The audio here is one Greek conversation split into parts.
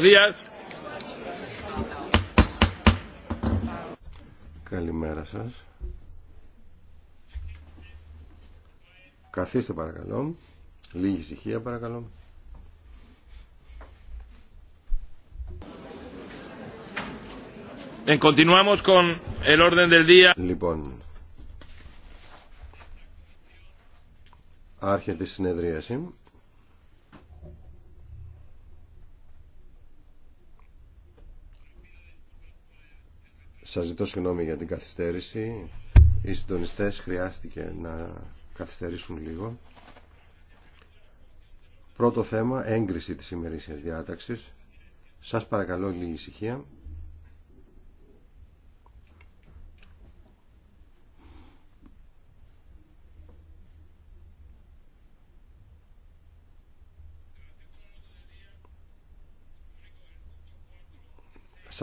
Buenos días. Καλημέρα σας. Καθίστε παρακαλώ. Λίγη ησυχία παρακαλώ. Ε, continuamos con el orden del día. Λοιπόν, άρχεται η συνεδρίαση. Σας ζητώ συγγνώμη για την καθυστέρηση. Οι συντονιστές χρειάστηκε να καθυστερήσουν λίγο. Πρώτο θέμα, έγκριση της ημερήσιας διάταξης. Σας παρακαλώ λίγη ησυχία.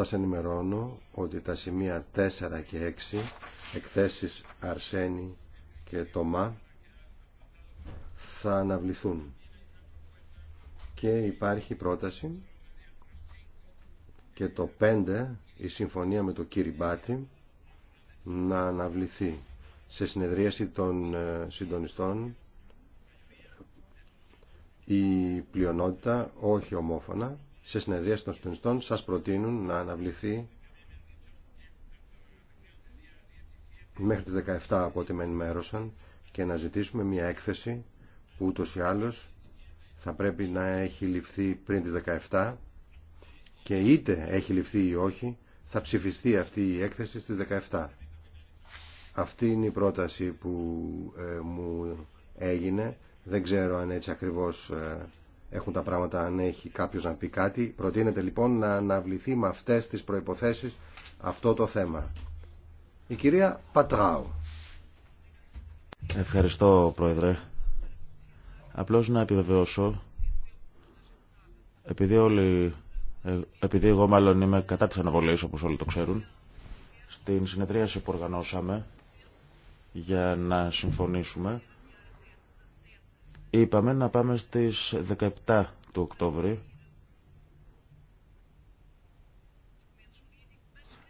σας ενημερώνω ότι τα σημεία 4 και 6 εκθέσεις Αρσένη και Τωμά θα αναβληθούν και υπάρχει πρόταση και το 5 η συμφωνία με το Μπάτι να αναβληθεί σε συνεδρίαση των ε, συντονιστών η πλειονότητα όχι ομόφωνα σε συνεδρίαση των συντονιστών σας προτείνουν να αναβληθεί μέχρι τις 17 από ό,τι με ενημέρωσαν και να ζητήσουμε μια έκθεση που ούτως ή άλλως θα πρέπει να έχει ληφθεί πριν τις 17 και είτε έχει ληφθεί ή όχι θα ψηφιστεί αυτή η έκθεση στις 17. Αυτή είναι η πρόταση που ε, μου έγινε. Δεν ξέρω αν έτσι ακριβώς ε, έχουν τα πράγματα αν έχει κάποιος να πει κάτι. Προτείνεται λοιπόν να αναβληθεί με αυτές τις προϋποθέσεις αυτό το θέμα. Η κυρία Πατράου. Ευχαριστώ Πρόεδρε. Απλώς να επιβεβαιώσω, επειδή όλοι, ε, επειδή εγώ μάλλον είμαι κατά της αναβολής όπως όλοι το ξέρουν, στην συνεδρίαση που οργανώσαμε για να συμφωνήσουμε Είπαμε να πάμε στις 17 του Οκτώβρη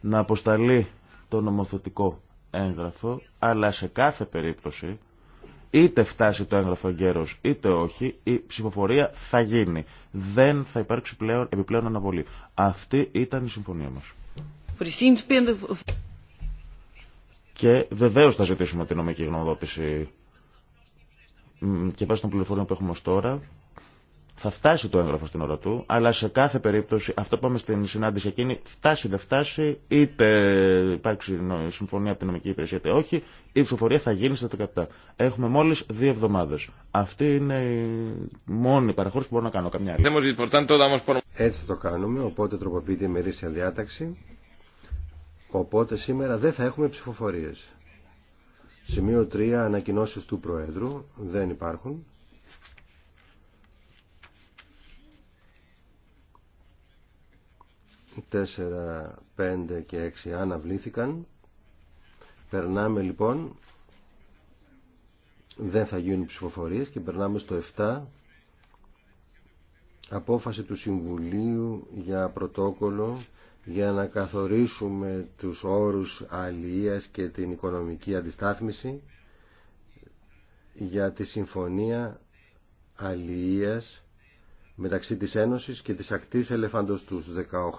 να αποσταλεί το νομοθετικό έγγραφο, αλλά σε κάθε περίπτωση είτε φτάσει το έγγραφο γέρος είτε όχι, η ψηφοφορία θα γίνει. Δεν θα υπάρξει πλέον, επιπλέον αναβολή. Αυτή ήταν η συμφωνία μας. Και βεβαίως θα ζητήσουμε την νομική γνωμοδότηση και βάσει των πληροφοριών που έχουμε ως τώρα, θα φτάσει το έγγραφο στην ώρα του, αλλά σε κάθε περίπτωση, αυτό που πάμε στην συνάντηση εκείνη, φτάσει δεν φτάσει, είτε υπάρξει συμφωνία από την νομική υπηρεσία είτε όχι, η ψηφοφορία θα γίνει στα 17. Έχουμε μόλι δύο εβδομάδε. Αυτή είναι η μόνη παραχώρηση που μπορώ να κάνω. Καμιά άλλη. Έτσι θα το κάνουμε, οπότε τροποποιείται η μερίσια διάταξη. Οπότε σήμερα δεν θα έχουμε ψηφοφορίες. Σημείο 3. Ανακοινώσεις του Προέδρου. Δεν υπάρχουν. 4, 5 και 6 αναβλήθηκαν. Περνάμε λοιπόν. Δεν θα γίνουν ψηφοφορίες και περνάμε στο 7. Απόφαση του Συμβουλίου για πρωτόκολλο για να καθορίσουμε τους όρους αλληλείας και την οικονομική αντιστάθμιση για τη συμφωνία αλληλείας μεταξύ της Ένωσης και της ακτής τους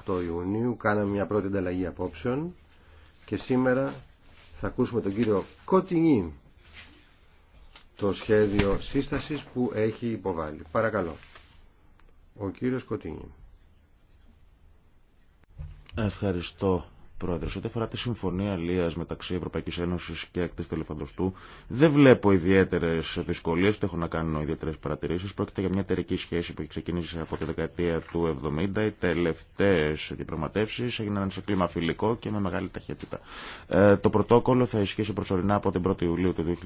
18 Ιουνίου κάναμε μια πρώτη ανταλλαγή απόψεων και σήμερα θα ακούσουμε τον κύριο Κωτινί το σχέδιο σύστασης που έχει υποβάλει. Παρακαλώ. Ο κύριος Κωτινί. Ευχαριστώ Πρόεδρε, ό,τι αφορά τη συμφωνία αλλία μεταξύ Ευρωπαϊκή Ένωση και έκτη του δεν βλέπω ιδιαίτερε δυσκολίε, Το έχω να κάνω ιδιαίτερε παρατηρήσει. Πρόκειται για μια εταιρική σχέση που έχει ξεκινήσει από τη δεκαετία του 70. Οι τελευταίε διαπραγματεύσει έγιναν σε κλίμα φιλικό και με μεγάλη ταχύτητα. Ε, το πρωτόκολλο θα ισχύσει προσωρινά από την 1η Ιουλίου του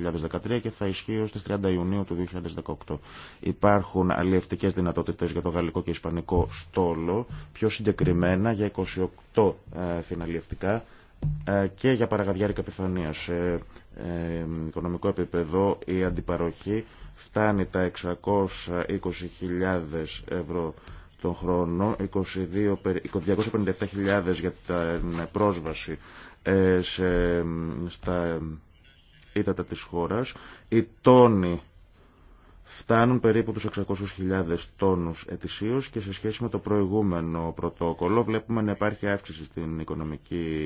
2013 και θα ισχύει ω τι 30 Ιουνίου του 2018. Υπάρχουν αλλιευτικέ δυνατότητε για το γαλλικό και ισπανικό στόλο, πιο συγκεκριμένα για 28 ε, ε, και για παραγαδιάρικα επιφανία. Σε ε, οικονομικό επίπεδο η αντιπαροχή φτάνει τα 620.000 ευρώ τον χρόνο, 257.000 για την πρόσβαση ε, σε, στα ύδατα της χώρας. η τόνοι φτάνουν περίπου τους 600.000 τόνους ετησίως και σε σχέση με το προηγούμενο πρωτόκολλο βλέπουμε να υπάρχει αύξηση στην οικονομική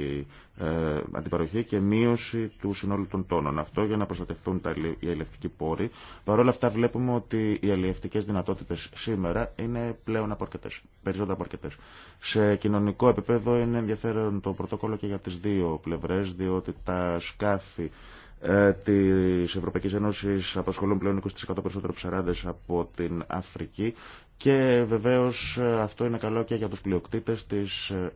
ε, αντιπαροχή και μείωση του συνόλου των τόνων. Αυτό για να προστατευτούν τα, οι ελευτικοί πόροι. Παρ' όλα αυτά βλέπουμε ότι οι ελευτικές δυνατότητες σήμερα είναι πλέον απορκετές, περισσότερο απορκετές. Σε κοινωνικό επίπεδο είναι ενδιαφέρον το πρωτόκολλο και για τις δύο πλευρές, διότι τα σκάφη ε, τη Ευρωπαϊκή Ένωση απασχολούν πλέον 20% περισσότερο ψαράδες από την Αφρική και βεβαίω ε, αυτό είναι καλό και για του πλειοκτήτε τη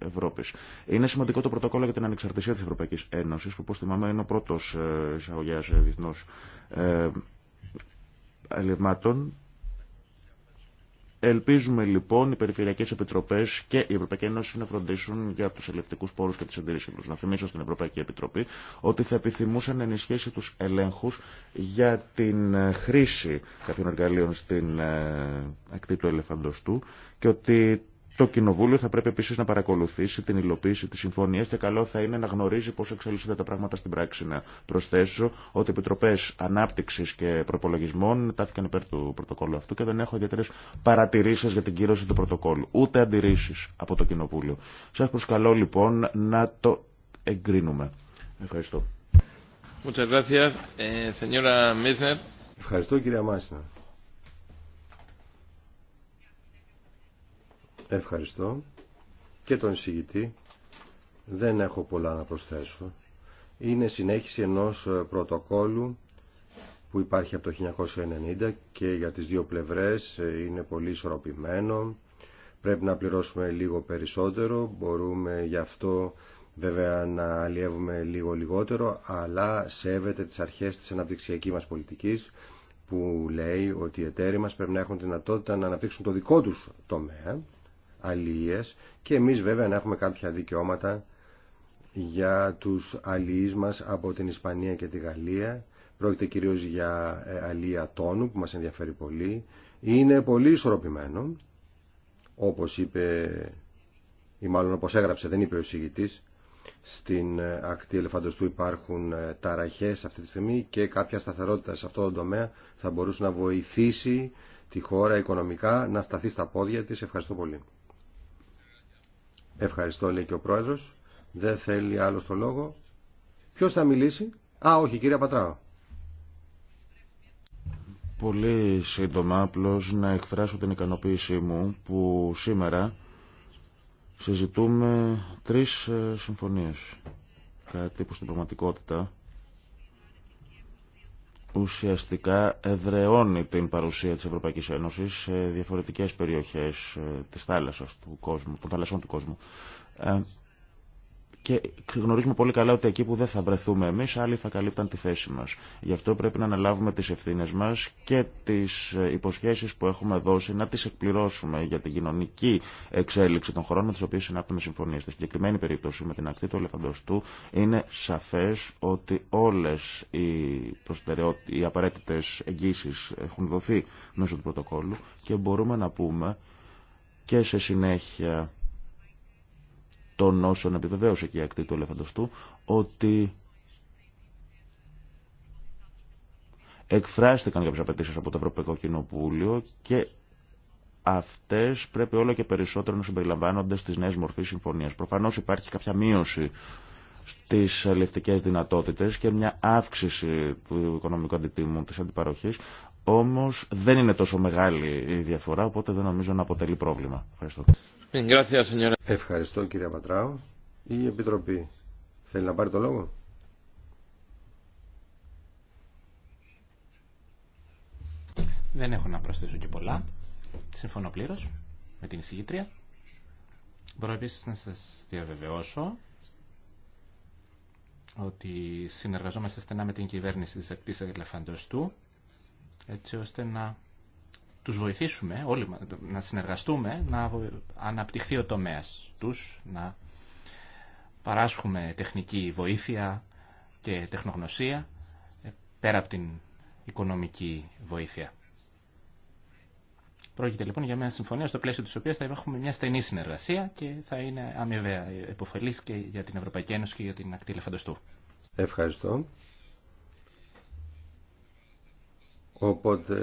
ε, Ευρώπη. Είναι σημαντικό το πρωτόκολλο για την ανεξαρτησία τη Ευρωπαϊκή Ένωση, που όπω θυμάμαι είναι ο πρώτο εισαγωγέα διεθνώ ελευμάτων Ελπίζουμε λοιπόν οι Περιφερειακέ Επιτροπέ και η Ευρωπαϊκή Ένωση να φροντίσουν για του ελευτικού πόρου και τι εντηρήσει του. Να θυμίσω στην Ευρωπαϊκή Επιτροπή ότι θα επιθυμούσαν να ενισχύσει του ελέγχου για την ε, χρήση κάποιων εργαλείων στην ε, ακτή του ελεφαντοστού και ότι το Κοινοβούλιο θα πρέπει επίση να παρακολουθήσει την υλοποίηση τη συμφωνία και καλό θα είναι να γνωρίζει πώ εξελίσσονται τα πράγματα στην πράξη. Να προσθέσω ότι επιτροπέ ανάπτυξη και προπολογισμών τάθηκαν υπέρ του πρωτοκόλλου αυτού και δεν έχω ιδιαίτερε παρατηρήσει για την κύρωση του πρωτοκόλλου, ούτε αντιρρήσει από το Κοινοβούλιο. Σα προσκαλώ λοιπόν να το εγκρίνουμε. Ευχαριστώ. Muchas gracias, eh, señora Ευχαριστώ κυρία Μάσινα. Ευχαριστώ και τον εισηγητή. Δεν έχω πολλά να προσθέσω. Είναι συνέχιση ενός ε, πρωτοκόλου που υπάρχει από το 1990 και για τις δύο πλευρές ε, είναι πολύ ισορροπημένο. Πρέπει να πληρώσουμε λίγο περισσότερο, μπορούμε γι' αυτό βέβαια να αλλιεύουμε λίγο λιγότερο, αλλά σέβεται τις αρχές της αναπτυξιακής μας πολιτικής που λέει ότι οι εταίροι μας πρέπει να έχουν δυνατότητα να αναπτύξουν το δικό τους τομέα και εμείς βέβαια να έχουμε κάποια δικαιώματα για τους αλληλείς μας από την Ισπανία και τη Γαλλία. Πρόκειται κυρίως για ε, αλληλεία τόνου που μας ενδιαφέρει πολύ. Είναι πολύ ισορροπημένο, όπως είπε ή μάλλον όπως έγραψε, δεν είπε ο εισηγητής, στην ε, ακτή ελεφαντοστού υπάρχουν ε, ταραχές αυτή τη στιγμή και κάποια σταθερότητα σε αυτό το τομέα θα μπορούσε να βοηθήσει τη χώρα οικονομικά να σταθεί στα πόδια της. Ευχαριστώ πολύ. Ευχαριστώ, λέει και ο πρόεδρος. Δεν θέλει άλλο το λόγο. Ποιο θα μιλήσει. Α, όχι, κυρία Πατράω. Πολύ σύντομα, απλώ να εκφράσω την ικανοποίησή μου που σήμερα συζητούμε τρεις ε, συμφωνίες. Κάτι που στην πραγματικότητα ουσιαστικά εδρεώνει την παρουσία της Ευρωπαϊκής Ένωσης σε διαφορετικές περιοχές ε, της θάλασσας του κόσμου, των θαλασσών του κόσμου. Ε, και γνωρίζουμε πολύ καλά ότι εκεί που δεν θα βρεθούμε εμεί, άλλοι θα καλύπταν τη θέση μα. Γι' αυτό πρέπει να αναλάβουμε τι ευθύνε μα και τι ε, υποσχέσει που έχουμε δώσει να τι εκπληρώσουμε για την κοινωνική εξέλιξη των χωρών με τι οποίε συνάπτουμε συμφωνίε. Στη συγκεκριμένη περίπτωση με την ακτή του Ελεφαντοστού είναι σαφέ ότι όλε οι, οι απαραίτητε εγγύσει έχουν δοθεί μέσω του πρωτοκόλλου και μπορούμε να πούμε και σε συνέχεια των όσων επιβεβαίωσε και η ακτή του ελεφαντοστού ότι εκφράστηκαν κάποιες απαιτήσει από το Ευρωπαϊκό Κοινοβούλιο και αυτές πρέπει όλο και περισσότερο να συμπεριλαμβάνονται στις νέες μορφές συμφωνίας. Προφανώς υπάρχει κάποια μείωση στις αλληλευτικές δυνατότητες και μια αύξηση του οικονομικού αντιτίμου της αντιπαροχής, όμως δεν είναι τόσο μεγάλη η διαφορά, οπότε δεν νομίζω να αποτελεί πρόβλημα. Ευχαριστώ. Ευχαριστώ κύριε Πατράου. Η Επιτροπή θέλει να πάρει το λόγο. Δεν έχω να προσθέσω και πολλά. Συμφωνώ πλήρω με την εισηγήτρια. Μπορώ επίση να σα διαβεβαιώσω ότι συνεργαζόμαστε στενά με την κυβέρνηση της ακτή Ελεφαντοστού έτσι ώστε να τους βοηθήσουμε όλοι να συνεργαστούμε, να αναπτυχθεί ο τομέας τους, να παράσχουμε τεχνική βοήθεια και τεχνογνωσία ε, πέρα από την οικονομική βοήθεια. Πρόκειται λοιπόν για μια συμφωνία στο πλαίσιο της οποίας θα έχουμε μια στενή συνεργασία και θα είναι αμοιβαία ε, επωφελής και για την Ευρωπαϊκή Ένωση και για την ακτή Λεφαντοστού. Ευχαριστώ. Οπότε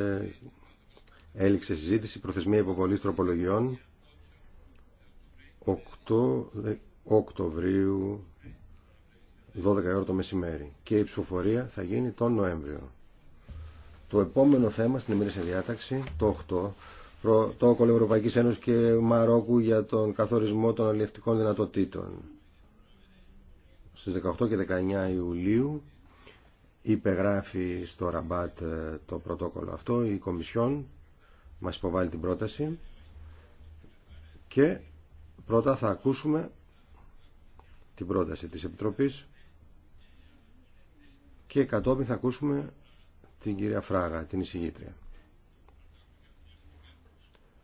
Έληξε συζήτηση, προθεσμία υποβολής τροπολογιών 8 Οκτωβρίου 12 ώρα το μεσημέρι και η ψηφοφορία θα γίνει τον Νοέμβριο. Το επόμενο θέμα στην ημερήσια διάταξη, το 8, πρωτόκολλο Ευρωπαϊκή Ευρωπαϊκής Ένωσης και Μαρόκου για τον καθορισμό των αλληλευτικών δυνατοτήτων. Στις 18 και 19 Ιουλίου υπεγράφει στο Ραμπάτ ε, το πρωτόκολλο αυτό, η Κομισιόν μας υποβάλλει την πρόταση και πρώτα θα ακούσουμε την πρόταση της Επιτροπής και κατόπιν θα ακούσουμε την κυρία Φράγα, την εισηγήτρια.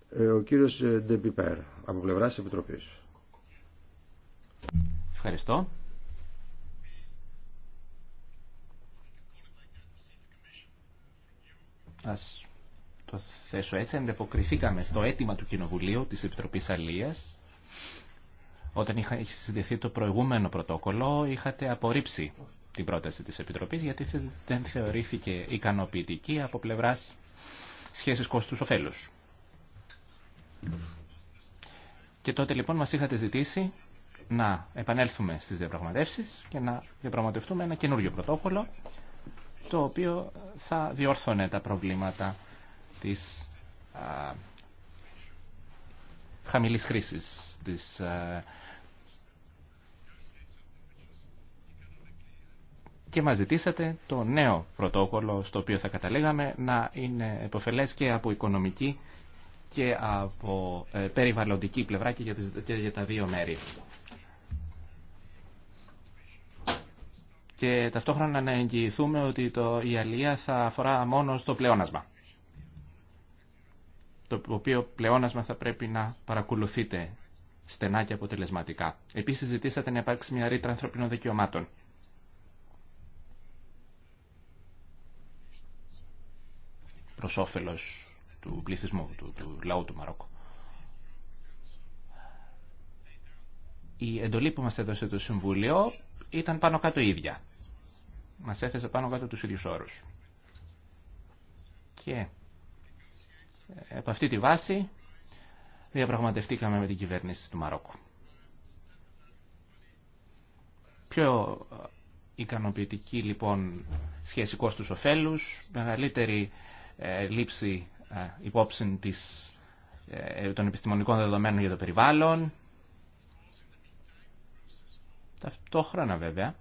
Ε, ο κύριος ε, Ντεμπιπέρ, από πλευρά της Επιτροπής. Ευχαριστώ. Ας το θέσω έτσι, ανταποκριθήκαμε στο αίτημα του Κοινοβουλίου της Επιτροπής Αλίας. Όταν είχε συνδεθεί το προηγούμενο πρωτόκολλο, είχατε απορρίψει την πρόταση της Επιτροπής, γιατί δεν θεωρήθηκε ικανοποιητική από πλευράς σχέσεις κόστους-οφέλους. Και τότε λοιπόν μας είχατε ζητήσει να επανέλθουμε στις διαπραγματεύσεις και να διαπραγματευτούμε ένα καινούριο πρωτόκολλο, το οποίο θα διόρθωνε τα προβλήματα της α, χαμηλής χρήσης, της και μας ζητήσατε το νέο πρωτόκολλο στο οποίο θα καταλήγαμε να είναι επωφελές και από οικονομική και από ε, περιβαλλοντική πλευρά και για, τα δύο μέρη. Και ταυτόχρονα να εγγυηθούμε ότι το, η αλληλεία θα αφορά μόνο στο πλεόνασμα το οποίο πλεόνασμα θα πρέπει να παρακολουθείτε στενά και αποτελεσματικά. Επίσης ζητήσατε να υπάρξει μια ρήτρα ανθρωπινών δικαιωμάτων. Προς όφελος του πληθυσμού, του, του λαού του Μαρόκου. Η εντολή που μας έδωσε το Συμβούλιο ήταν πάνω κάτω ίδια. Μας έθεσε πάνω κάτω τους ίδιους όρους. Και ε, από αυτή τη βάση διαπραγματευτήκαμε με την κυβέρνηση του Μαρόκου. Πιο ε, ικανοποιητική λοιπόν σχέση κόστους κόστους-οφέλους, μεγαλύτερη ε, λήψη υπόψη της, των επιστημονικών δεδομένων για το περιβάλλον. Ταυτόχρονα βέβαια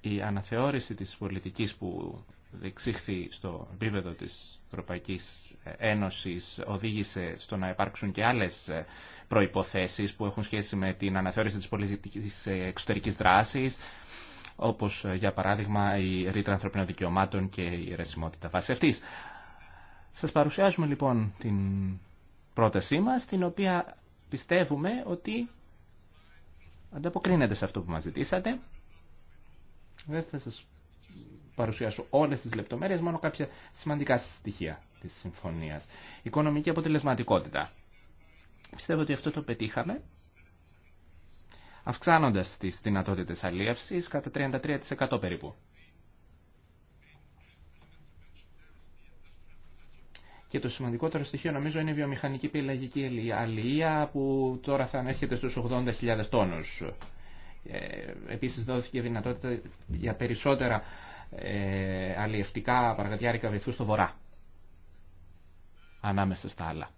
η αναθεώρηση της πολιτικής που διεξήχθη στο επίπεδο της Ευρωπαϊκής Ένωσης οδήγησε στο να υπάρξουν και άλλες ε, προϋποθέσεις που έχουν σχέση με την αναθεώρηση της πολιτικής ε, εξωτερικής δράσης, όπως ε, για παράδειγμα η ρήτρα ανθρωπίνων δικαιωμάτων και η ρεσιμότητα βάση αυτής. Σας παρουσιάζουμε λοιπόν την πρότασή μας, την οποία πιστεύουμε ότι ανταποκρίνεται σε αυτό που μας ζητήσατε. Δεν σας παρουσιάσω όλε τι λεπτομέρειε, μόνο κάποια σημαντικά στοιχεία τη συμφωνία. Οικονομική αποτελεσματικότητα. Πιστεύω ότι αυτό το πετύχαμε αυξάνοντας τι δυνατότητε αλλίευση κατά 33% περίπου. Και το σημαντικότερο στοιχείο νομίζω είναι η βιομηχανική πελαγική αλληλεία που τώρα θα ανέρχεται στους 80.000 τόνους. Ε, επίσης δόθηκε δυνατότητα για περισσότερα ε, αλλιευτικά παραγαδιάρικα βυθού στο βορρά, ανάμεσα στα άλλα.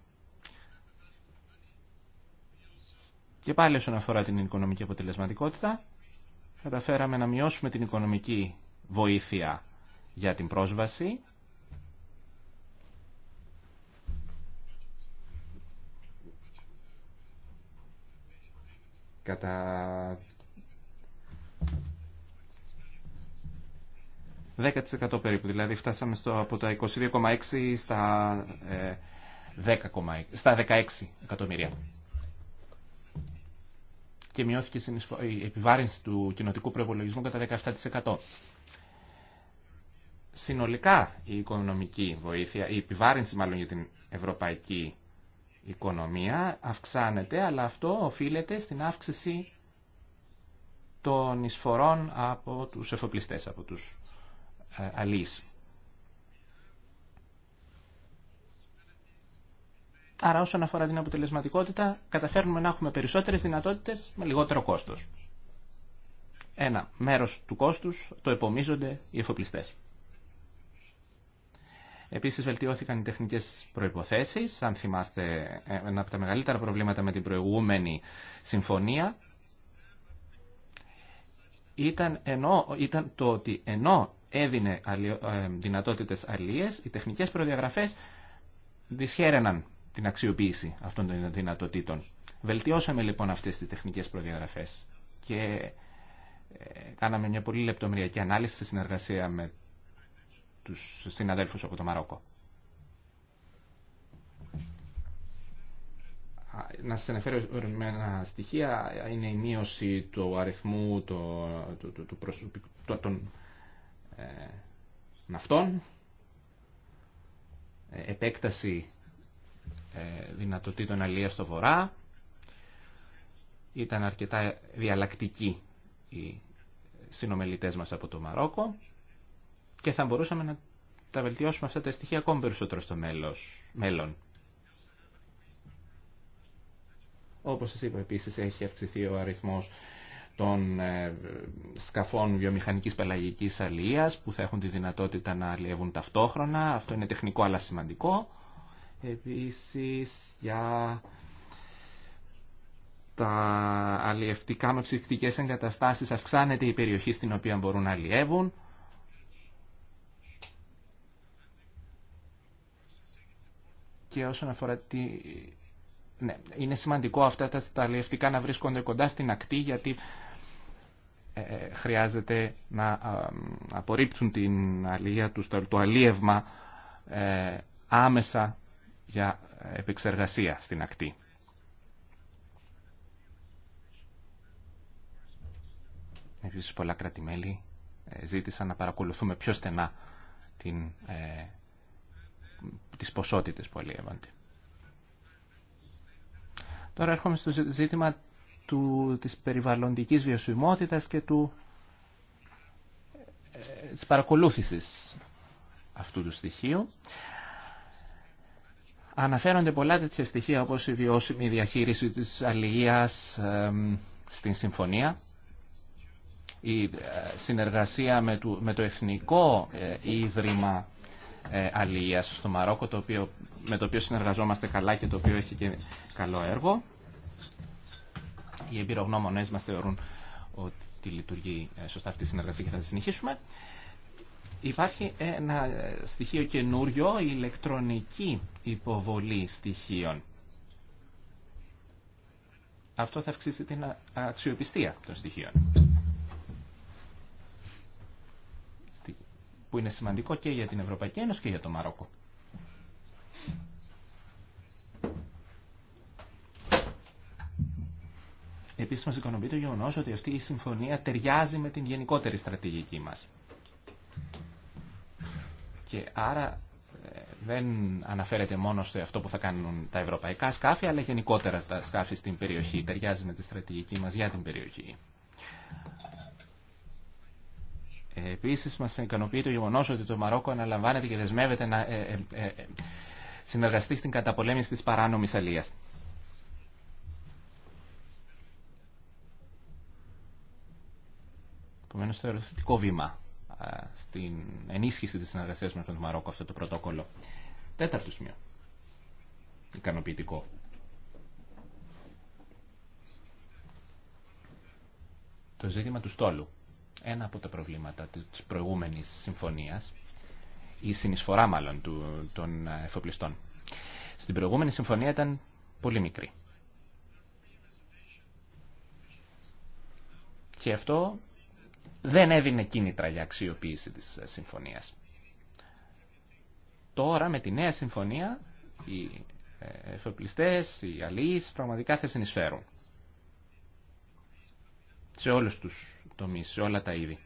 Και πάλι όσον αφορά την οικονομική αποτελεσματικότητα, καταφέραμε να μειώσουμε την οικονομική βοήθεια για την πρόσβαση κατά 10% περίπου. Δηλαδή φτάσαμε στο, από τα 22,6 στα, ε, στα 16 εκατομμύρια. Και μειώθηκε η επιβάρυνση του κοινοτικού προπολογισμού κατά 17%. Συνολικά η οικονομική βοήθεια, η επιβάρυνση μάλλον για την ευρωπαϊκή οικονομία αυξάνεται, αλλά αυτό οφείλεται στην αύξηση των εισφορών από τους εφοπλιστές, από τους ε, αλής. Άρα όσον αφορά την αποτελεσματικότητα, καταφέρνουμε να έχουμε περισσότερες δυνατότητες με λιγότερο κόστος. Ένα μέρος του κόστους το επομίζονται οι εφοπλιστές. Επίσης βελτιώθηκαν οι τεχνικές προϋποθέσεις. Αν θυμάστε ε, ένα από τα μεγαλύτερα προβλήματα με την προηγούμενη συμφωνία ήταν, ήταν το ότι ενώ έδινε ε, δυνατότητες αλίες, οι τεχνικές προδιαγραφές δυσχέρεναν την αξιοποίηση αυτών των δυνατοτήτων. Βελτιώσαμε λοιπόν αυτές τις τεχνικές προδιαγραφές και ε, κάναμε μια πολύ λεπτομεριακή ανάλυση σε συνεργασία με τους συναδέλφους από το Μαρόκο. Να σας αναφέρω ένα στοιχεία. Είναι η μείωση του αριθμού των ναυτών, ε, ε, επέκταση ε, δυνατοτήτων αλίας στο βορρά. Ήταν αρκετά διαλλακτικοί οι συνομιλητές μας από το Μαρόκο και θα μπορούσαμε να τα βελτιώσουμε αυτά τα στοιχεία ακόμη περισσότερο στο μέλλον. Όπως σας είπα επίσης έχει αυξηθεί ο αριθμός των ε, σκαφών βιομηχανικής πελαγικής αλίας που θα έχουν τη δυνατότητα να αλλιεύουν ταυτόχρονα. Αυτό είναι τεχνικό αλλά σημαντικό. Επίσης για τα αλλιευτικά με ψυχτικές εγκαταστάσεις αυξάνεται η περιοχή στην οποία μπορούν να αλλιεύουν. Και όσον αφορά τη ναι, είναι σημαντικό αυτά τα σταλιευτικά να βρίσκονται κοντά στην ακτή γιατί ε, ε, χρειάζεται να απορρίψουν την αλία τους, το αλίευμα ε, άμεσα για επεξεργασία στην ακτή. Επίσης πολλά κρατημέλη ζήτησαν να παρακολουθούμε πιο στενά την, ε, τις ποσότητες που αλλιεύονται. Τώρα έρχομαι στο ζήτημα του, της περιβαλλοντικής βιωσιμότητας και του, ε, της παρακολούθησης αυτού του στοιχείου. Αναφέρονται πολλά τέτοια στοιχεία όπως η βιώσιμη διαχείριση της αλληλείας στην συμφωνία, η ε, συνεργασία με το, με το Εθνικό ε, Ίδρυμα ε, Αλληλία στο Μαρόκο, το οποίο, με το οποίο συνεργαζόμαστε καλά και το οποίο έχει και καλό έργο. Οι εμπειρογνώμονές μας θεωρούν ότι λειτουργεί ε, σωστά αυτή η συνεργασία και θα τη συνεχίσουμε. Υπάρχει ένα στοιχείο καινούριο, η ηλεκτρονική υποβολή στοιχείων. Αυτό θα αυξήσει την αξιοπιστία των στοιχείων. που είναι σημαντικό και για την Ευρωπαϊκή Ένωση και για το Μαρόκο. Επίσης μας ικανοποιεί το γεγονό ότι αυτή η συμφωνία ταιριάζει με την γενικότερη στρατηγική μας. Και άρα ε, δεν αναφέρεται μόνο σε αυτό που θα κάνουν τα ευρωπαϊκά σκάφη, αλλά γενικότερα τα σκάφη στην περιοχή. Ταιριάζει με τη στρατηγική μας για την περιοχή. Επίση, μα ικανοποιεί το γεγονό ότι το Μαρόκο αναλαμβάνεται και δεσμεύεται να ε, ε, ε, συνεργαστεί στην καταπολέμηση τη παράνομη αλεία. Επομένω, θεωρώ θετικό βήμα στην ενίσχυση τη συνεργασία με τον Μαρόκο αυτό το πρωτόκολλο. Τέταρτο σημείο. Ικανοποιητικό. Το ζήτημα του στόλου ένα από τα προβλήματα της προηγούμενης συμφωνίας, η συνεισφορά μάλλον των εφοπλιστών. Στην προηγούμενη συμφωνία ήταν πολύ μικρή. Και αυτό δεν έδινε κίνητρα για αξιοποίηση της συμφωνίας. Τώρα με τη νέα συμφωνία οι ε, εφοπλιστές, οι αλληλείς πραγματικά θα συνεισφέρουν σε όλους τους το σε όλα τα είδη.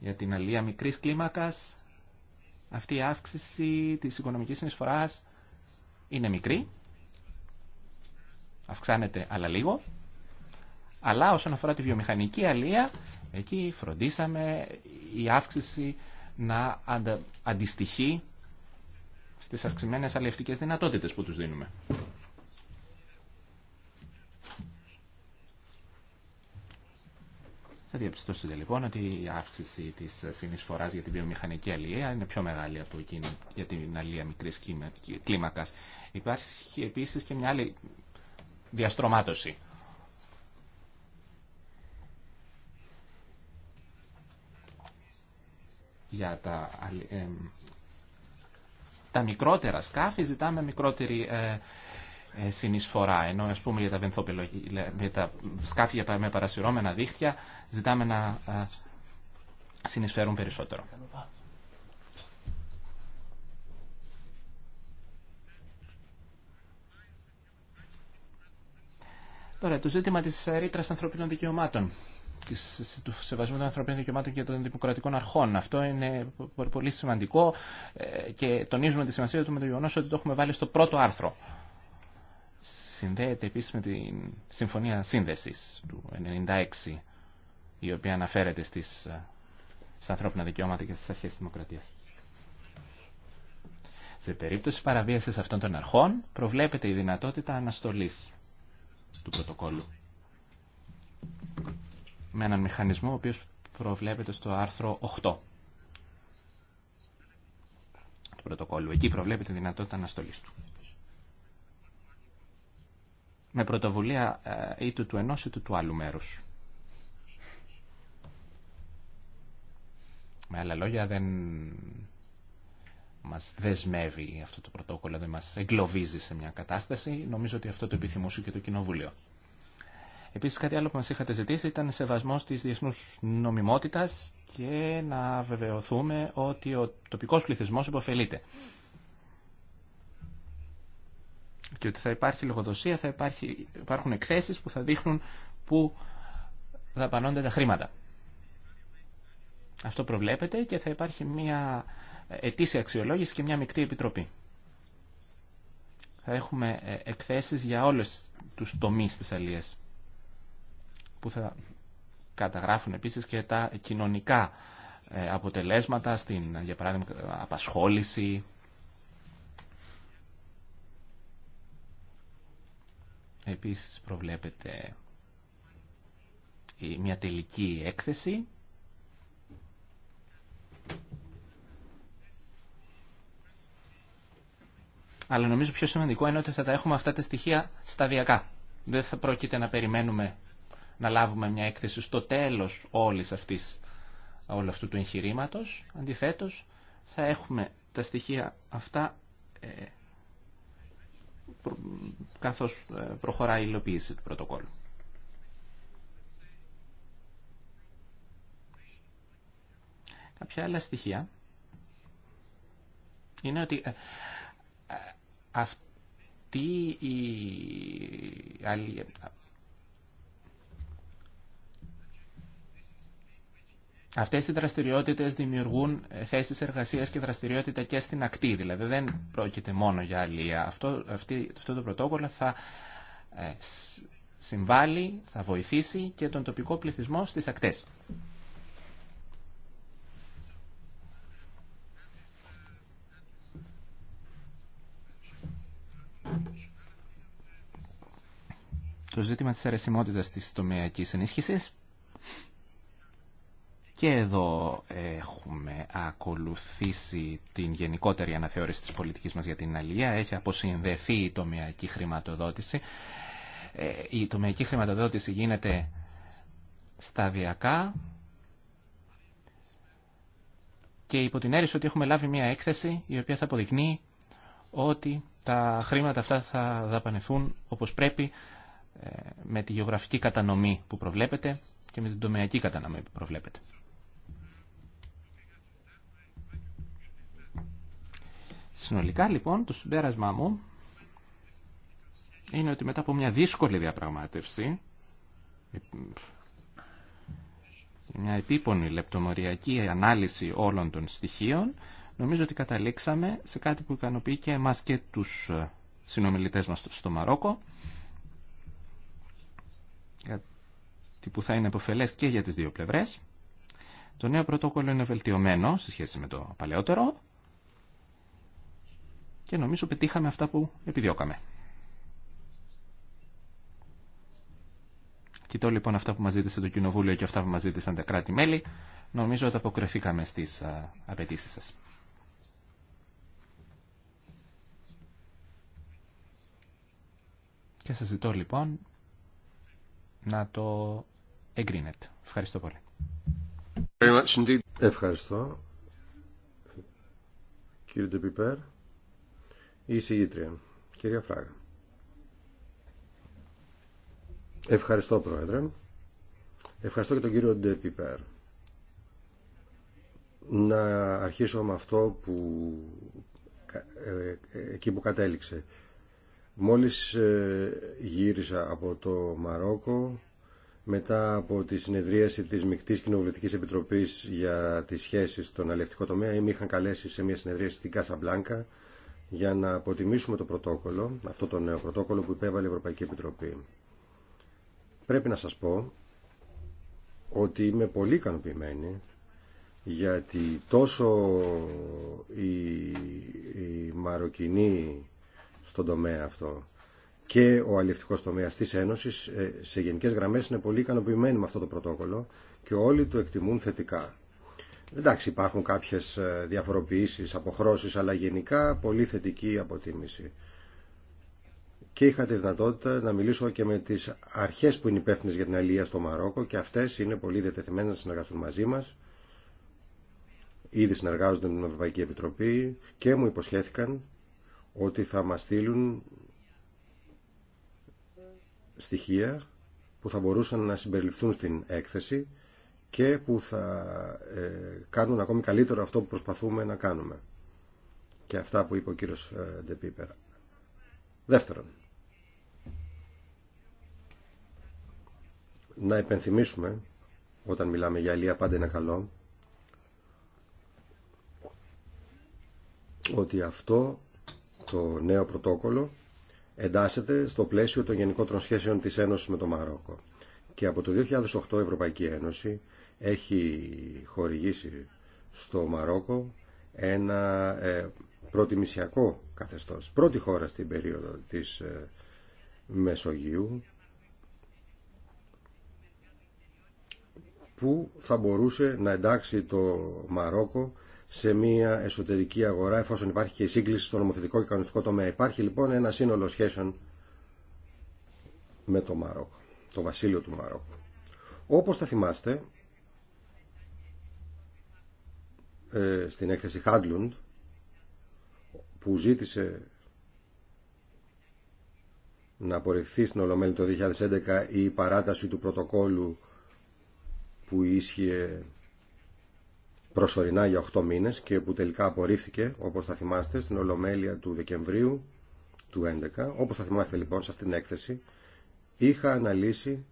Για την αλία μικρής κλίμακας, αυτή η αύξηση της οικονομικής συνεισφοράς είναι μικρή, αυξάνεται αλλά λίγο, αλλά όσον αφορά τη βιομηχανική αλία, εκεί φροντίσαμε η αύξηση να αντιστοιχεί στις αυξημένες αλληλευτικές δυνατότητες που τους δίνουμε. Θα διαπιστώσετε λοιπόν ότι η αύξηση τη συνεισφορά για την βιομηχανική αλληλεία είναι πιο μεγάλη από εκείνη για την αλληλεία μικρή κλίμακα. Υπάρχει επίση και μια άλλη διαστρωμάτωση. Για τα, τα μικρότερα σκάφη ζητάμε μικρότερη ε, ε, συνεισφορά. Ενώ ας πούμε για τα, για τα σκάφη με παρασυρώμενα δίχτυα ζητάμε να ε, συνεισφέρουν περισσότερο. Τώρα, το ζήτημα της ρήτρα ανθρωπίνων δικαιωμάτων του σεβασμού των ανθρωπίνων δικαιωμάτων και των δημοκρατικών αρχών. Αυτό είναι πολύ σημαντικό ε, και τονίζουμε τη σημασία του με το γεγονό ότι το έχουμε βάλει στο πρώτο άρθρο συνδέεται επίσης με την Συμφωνία Σύνδεσης του 1996, η οποία αναφέρεται στις, ε, στις ανθρώπινα δικαιώματα και στις αρχές της δημοκρατίας. Σε περίπτωση παραβίασης αυτών των αρχών προβλέπεται η δυνατότητα αναστολής του πρωτοκόλλου με έναν μηχανισμό ο οποίος προβλέπεται στο άρθρο 8 του πρωτοκόλλου. Εκεί προβλέπεται η δυνατότητα αναστολής του με πρωτοβουλία ε, ή του του ενός ή του του άλλου μέρους. Με άλλα λόγια δεν μας δεσμεύει αυτό το πρωτόκολλο, δεν μας εγκλωβίζει σε μια κατάσταση. Νομίζω ότι αυτό το επιθυμούσε και το Κοινοβούλιο. Επίσης κάτι άλλο που μας είχατε ζητήσει ήταν σεβασμός της διεθνούς νομιμότητας και να βεβαιωθούμε ότι ο τοπικός πληθυσμός υποφελείται και ότι θα υπάρχει λογοδοσία, θα υπάρχει, υπάρχουν εκθέσεις που θα δείχνουν πού δαπανώνται τα χρήματα. Αυτό προβλέπεται και θα υπάρχει μια ετήσια αξιολόγηση και μια μεικτή επιτροπή. Θα έχουμε ε, εκθέσεις για όλες τους τομείς της αλίας που θα καταγράφουν επίσης και τα κοινωνικά ε, αποτελέσματα στην, για παράδειγμα, απασχόληση, Επίσης προβλέπεται μια τελική έκθεση αλλά νομίζω πιο σημαντικό είναι ότι θα τα έχουμε αυτά τα στοιχεία σταδιακά. Δεν θα πρόκειται να περιμένουμε να λάβουμε μια έκθεση στο τέλος όλης αυτής, όλου αυτού του εγχειρήματο. Αντιθέτως, θα έχουμε τα στοιχεία αυτά ε, καθώς ε, προχωράει η υλοποίηση του πρωτοκόλλου. Κάποια άλλα στοιχεία είναι ότι ε, ε, αυτή η Αυτέ οι δραστηριότητες δημιουργούν ε, θέσεις εργασίας και δραστηριότητα και στην ακτή, δηλαδή δεν πρόκειται μόνο για αλληλεία. Αυτό, αυτή, αυτό το πρωτόκολλο θα ε, συμβάλλει, θα βοηθήσει και τον τοπικό πληθυσμό στις ακτές. Το ζήτημα της αρεσιμότητας της τομεακής ενίσχυσης και εδώ έχουμε ακολουθήσει την γενικότερη αναθεώρηση της πολιτικής μας για την αλληλεία. Έχει αποσυνδεθεί η τομιακή χρηματοδότηση. Ε, η τομιακή χρηματοδότηση γίνεται σταδιακά και υπό την αίρεση ότι έχουμε λάβει μια έκθεση η οποία θα αποδεικνύει ότι τα χρήματα αυτά θα δαπανηθούν όπως πρέπει ε, με τη γεωγραφική κατανομή που προβλέπετε και με την τομεακή κατανομή που προβλέπετε. Συνολικά λοιπόν το συμπέρασμά μου είναι ότι μετά από μια δύσκολη διαπραγμάτευση, μια επίπονη λεπτομοριακή ανάλυση όλων των στοιχείων, νομίζω ότι καταλήξαμε σε κάτι που ικανοποιεί και εμάς και τους ε, συνομιλητές μας στο Μαρόκο, γιατί που θα είναι επωφελές και για τις δύο πλευρές. Το νέο πρωτόκολλο είναι βελτιωμένο σε σχέση με το παλαιότερο, και νομίζω πετύχαμε αυτά που επιδιώκαμε. Κοιτώ λοιπόν αυτά που μας ζήτησε το Κοινοβούλιο και αυτά που μας ζήτησαν τα κράτη-μέλη. Νομίζω ότι αποκριθήκαμε στις απαιτήσει σας. Και σας ζητώ λοιπόν να το εγκρίνετε. Ευχαριστώ πολύ. Ευχαριστώ. Κύριε Ντεπιπέρ η εισηγήτρια, κυρία Φράγα. Ευχαριστώ, Πρόεδρε. Ευχαριστώ και τον κύριο Ντεπιπέρ. Να αρχίσω με αυτό που ε, ε, εκεί που κατέληξε. Μόλις ε, γύρισα από το Μαρόκο μετά από τη συνεδρίαση της Μικτής Κοινοβουλευτικής Επιτροπής για τις σχέσεις στον αλληλευτικό τομέα ή είχαν καλέσει σε μια συνεδρίαση στην Κάσα Μπλάνκα για να αποτιμήσουμε το πρωτόκολλο, αυτό το νέο πρωτόκολλο που υπέβαλε η Ευρωπαϊκή Επιτροπή. Πρέπει να σας πω ότι είμαι πολύ ικανοποιημένη γιατί τόσο οι, μαροκινή Μαροκινοί στον τομέα αυτό και ο αλληλευτικός τομέας της Ένωσης ε, σε γενικές γραμμές είναι πολύ ικανοποιημένοι με αυτό το πρωτόκολλο και όλοι το εκτιμούν θετικά. Εντάξει, υπάρχουν κάποιες ε, διαφοροποιήσεις, αποχρώσεις, αλλά γενικά πολύ θετική αποτίμηση. Και είχα τη δυνατότητα να μιλήσω και με τις αρχές που είναι υπεύθυνε για την αλληλεία στο Μαρόκο και αυτές είναι πολύ διατεθειμένε να συνεργαστούν μαζί μα, Ήδη συνεργάζονται με την Ευρωπαϊκή Επιτροπή και μου υποσχέθηκαν ότι θα μα στείλουν στοιχεία που θα μπορούσαν να συμπεριληφθούν στην έκθεση και που θα ε, κάνουν ακόμη καλύτερο αυτό που προσπαθούμε να κάνουμε. Και αυτά που είπε ο κύριος Ντεπίπερ. Δεύτερον, να υπενθυμίσουμε... όταν μιλάμε για Ηλία πάντα είναι καλό, ότι αυτό το νέο πρωτόκολλο εντάσσεται στο πλαίσιο των γενικότερων σχέσεων της Ένωσης με το Μαρόκο. Και από το 2008 η Ευρωπαϊκή Ένωση έχει χορηγήσει στο Μαρόκο ένα ε, καθεστώς. Πρώτη χώρα στην περίοδο της ε, Μεσογείου που θα μπορούσε να εντάξει το Μαρόκο σε μια εσωτερική αγορά εφόσον υπάρχει και η σύγκληση στο νομοθετικό και κανονιστικό τομέα. Υπάρχει λοιπόν ένα σύνολο σχέσεων με το Μαρόκο, το βασίλειο του Μαρόκου. Όπως θα θυμάστε, Ε, στην έκθεση Χάγκλουντ που ζήτησε να απορριφθεί στην Ολομέλη το 2011 η παράταση του πρωτοκόλου που ίσχυε προσωρινά για 8 μήνες και που τελικά απορρίφθηκε, όπως θα θυμάστε, στην Ολομέλεια του Δεκεμβρίου του 2011. Όπως θα θυμάστε λοιπόν σε αυτήν την έκθεση, είχα αναλύσει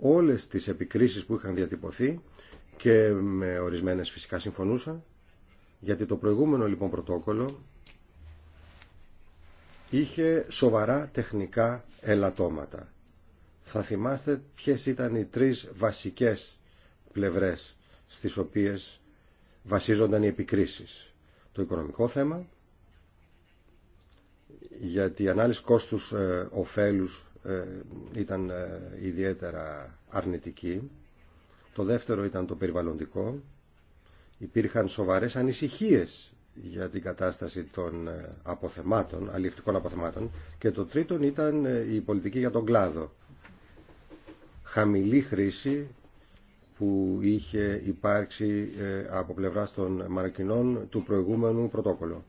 όλες τις επικρίσεις που είχαν διατυπωθεί και με ορισμένες φυσικά συμφωνούσα γιατί το προηγούμενο λοιπόν πρωτόκολλο είχε σοβαρά τεχνικά ελαττώματα. Θα θυμάστε ποιες ήταν οι τρεις βασικές πλευρές στις οποίες βασίζονταν οι επικρίσεις. Το οικονομικό θέμα, γιατί η ανάλυση κόστους ε, ε ήταν ε, ιδιαίτερα αρνητική. Το δεύτερο ήταν το περιβαλλοντικό, υπήρχαν σοβαρές ανησυχίες για την κατάσταση των ε, αποθεμάτων, αλληλευτικών αποθεμάτων και το τρίτον ήταν ε, η πολιτική για τον κλάδο. Χαμηλή χρήση που είχε υπάρξει ε, από πλευράς των μαρακινών του προηγούμενου πρωτόκολλου.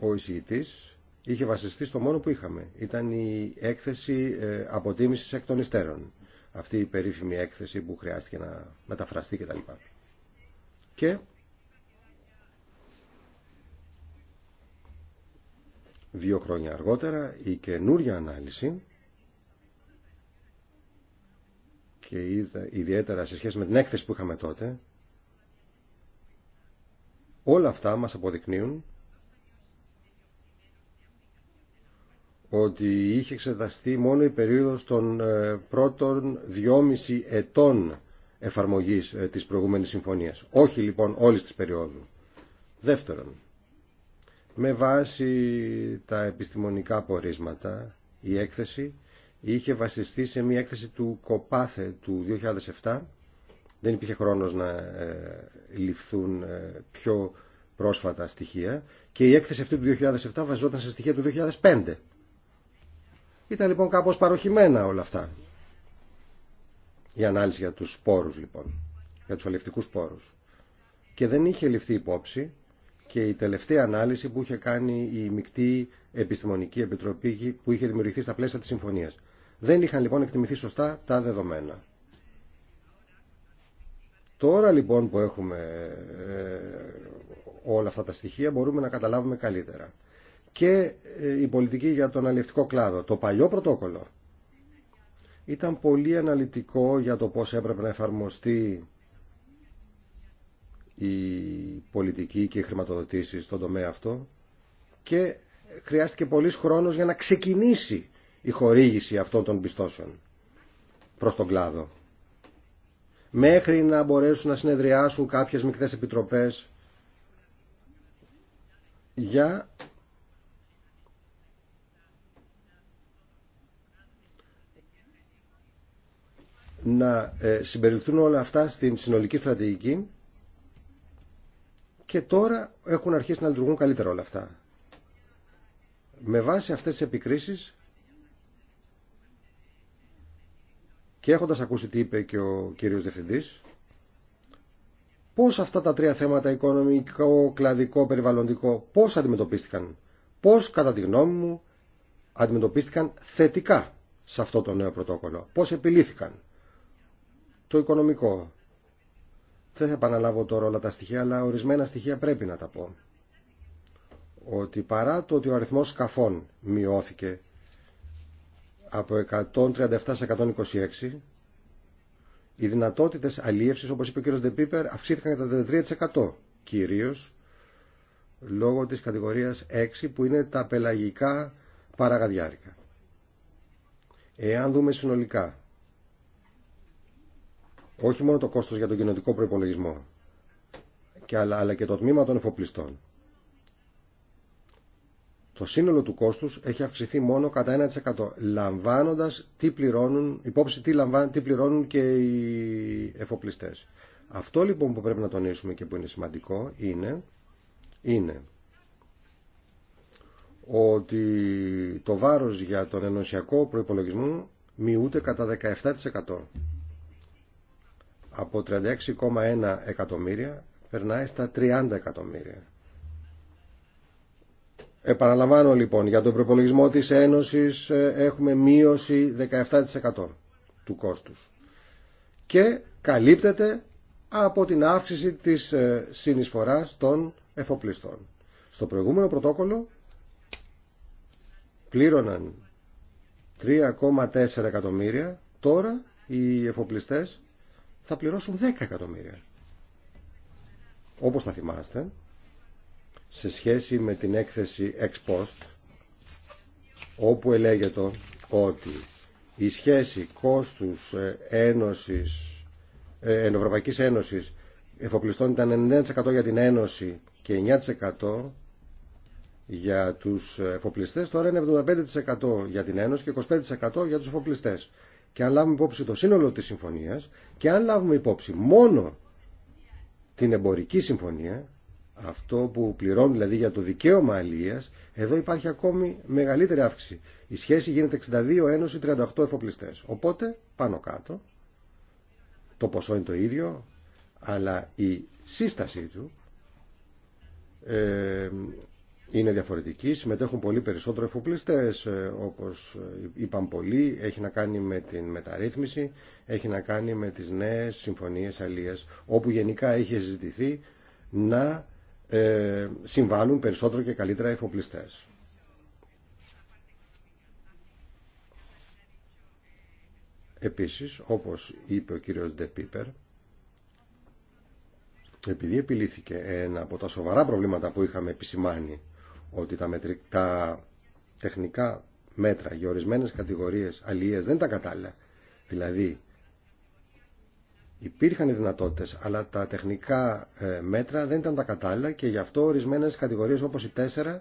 Ο εισηγητής είχε βασιστεί στο μόνο που είχαμε. Ήταν η έκθεση αποτίμησης εκ των υστέρων. Αυτή η περίφημη έκθεση που χρειάστηκε να μεταφραστεί κτλ και δύο χρόνια αργότερα η καινούρια ανάλυση και ιδιαίτερα σε σχέση με την έκθεση που είχαμε τότε όλα αυτά μας αποδεικνύουν ότι είχε εξεταστεί μόνο η περίοδος των ε, πρώτων 2,5 ετών εφαρμογής ε, της προηγούμενης συμφωνίας. Όχι λοιπόν όλη της περίοδου. Δεύτερον, με βάση τα επιστημονικά πορίσματα η έκθεση είχε βασιστεί σε μια έκθεση του ΚΟΠΑΘΕ του 2007. Δεν υπήρχε χρόνος να ε, ληφθούν ε, πιο πρόσφατα στοιχεία και η έκθεση αυτή του 2007 βαζόταν σε στοιχεία του 2005. Ήταν λοιπόν κάπως παροχημένα όλα αυτά η ανάλυση για τους σπόρους λοιπόν, για τους αλευτικούς σπόρους. Και δεν είχε ληφθεί υπόψη και η τελευταία ανάλυση που είχε κάνει η μεικτή επιστημονική επιτροπή που είχε δημιουργηθεί στα πλαίσια της συμφωνίας. Δεν είχαν λοιπόν εκτιμηθεί σωστά τα δεδομένα. Τώρα λοιπόν που έχουμε ε, όλα αυτά τα στοιχεία μπορούμε να καταλάβουμε καλύτερα. Και ε, η πολιτική για τον αλληλευτικό κλάδο. Το παλιό πρωτόκολλο ήταν πολύ αναλυτικό για το πώς έπρεπε να εφαρμοστεί η πολιτική και οι χρηματοδοτήσει στον τομέα αυτό και χρειάστηκε πολύς χρόνος για να ξεκινήσει η χορήγηση αυτών των πιστώσεων προς τον κλάδο. Μέχρι να μπορέσουν να συνεδριάσουν κάποιες μικρές επιτροπές για να ε, συμπεριληφθούν όλα αυτά στην συνολική στρατηγική και τώρα έχουν αρχίσει να λειτουργούν καλύτερα όλα αυτά. Με βάση αυτές τις επικρίσεις και έχοντας ακούσει τι είπε και ο κύριος Διευθυντής, πώς αυτά τα τρία θέματα, οικονομικό, κλαδικό, περιβαλλοντικό, πώς αντιμετωπίστηκαν, πώς κατά τη γνώμη μου αντιμετωπίστηκαν θετικά σε αυτό το νέο πρωτόκολλο, πώς επιλύθηκαν. Το οικονομικό. Δεν θα επαναλάβω τώρα όλα τα στοιχεία, αλλά ορισμένα στοιχεία πρέπει να τα πω. Ότι παρά το ότι ο αριθμός σκαφών μειώθηκε από 137 σε 126, οι δυνατότητες αλίευσης, όπως είπε ο κύριος Ντεπίπερ, αυξήθηκαν κατά 33%. Κυρίως λόγω της κατηγορίας 6 που είναι τα πελαγικά παραγαδιάρικα. Εάν δούμε συνολικά όχι μόνο το κόστος για τον κοινωτικό προϋπολογισμό, και αλλά, και το τμήμα των εφοπλιστών. Το σύνολο του κόστους έχει αυξηθεί μόνο κατά 1% λαμβάνοντας τι πληρώνουν, υπόψη τι, λαμβάν, τι πληρώνουν και οι εφοπλιστές. Αυτό λοιπόν που πρέπει να τονίσουμε και που είναι σημαντικό είναι, είναι ότι το βάρος για τον ενωσιακό προϋπολογισμό μειούται κατά 17% από 36,1 εκατομμύρια περνάει στα 30 εκατομμύρια. Επαναλαμβάνω λοιπόν, για τον προπολογισμό της Ένωσης ε, έχουμε μείωση 17% του κόστους. Και καλύπτεται από την αύξηση της ε, συνεισφοράς των εφοπλιστών. Στο προηγούμενο πρωτόκολλο πλήρωναν 3,4 εκατομμύρια, τώρα οι εφοπλιστές θα πληρώσουν 10 εκατομμύρια. Όπως θα θυμάστε, σε σχέση με την έκθεση ex post, όπου ελέγεται ότι η σχέση κόστους ε, ένωσης, ε, Ευρωπαϊκής Ένωσης εφοπλιστών ήταν 9% για την Ένωση και 9% για τους εφοπλιστές, τώρα είναι 75% για την Ένωση και 25% για τους εφοπλιστές και αν λάβουμε υπόψη το σύνολο της συμφωνίας και αν λάβουμε υπόψη μόνο την εμπορική συμφωνία, αυτό που πληρώνει δηλαδή για το δικαίωμα αλληλείας, εδώ υπάρχει ακόμη μεγαλύτερη αύξηση. Η σχέση γίνεται 62 ένωση 38 εφοπλιστές. Οπότε, πάνω κάτω, το ποσό είναι το ίδιο, αλλά η σύστασή του ε, είναι διαφορετική, συμμετέχουν πολύ περισσότερο εφοπλιστές, ε, όπως ε, είπαν πολλοί, έχει να κάνει με την μεταρρύθμιση, έχει να κάνει με τις νέες συμφωνίες αλίας, όπου γενικά έχει ζητηθεί να ε, συμβάλλουν περισσότερο και καλύτερα εφοπλιστές. Επίσης, όπως είπε ο κύριος Ντεπίπερ, επειδή επιλύθηκε ένα από τα σοβαρά προβλήματα που είχαμε επισημάνει ότι τα, μετρικά, τεχνικά μέτρα για ορισμένες κατηγορίες αλίες δεν τα κατάλληλα. Δηλαδή υπήρχαν οι δυνατότητες αλλά τα τεχνικά ε, μέτρα δεν ήταν τα κατάλληλα και γι' αυτό ορισμένες κατηγορίες όπως οι 4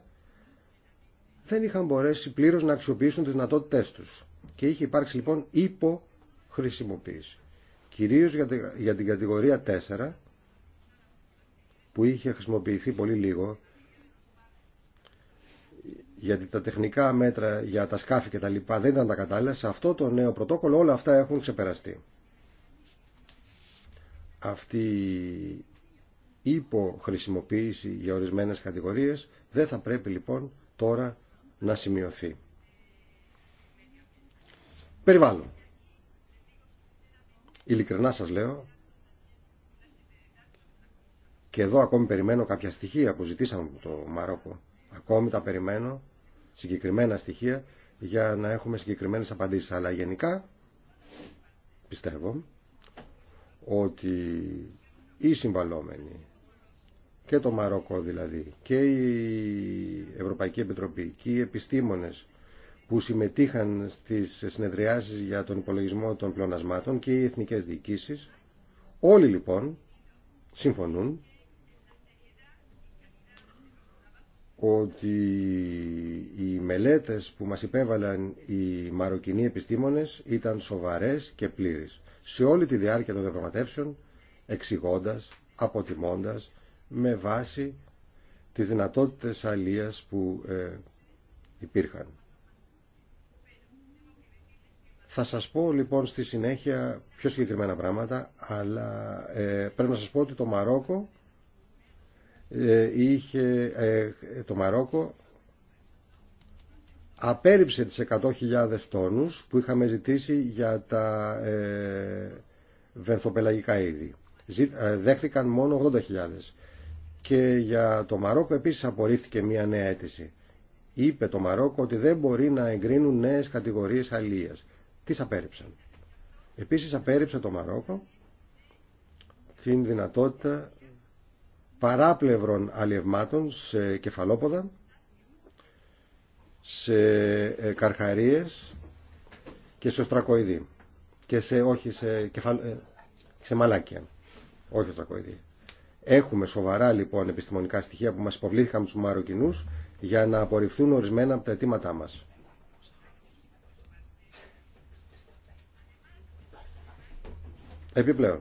δεν είχαν μπορέσει πλήρως να αξιοποιήσουν τις δυνατότητές τους. Και είχε υπάρξει λοιπόν υποχρησιμοποίηση. Κυρίως για την κατηγορία 4 που είχε χρησιμοποιηθεί πολύ λίγο γιατί τα τεχνικά μέτρα για τα σκάφη και τα λοιπά δεν ήταν τα κατάλληλα, σε αυτό το νέο πρωτόκολλο όλα αυτά έχουν ξεπεραστεί. Αυτή η υποχρησιμοποίηση για ορισμένες κατηγορίες δεν θα πρέπει λοιπόν τώρα να σημειωθεί. Περιβάλλον. Ειλικρινά σας λέω, και εδώ ακόμη περιμένω κάποια στοιχεία που ζητήσαμε από το Μαρόκο. Ακόμη τα περιμένω συγκεκριμένα στοιχεία για να έχουμε συγκεκριμένες απαντήσεις. Αλλά γενικά πιστεύω ότι οι συμβαλόμενοι και το Μαρόκο δηλαδή και η Ευρωπαϊκή Επιτροπή και οι επιστήμονες που συμμετείχαν στις συνεδριάσεις για τον υπολογισμό των πλεονασμάτων και οι εθνικές διοικήσεις όλοι λοιπόν συμφωνούν ότι οι μελέτες που μας υπέβαλαν οι μαροκινοί επιστήμονες ήταν σοβαρές και πλήρεις σε όλη τη διάρκεια των διαπραγματεύσεων εξηγώντας, αποτιμώντας με βάση τις δυνατότητες αλίας που ε, υπήρχαν. Θα σας πω λοιπόν στη συνέχεια πιο συγκεκριμένα πράγματα αλλά ε, πρέπει να σας πω ότι το Μαρόκο ε, είχε, ε, το Μαρόκο απέρριψε τις 100.000 τόνους που είχαμε ζητήσει για τα ε, βενθοπελαγικά είδη. Δέχθηκαν μόνο 80.000. Και για το Μαρόκο επίσης απορρίφθηκε μια νέα αίτηση. Είπε το Μαρόκο ότι δεν μπορεί να εγκρίνουν νέες κατηγορίες αλίας. Τις απέρριψαν. Επίσης απέρριψε το Μαρόκο την δυνατότητα παράπλευρων αλλιευμάτων σε κεφαλόποδα, σε ε, καρχαρίες και σε οστρακοειδή. Και σε, όχι σε, κεφαλ, ε, σε μαλάκια, όχι οστρακοειδή. Έχουμε σοβαρά λοιπόν επιστημονικά στοιχεία που μας υποβλήθηκαν στους τους Μαροκινούς για να απορριφθούν ορισμένα από τα αιτήματά μας. Επιπλέον,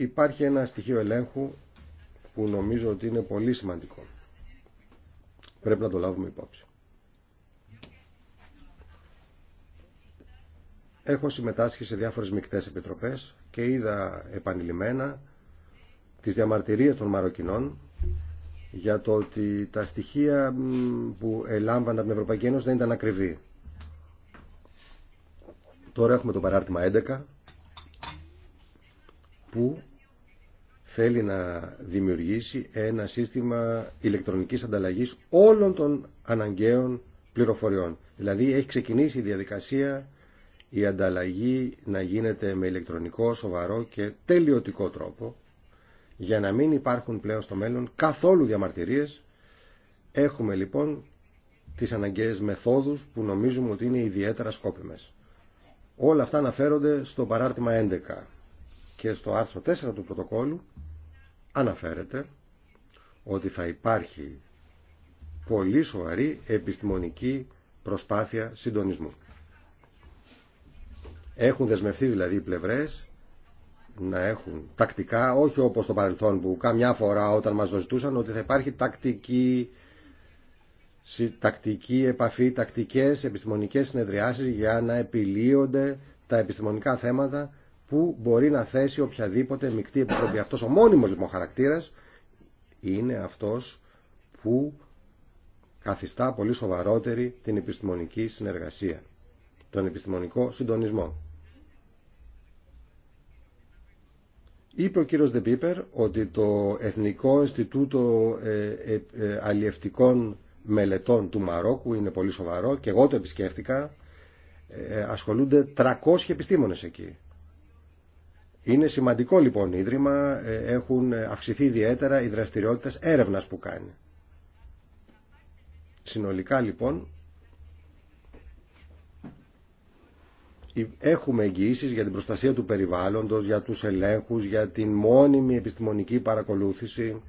Υπάρχει ένα στοιχείο ελέγχου που νομίζω ότι είναι πολύ σημαντικό. Πρέπει να το λάβουμε υπόψη. Έχω συμμετάσχει σε διάφορες μικτές επιτροπές και είδα επανειλημμένα τις διαμαρτυρίες των Μαροκινών για το ότι τα στοιχεία που ελάμβανε από την Ευρωπαϊκή Ένωση δεν ήταν ακριβή. Τώρα έχουμε το παράρτημα 11 που θέλει να δημιουργήσει ένα σύστημα ηλεκτρονικής ανταλλαγής όλων των αναγκαίων πληροφοριών. Δηλαδή έχει ξεκινήσει η διαδικασία η ανταλλαγή να γίνεται με ηλεκτρονικό, σοβαρό και τελειωτικό τρόπο για να μην υπάρχουν πλέον στο μέλλον καθόλου διαμαρτυρίες. Έχουμε λοιπόν τις αναγκαίες μεθόδους που νομίζουμε ότι είναι ιδιαίτερα σκόπιμες. Όλα αυτά αναφέρονται στο παράρτημα 11 και στο άρθρο 4 του πρωτοκόλλου αναφέρεται ότι θα υπάρχει πολύ σοβαρή επιστημονική προσπάθεια συντονισμού. Έχουν δεσμευτεί δηλαδή οι πλευρές να έχουν τακτικά, όχι όπως το παρελθόν που καμιά φορά όταν μας ζητούσαν ότι θα υπάρχει τακτική, τακτική επαφή, τακτικές επιστημονικές συνεδριάσεις για να επιλύονται τα επιστημονικά θέματα που μπορεί να θέσει οποιαδήποτε μεικτή επιτροπή. Αυτό ο μόνιμος λοιπόν χαρακτήρα είναι αυτός που καθιστά πολύ σοβαρότερη την επιστημονική συνεργασία, τον επιστημονικό συντονισμό. Είπε ο κύριος Δεπίπερ ότι το Εθνικό Ινστιτούτο ε, ε, ε, Αλλιευτικών Μελετών του Μαρόκου είναι πολύ σοβαρό και εγώ το επισκέφτηκα. Ασχολούνται 300 επιστήμονες εκεί. Είναι σημαντικό λοιπόν ίδρυμα, ε, έχουν αυξηθεί ιδιαίτερα οι δραστηριότητες έρευνας που κάνει. Συνολικά λοιπόν έχουμε εγγυήσεις για την προστασία του περιβάλλοντος, για τους ελέγχους, για την μόνιμη επιστημονική παρακολούθηση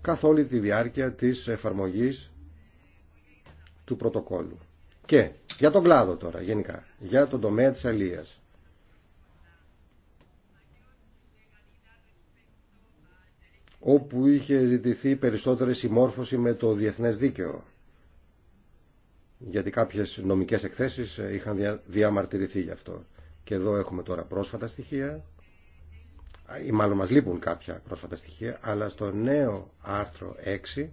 καθ' όλη τη διάρκεια της εφαρμογής του πρωτοκόλου. Και για τον κλάδο τώρα γενικά, για τον τομέα της αλίας. όπου είχε ζητηθεί περισσότερη συμμόρφωση με το διεθνές δίκαιο. Γιατί κάποιες νομικές εκθέσεις είχαν διαμαρτυρηθεί γι' αυτό. Και εδώ έχουμε τώρα πρόσφατα στοιχεία, ή μάλλον μας λείπουν κάποια πρόσφατα στοιχεία, αλλά στο νέο άρθρο 6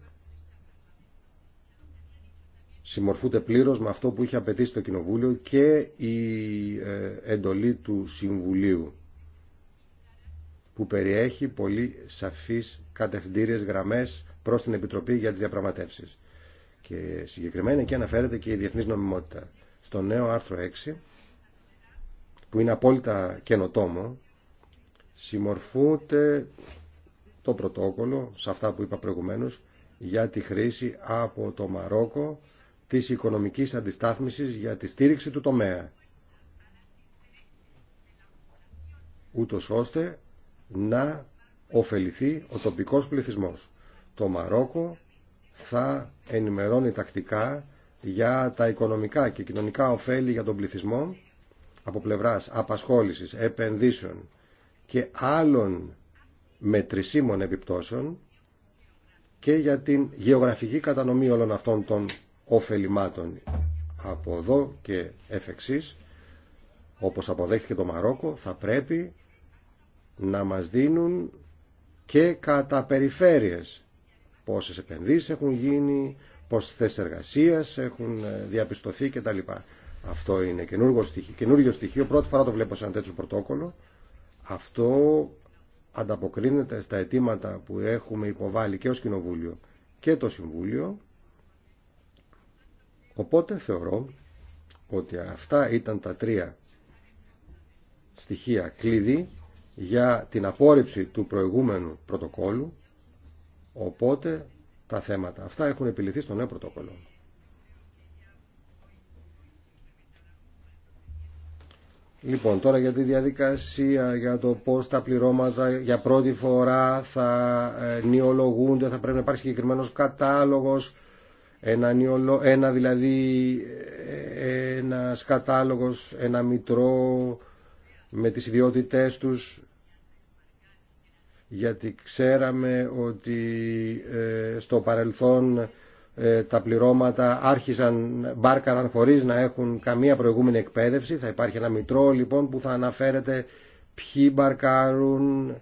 συμμορφούνται πλήρως με αυτό που είχε απαιτήσει το Κοινοβούλιο και η ε, εντολή του Συμβουλίου που περιέχει πολύ σαφείς κατευθυντήριες γραμμές προς την Επιτροπή για τις διαπραγματεύσεις. Και συγκεκριμένα εκεί αναφέρεται και η διεθνής νομιμότητα. Στο νέο άρθρο 6, που είναι απόλυτα καινοτόμο, συμμορφούνται το πρωτόκολλο, σε αυτά που είπα προηγουμένως, για τη χρήση από το Μαρόκο της οικονομικής αντιστάθμισης για τη στήριξη του τομέα. Ούτως ώστε να ωφεληθεί ο τοπικός πληθυσμός. Το Μαρόκο θα ενημερώνει τακτικά για τα οικονομικά και κοινωνικά ωφέλη για τον πληθυσμό από πλευράς απασχόλησης, επενδύσεων και άλλων μετρησίμων επιπτώσεων και για την γεωγραφική κατανομή όλων αυτών των ωφελημάτων. Από εδώ και εφ' εξής, όπως αποδέχθηκε το Μαρόκο, θα πρέπει να μας δίνουν και κατά περιφέρειες πόσες επενδύσεις έχουν γίνει, πόσες θέσεις εργασίας έχουν ε, διαπιστωθεί κτλ. Αυτό είναι καινούργιο στοιχείο, καινούργιο στοιχείο, πρώτη φορά το βλέπω σε ένα τέτοιο πρωτόκολλο. Αυτό ανταποκρίνεται στα αιτήματα που έχουμε υποβάλει και ως Κοινοβούλιο και το Συμβούλιο. Οπότε θεωρώ ότι αυτά ήταν τα τρία στοιχεία κλειδί για την απόρριψη του προηγούμενου πρωτοκόλου, οπότε τα θέματα αυτά έχουν επιληθεί στο νέο πρωτόκολλο. Λοιπόν, τώρα για τη διαδικασία, για το πώς τα πληρώματα για πρώτη φορά θα ε, νιολογούνται, θα πρέπει να υπάρχει συγκεκριμένο κατάλογος, ένα, νιολο, ένα δηλαδή ε, ένας κατάλογος, ένα μητρό με τις ιδιότητές τους γιατί ξέραμε ότι ε, στο παρελθόν ε, τα πληρώματα άρχισαν, μπάρκαραν χωρίς να έχουν καμία προηγούμενη εκπαίδευση. Θα υπάρχει ένα μητρό λοιπόν που θα αναφέρεται ποιοι μπαρκάρουν,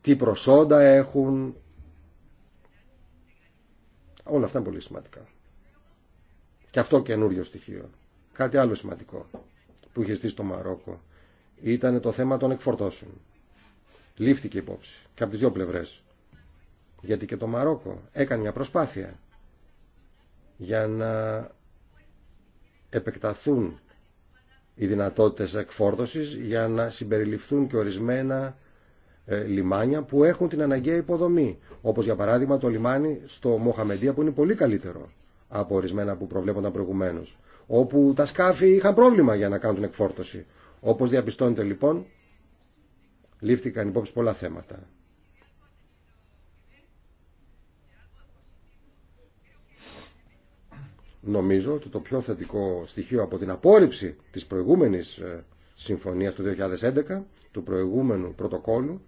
τι προσόντα έχουν. Όλα αυτά είναι πολύ σημαντικά. Και αυτό καινούριο στοιχείο. Κάτι άλλο σημαντικό που είχε στήσει στο Μαρόκο ήταν το θέμα των εκφορτώσεων λήφθηκε υπόψη και από τις δύο πλευρές. Γιατί και το Μαρόκο έκανε μια προσπάθεια για να επεκταθούν οι δυνατότητες εκφόρτωσης για να συμπεριληφθούν και ορισμένα ε, λιμάνια που έχουν την αναγκαία υποδομή. Όπως για παράδειγμα το λιμάνι στο Μοχαμεντία που είναι πολύ καλύτερο από ορισμένα που προβλέπονταν προηγουμένως. Όπου τα σκάφη είχαν πρόβλημα για να κάνουν την εκφόρτωση. Όπως διαπιστώνεται λοιπόν λήφθηκαν υπόψη πολλά θέματα. Νομίζω ότι το πιο θετικό στοιχείο από την απόρριψη της προηγούμενης ε, συμφωνίας του 2011, του προηγούμενου πρωτοκόλλου,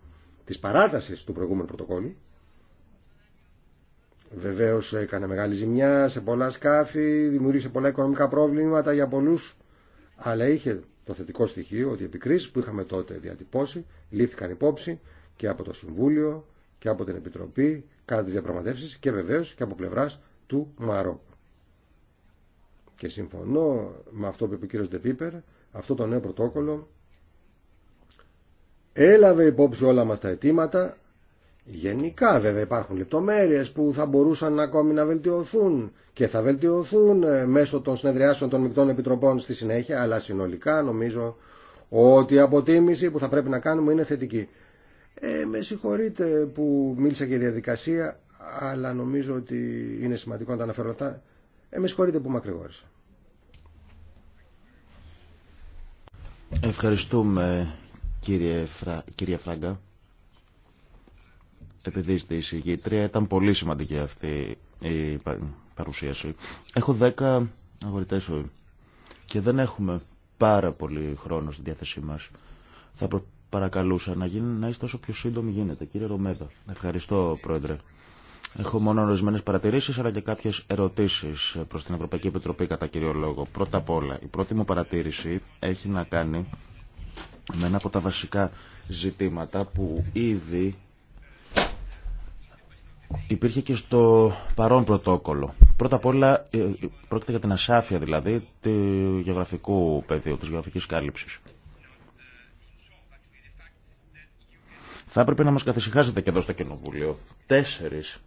της παράτασης του προηγούμενου πρωτοκόλλου, βεβαίως έκανε μεγάλη ζημιά σε πολλά σκάφη, δημιούργησε πολλά οικονομικά πρόβληματα για πολλούς, αλλά είχε το θετικό στοιχείο ότι οι επικρίσεις που είχαμε τότε διατυπώσει λήφθηκαν υπόψη και από το Συμβούλιο και από την Επιτροπή κατά τις διαπραγματεύσεις και βεβαίως και από πλευράς του Μαρόκου. Και συμφωνώ με αυτό που είπε ο κύριος Ντεπίπερ, αυτό το νέο πρωτόκολλο έλαβε υπόψη όλα μας τα αιτήματα Γενικά βέβαια υπάρχουν λεπτομέρειες που θα μπορούσαν ακόμη να βελτιωθούν και θα βελτιωθούν ε, μέσω των συνεδριάσεων των μεικτών επιτροπών στη συνέχεια, αλλά συνολικά νομίζω ότι η αποτίμηση που θα πρέπει να κάνουμε είναι θετική. Ε, με συγχωρείτε που μίλησα και διαδικασία, αλλά νομίζω ότι είναι σημαντικό να τα αναφέρω αυτά. Ε, με συγχωρείτε που μακρηγόρησα. Ευχαριστούμε κύριε κυρία Φράγκα επειδή είστε εισηγήτρια, ήταν πολύ σημαντική αυτή η παρουσίαση. Έχω 10 αγορητέ και δεν έχουμε πάρα πολύ χρόνο στη διάθεσή μα. Θα παρακαλούσα να, γίνει, να είστε όσο πιο σύντομοι γίνεται. Κύριε Ρομέδα, ευχαριστώ Πρόεδρε. Έχω μόνο ορισμένε παρατηρήσει αλλά και κάποιε ερωτήσει προ την Ευρωπαϊκή Επιτροπή κατά κύριο λόγο. Πρώτα απ' όλα, η πρώτη μου παρατήρηση έχει να κάνει με ένα από τα βασικά ζητήματα που ήδη υπήρχε και στο παρόν πρωτόκολλο. Πρώτα απ' όλα ε, πρόκειται για την ασάφεια δηλαδή του γεωγραφικού πεδίου, της γεωγραφικής κάλυψης. Θα έπρεπε να μας καθησυχάζετε και εδώ στο Κοινοβούλιο. Τέσσερις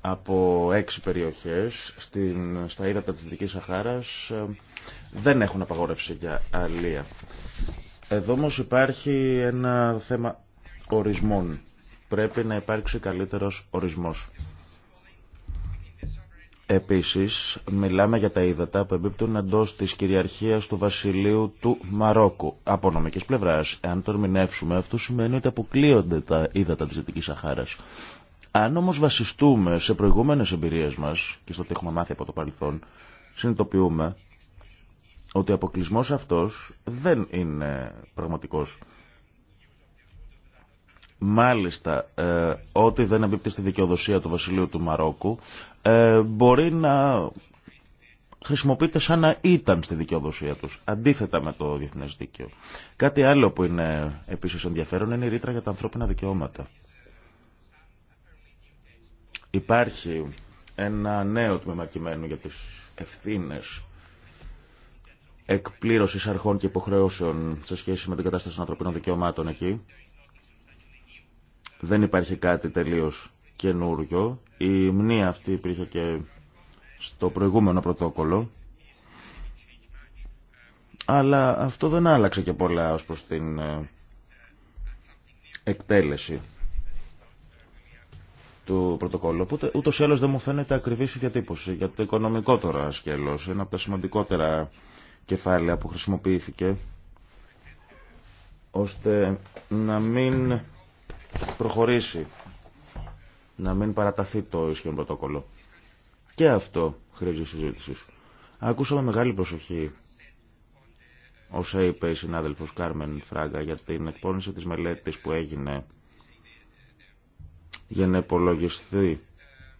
από έξι περιοχές στην, στα ύδατα της Δυτικής Σαχάρας ε, δεν έχουν απαγόρευση για αλία. Εδώ όμω υπάρχει ένα θέμα ορισμών πρέπει να υπάρξει καλύτερος ορισμός. Επίσης, μιλάμε για τα ύδατα που εμπίπτουν εντό της κυριαρχίας του βασιλείου του Μαρόκου. Από νομικής πλευράς, εάν το ερμηνεύσουμε, αυτό σημαίνει ότι αποκλείονται τα ύδατα της Δυτικής Σαχάρας. Αν όμως βασιστούμε σε προηγούμενες εμπειρίες μας και στο ότι έχουμε μάθει από το παρελθόν, συνειδητοποιούμε ότι ο αποκλεισμό αυτός δεν είναι πραγματικός μάλιστα ε, ό,τι δεν εμπίπτει στη δικαιοδοσία του Βασιλείου του Μαρόκου ε, μπορεί να χρησιμοποιείται σαν να ήταν στη δικαιοδοσία τους, αντίθετα με το διεθνές δίκαιο. Κάτι άλλο που είναι επίσης ενδιαφέρον είναι η ρήτρα για τα ανθρώπινα δικαιώματα. Υπάρχει ένα νέο τμήμα κειμένου για τις ευθύνες εκπλήρωσης αρχών και υποχρεώσεων σε σχέση με την κατάσταση των ανθρωπίνων δικαιωμάτων εκεί δεν υπάρχει κάτι τελείως καινούριο. Η μνή αυτή υπήρχε και στο προηγούμενο πρωτόκολλο. Αλλά αυτό δεν άλλαξε και πολλά ως προς την ε, εκτέλεση του πρωτοκόλλου. Οπότε ούτω ή άλλω δεν μου φαίνεται ακριβή η διατύπωση. Για το οικονομικό τώρα σκέλο, ένα από τα σημαντικότερα κεφάλαια που χρησιμοποιήθηκε, ώστε να μην προχωρήσει. Να μην παραταθεί το ισχυρό πρωτόκολλο. Και αυτό χρήζει συζήτηση. Ακούσαμε μεγάλη προσοχή όσα είπε η συνάδελφος Κάρμεν Φράγκα για την εκπόνηση της μελέτης που έγινε για να υπολογιστεί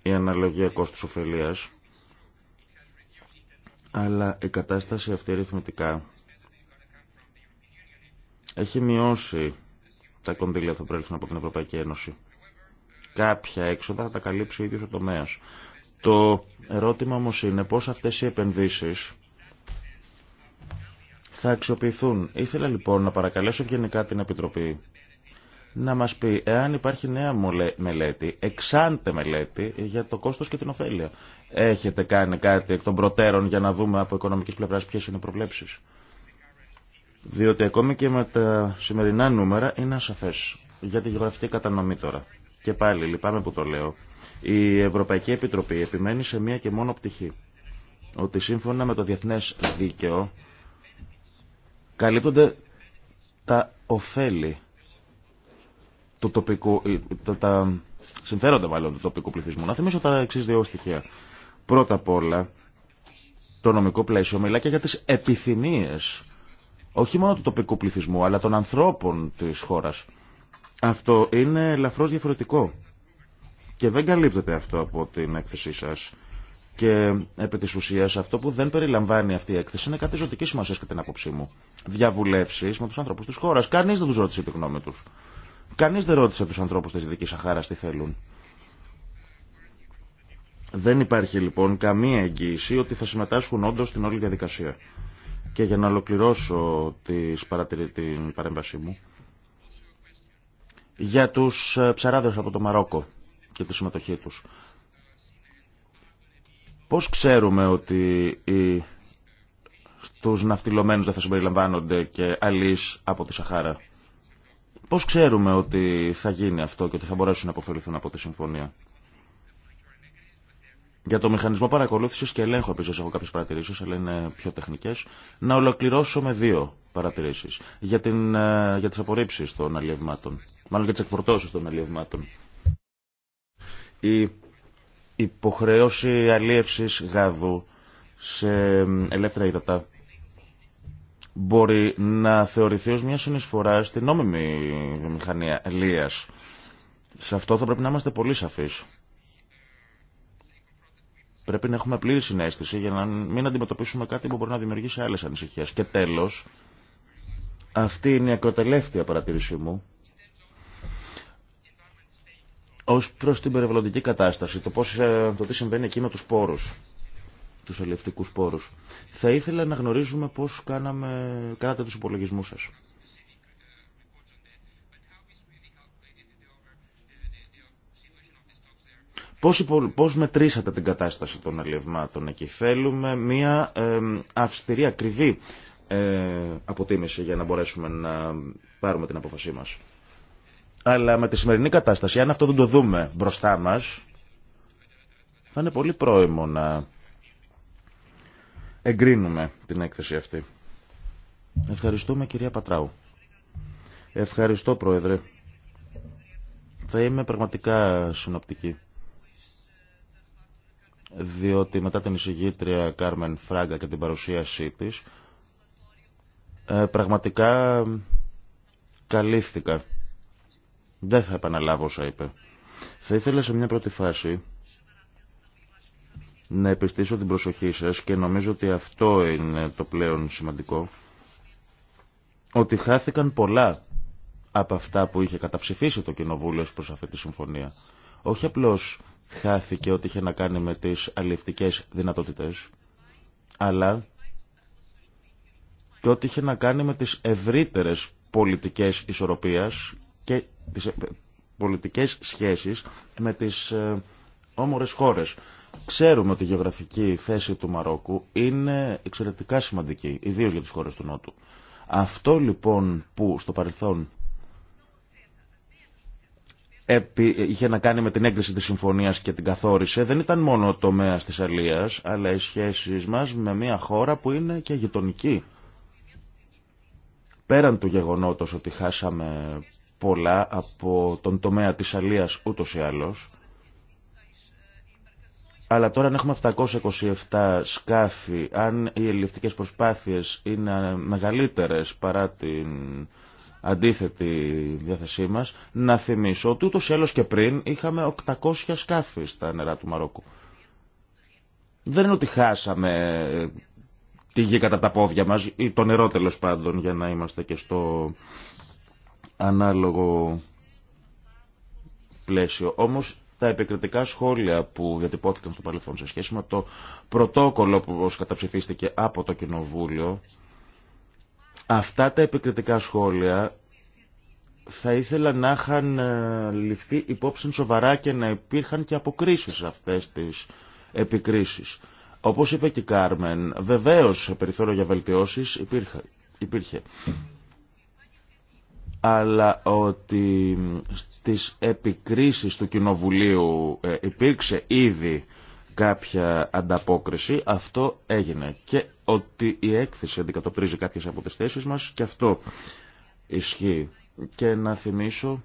η αναλογία κόστους ωφελία. αλλά η κατάσταση αυτή έχει μειώσει τα κονδύλια θα προέλθουν από την Ευρωπαϊκή Ένωση. Κάποια έξοδα θα τα καλύψει ο ίδιο ο τομέα. Το ερώτημα όμω είναι πώ αυτέ οι επενδύσει θα αξιοποιηθούν. Ήθελα λοιπόν να παρακαλέσω γενικά την Επιτροπή να μα πει εάν υπάρχει νέα μελέτη, εξάντε μελέτη για το κόστο και την ωφέλεια. Έχετε κάνει κάτι εκ των προτέρων για να δούμε από οικονομικής πλευρά ποιε είναι οι προβλέψεις. Διότι ακόμη και με τα σημερινά νούμερα είναι ασαφές για τη γεωγραφική κατανομή τώρα. Και πάλι, λυπάμαι που το λέω, η Ευρωπαϊκή Επιτροπή επιμένει σε μία και μόνο πτυχή. Ότι σύμφωνα με το διεθνές δίκαιο καλύπτονται τα ωφέλη του τοπικού, ε, τα, τα συμφέροντα του τοπικού πληθυσμού. Να θυμίσω τα εξή δύο στοιχεία. Πρώτα απ' όλα, το νομικό πλαίσιο μιλά και για τις επιθυμίες όχι μόνο του τοπικού πληθυσμού, αλλά των ανθρώπων της χώρας. Αυτό είναι ελαφρώς διαφορετικό. Και δεν καλύπτεται αυτό από την έκθεσή σας. Και επί τη ουσία αυτό που δεν περιλαμβάνει αυτή η έκθεση είναι κάτι ζωτική σημασία κατά την άποψή μου. Διαβουλεύσει με του ανθρώπου τη χώρα. Κανεί δεν του ρώτησε τη γνώμη του. Κανεί δεν ρώτησε του ανθρώπου τη Δυτική Σαχάρα τι θέλουν. Δεν υπάρχει λοιπόν καμία εγγύηση ότι θα συμμετάσχουν όντω στην όλη διαδικασία. Και για να ολοκληρώσω τις την παρέμβασή μου, για τους ε, ψαράδες από το Μαρόκο και τη συμμετοχή τους. Πώς ξέρουμε ότι οι... τους ναυτιλωμένους δεν θα συμπεριλαμβάνονται και αλείς από τη Σαχάρα. Πώς ξέρουμε ότι θα γίνει αυτό και ότι θα μπορέσουν να αποφεληθούν από τη συμφωνία. Για το μηχανισμό παρακολούθησης και ελέγχου επίση έχω κάποιες παρατηρήσεις, αλλά είναι πιο τεχνικές. Να ολοκληρώσω με δύο παρατηρήσεις. Για, την, ε, για τις απορρίψεις των αλλιευμάτων, μάλλον για τι εκφορτώσεις των αλλιευμάτων. Η υποχρέωση αλλίευση γάδου σε ελεύθερα ύδατα μπορεί να θεωρηθεί ως μια συνεισφορά στην νόμιμη μηχανία ελίας. Σε αυτό θα πρέπει να είμαστε πολύ σαφεί. Πρέπει να έχουμε πλήρη συνέστηση για να μην αντιμετωπίσουμε κάτι που μπορεί να δημιουργήσει άλλε ανησυχίε. Και τέλο, αυτή είναι η ακροτελεύτια παρατήρησή μου. Ω προ την περιβαλλοντική κατάσταση, το, πώς, ε, το τι συμβαίνει εκεί με του πόρου, του ελευτικού πόρου. Θα ήθελα να γνωρίζουμε πώ κάνατε του υπολογισμού σα. Πώς, πώς μετρήσατε την κατάσταση των αλλιευμάτων εκεί. Θέλουμε μια ε, αυστηρή, ακριβή ε, αποτίμηση για να μπορέσουμε να πάρουμε την απόφασή μας. Αλλά με τη σημερινή κατάσταση, αν αυτό δεν το δούμε μπροστά μας, θα είναι πολύ πρόημο να εγκρίνουμε την έκθεση αυτή. Ευχαριστούμε κυρία Πατράου. Ευχαριστώ πρόεδρε. Θα είμαι πραγματικά συνοπτική διότι μετά την εισηγήτρια Κάρμεν Φράγκα και την παρουσίασή της, ε, πραγματικά καλύφθηκα. Δεν θα επαναλάβω όσα είπε. Θα ήθελα σε μια πρώτη φάση να επιστήσω την προσοχή σας και νομίζω ότι αυτό είναι το πλέον σημαντικό ότι χάθηκαν πολλά από αυτά που είχε καταψηφίσει το Κοινοβούλιο προς αυτή τη συμφωνία. Όχι απλώς χάθηκε ό,τι είχε να κάνει με τις αλληλευτικές δυνατότητες, αλλά και ό,τι είχε να κάνει με τις ευρύτερες πολιτικές ισορροπίας και τις ε, πολιτικές σχέσεις με τις ε, όμορες χώρες. Ξέρουμε ότι η γεωγραφική θέση του Μαρόκου είναι εξαιρετικά σημαντική, ιδίως για τις χώρες του Νότου. Αυτό λοιπόν που στο παρελθόν είχε να κάνει με την έγκριση της συμφωνίας και την καθόρισε δεν ήταν μόνο ο τομέας της αλίας αλλά οι σχέσεις μας με μια χώρα που είναι και γειτονική. Πέραν του γεγονότος ότι χάσαμε πολλά από τον τομέα της αλίας ούτως ή άλλως αλλά τώρα αν έχουμε 727 σκάφη, αν οι ελληνικές προσπάθειες είναι μεγαλύτερες παρά την αντίθετη διάθεσή μας, να θυμίσω ότι ούτως έλος και πριν είχαμε 800 σκάφη στα νερά του Μαρόκου. Δεν είναι ότι χάσαμε ε, τη γη κατά τα πόδια μας ή το νερό τέλο πάντων για να είμαστε και στο ανάλογο πλαίσιο. Όμως τα επικριτικά σχόλια που διατυπώθηκαν στο παρελθόν σε σχέση με το πρωτόκολλο που καταψηφίστηκε από το Κοινοβούλιο Αυτά τα επικριτικά σχόλια θα ήθελα να είχαν ε, ληφθεί υπόψη σοβαρά και να υπήρχαν και αποκρίσεις αυτές τις επικρίσεις. Όπως είπε και η Κάρμεν, βεβαίως περιθώριο για βελτιώσεις υπήρχε. Αλλά ότι στις επικρίσεις του Κοινοβουλίου ε, υπήρξε ήδη κάποια ανταπόκριση. Αυτό έγινε. Και ότι η έκθεση αντικατοπτρίζει κάποιες από τις θέσεις μας και αυτό ισχύει. Και να θυμίσω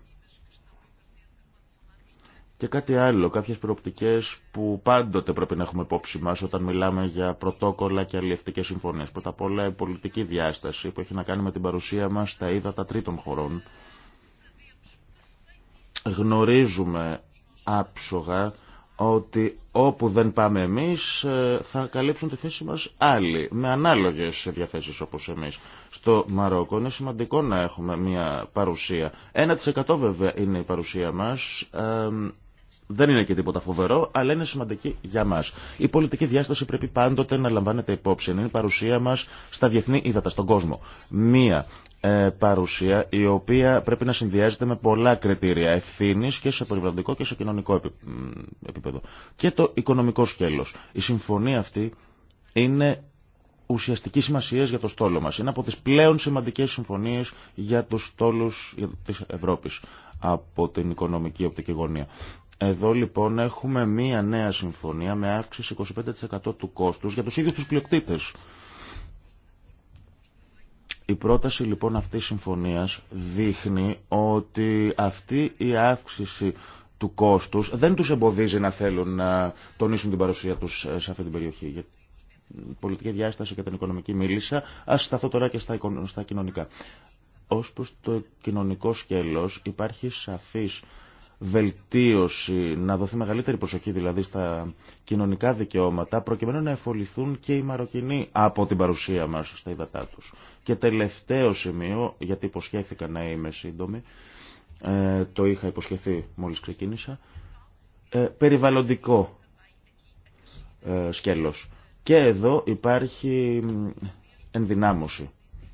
και κάτι άλλο, κάποιες προοπτικές που πάντοτε πρέπει να έχουμε υπόψη μας όταν μιλάμε για πρωτόκολλα και αλλιευτικές συμφωνίες. Πρώτα απ' όλα η πολιτική διάσταση που έχει να κάνει με την παρουσία μας στα τα τρίτων χωρών. Γνωρίζουμε άψογα ότι όπου δεν πάμε εμείς ε, θα καλύψουν τη θέση μας άλλοι, με ανάλογες διαθέσεις όπως εμείς. Στο Μαρόκο είναι σημαντικό να έχουμε μια παρουσία. 1% βέβαια είναι η παρουσία μας, δεν είναι και τίποτα φοβερό, αλλά είναι σημαντική για μα. Η πολιτική διάσταση πρέπει πάντοτε να λαμβάνεται υπόψη. Είναι η παρουσία μα στα διεθνή ύδατα, στον κόσμο. Μία ε, παρουσία η οποία πρέπει να συνδυάζεται με πολλά κριτήρια ευθύνη και σε περιβαλλοντικό και σε κοινωνικό επίπεδο. Και το οικονομικό σκέλο. Η συμφωνία αυτή είναι ουσιαστική σημασία για το στόλο μα. Είναι από τι πλέον σημαντικέ συμφωνίε για του στόλου τη Ευρώπη από την οικονομική οπτική γωνία. Εδώ λοιπόν έχουμε μία νέα συμφωνία με αύξηση 25% του κόστους για τους ίδιους τους πλειοκτήτες. Η πρόταση λοιπόν αυτής συμφωνίας δείχνει ότι αυτή η αύξηση του κόστους δεν τους εμποδίζει να θέλουν να τονίσουν την παρουσία τους σε αυτή την περιοχή. Για πολιτική διάσταση και την οικονομική μίλησα, ας σταθώ τώρα και στα κοινωνικά. Ως προς το κοινωνικό σκέλος υπάρχει σαφής βελτίωση, να δοθεί μεγαλύτερη προσοχή δηλαδή στα κοινωνικά δικαιώματα, προκειμένου να εφοληθούν και οι Μαροκινοί από την παρουσία μα στα υδατά του. Και τελευταίο σημείο, γιατί υποσχέθηκα να είμαι σύντομη, ε, το είχα υποσχεθεί μόλις ξεκίνησα, ε, περιβαλλοντικό ε, σκέλος. Και εδώ υπάρχει ενδυνάμωση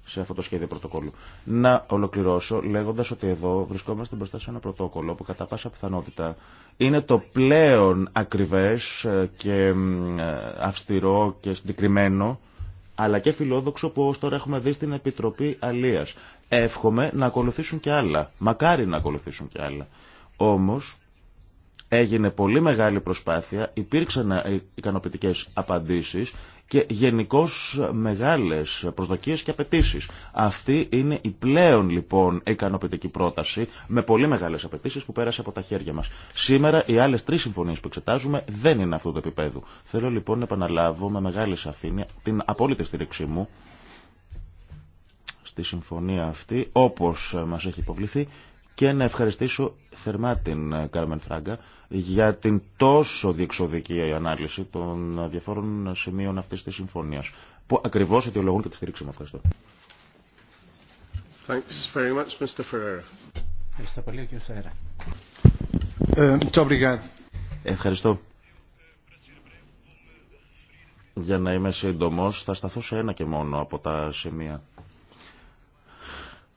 σε αυτό το σχέδιο πρωτοκόλλου. Να ολοκληρώσω λέγοντα ότι εδώ βρισκόμαστε μπροστά σε ένα πρωτόκολλο που κατά πάσα πιθανότητα είναι το πλέον ακριβέ ε, και ε, αυστηρό και συγκεκριμένο αλλά και φιλόδοξο που ω τώρα έχουμε δει στην Επιτροπή Αλίας. Εύχομαι να ακολουθήσουν και άλλα. Μακάρι να ακολουθήσουν και άλλα. Όμως έγινε πολύ μεγάλη προσπάθεια, υπήρξαν ε, ικανοποιητικές απαντήσεις και γενικώ μεγάλες προσδοκίες και απαιτήσει. Αυτή είναι η πλέον λοιπόν ικανοποιητική πρόταση με πολύ μεγάλες απαιτήσει που πέρασε από τα χέρια μας. Σήμερα οι άλλες τρεις συμφωνίες που εξετάζουμε δεν είναι αυτού του επίπεδου. Θέλω λοιπόν να επαναλάβω με μεγάλη σαφήνεια την απόλυτη στήριξή μου στη συμφωνία αυτή όπως μας έχει υποβληθεί και να ευχαριστήσω θερμά την Κάρμεν Φράγκα για την τόσο διεξοδική ανάλυση των διαφόρων σημείων αυτής της συμφωνίας που ακριβώς αιτιολογούν και τη στήριξη μου. Ευχαριστώ. Thanks Ευχαριστώ πολύ, ε, Ευχαριστώ. Για να είμαι σύντομο, θα σταθώ σε ένα και μόνο από τα σημεία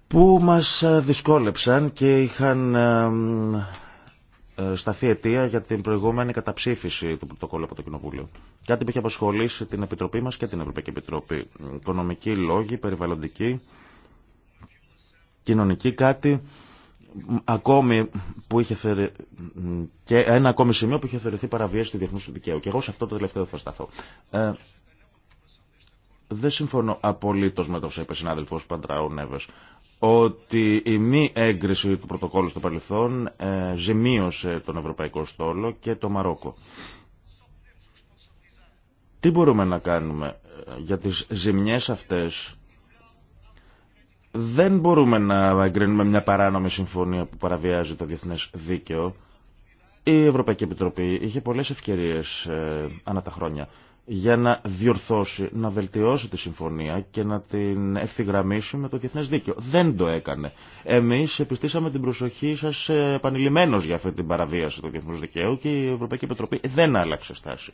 που μας δυσκόλεψαν και είχαν ε, σταθεί αιτία για την προηγούμενη καταψήφιση του πρωτοκόλλου από το Κοινοβούλιο. Κάτι που έχει απασχολήσει την Επιτροπή μα και την Ευρωπαϊκή Επιτροπή. Οικονομική λόγοι, περιβαλλοντική, κοινωνική. κάτι ακόμη που είχε θερε... και ένα ακόμη σημείο που είχε θεωρηθεί παραβίαση του διεθνού δικαίου. Και εγώ σε αυτό το τελευταίο θα σταθώ. Ε, δεν συμφωνώ απολύτω με το ΣΕΠΕ συνάδελφο Παντραού ότι η μη έγκριση του πρωτοκόλλου στο παρελθόν ε, ζημίωσε τον Ευρωπαϊκό Στόλο και το Μαρόκο. Τι μπορούμε να κάνουμε ε, για τις ζημιές αυτές δεν μπορούμε να εγκρίνουμε μια παράνομη συμφωνία που παραβιάζει το διεθνές δίκαιο. Η Ευρωπαϊκή Επιτροπή είχε πολλές ευκαιρίες ε, ανά τα χρόνια για να διορθώσει, να βελτιώσει τη συμφωνία και να την ευθυγραμμίσει με το διεθνέ δίκαιο. Δεν το έκανε. Εμεί επιστήσαμε την προσοχή σα επανειλημμένω για αυτή την παραβίαση του διεθνούς δικαίου και η Ευρωπαϊκή Επιτροπή δεν άλλαξε στάση.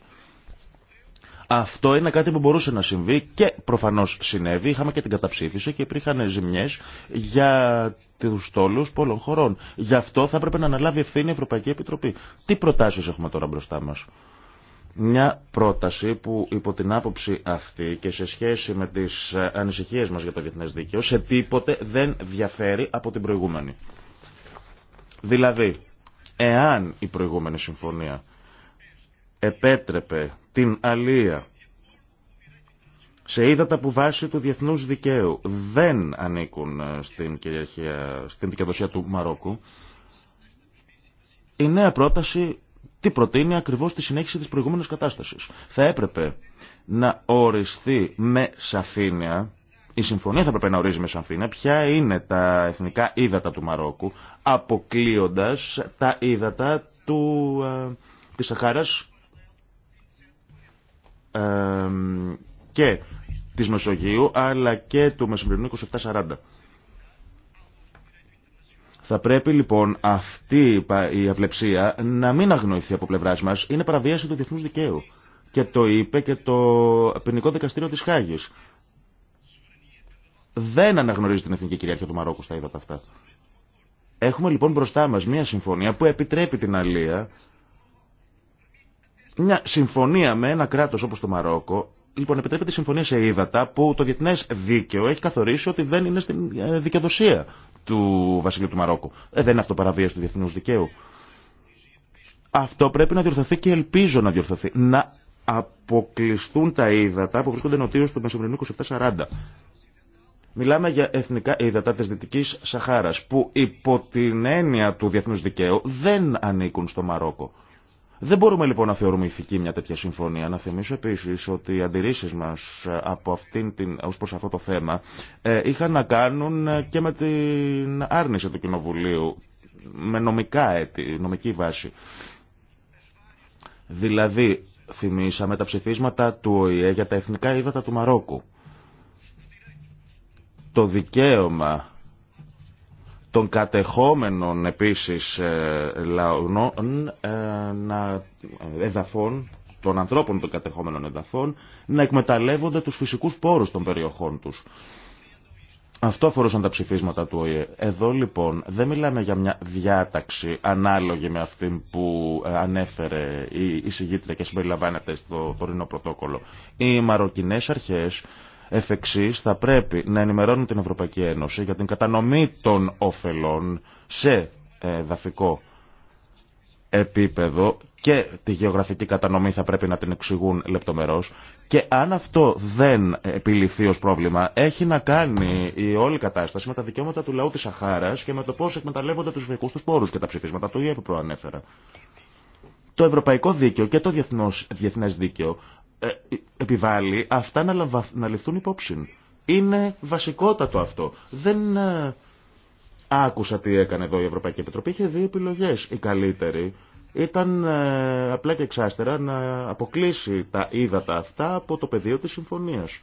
Αυτό είναι κάτι που μπορούσε να συμβεί και προφανώ συνέβη. Είχαμε και την καταψήφιση και υπήρχαν ζημιέ για του τόλου πολλών χωρών. Γι' αυτό θα έπρεπε να αναλάβει ευθύνη η Ευρωπαϊκή Επιτροπή. Τι προτάσει έχουμε τώρα μπροστά μα. Μια πρόταση που υπό την άποψη αυτή και σε σχέση με τις ανησυχίες μας για το διεθνές δίκαιο σε τίποτε δεν διαφέρει από την προηγούμενη. Δηλαδή, εάν η προηγούμενη συμφωνία επέτρεπε την αλία σε είδατα που βάσει του διεθνούς δικαίου δεν ανήκουν στην, κυριαρχία, στην δικαιοδοσία του Μαρόκου, η νέα πρόταση τι προτείνει ακριβώς τη συνέχιση της προηγούμενης κατάστασης. Θα έπρεπε να οριστεί με σαφήνεια, η συμφωνία θα έπρεπε να ορίζει με σαφήνεια ποια είναι τα εθνικά ύδατα του Μαρόκου, αποκλείοντας τα ύδατα του, ε, της Σαχάρας ε, και της Μεσογείου, αλλά και του Μεσημβρινού 2740. Θα πρέπει λοιπόν αυτή η αυλεψία να μην αγνοηθεί από πλευρά μα. Είναι παραβίαση του διεθνού δικαίου. Και το είπε και το ποινικό δικαστήριο τη Χάγη. Δεν αναγνωρίζει την εθνική κυριαρχία του Μαρόκου στα είδατα αυτά. Έχουμε λοιπόν μπροστά μα μια συμφωνία που επιτρέπει την αλεία. Μια συμφωνία με ένα κράτο όπω το Μαρόκο. Λοιπόν, επιτρέπεται συμφωνία σε ύδατα που το διεθνέ δίκαιο έχει καθορίσει ότι δεν είναι στην ε, δικαιοδοσία του Βασιλείου του Μαρόκου. Ε, δεν είναι αυτό παραβίαση του διεθνούς δικαίου. Αυτό πρέπει να διορθωθεί και ελπίζω να διορθωθεί. Να αποκλειστούν τα ύδατα που βρίσκονται νοτίως του Μεσοβρινού 2740. Μιλάμε για εθνικά ύδατα της Δυτικής Σαχάρας που υπό την έννοια του διεθνούς δικαίου δεν ανήκουν στο Μαρόκο. Δεν μπορούμε λοιπόν να θεωρούμε ηθική μια τέτοια συμφωνία. Να θυμίσω επίση ότι οι αντιρρήσει μα ε, ω προ αυτό το θέμα ε, είχαν να κάνουν ε, και με την άρνηση του Κοινοβουλίου με νομικά έτη, νομική βάση. Δηλαδή, θυμήσαμε τα ψηφίσματα του ΟΗΕ για τα εθνικά είδατα του Μαρόκου. Το δικαίωμα των κατεχόμενων επίσης ε, λαών, ε, να, εδαφών, των ανθρώπων των κατεχόμενων εδαφών, να εκμεταλλεύονται τους φυσικούς πόρους των περιοχών τους. Αυτό αφορούσαν τα ψηφίσματα του ΟΗΕ. Εδώ λοιπόν δεν μιλάμε για μια διάταξη ανάλογη με αυτή που ε, ανέφερε η εισηγήτρια και συμπεριλαμβάνεται στο τωρινό πρωτόκολλο. Οι μαροκινές αρχές Εφ' εξής, θα πρέπει να ενημερώνουν την Ευρωπαϊκή Ένωση για την κατανομή των ωφελών σε ε, δαφικό επίπεδο και τη γεωγραφική κατανομή θα πρέπει να την εξηγούν λεπτομερώς και αν αυτό δεν επιληθεί ως πρόβλημα έχει να κάνει η όλη κατάσταση με τα δικαιώματα του λαού της Σαχάρας και με το πώς εκμεταλλεύονται τους φυσικούς τους πόρους και τα ψηφίσματα του ΙΕΠ προανέφερα. Το ευρωπαϊκό δίκαιο και το διεθνώς, διεθνές δίκαιο ε, ε, επιβάλλει, αυτά να, να ληφθούν υπόψη. Είναι βασικότατο αυτό. Δεν ε, άκουσα τι έκανε εδώ η Ευρωπαϊκή Επιτροπή. Είχε δύο επιλογές. Η καλύτερη ήταν απλά και εξάστερα να αποκλείσει τα ύδατα αυτά από το πεδίο της συμφωνίας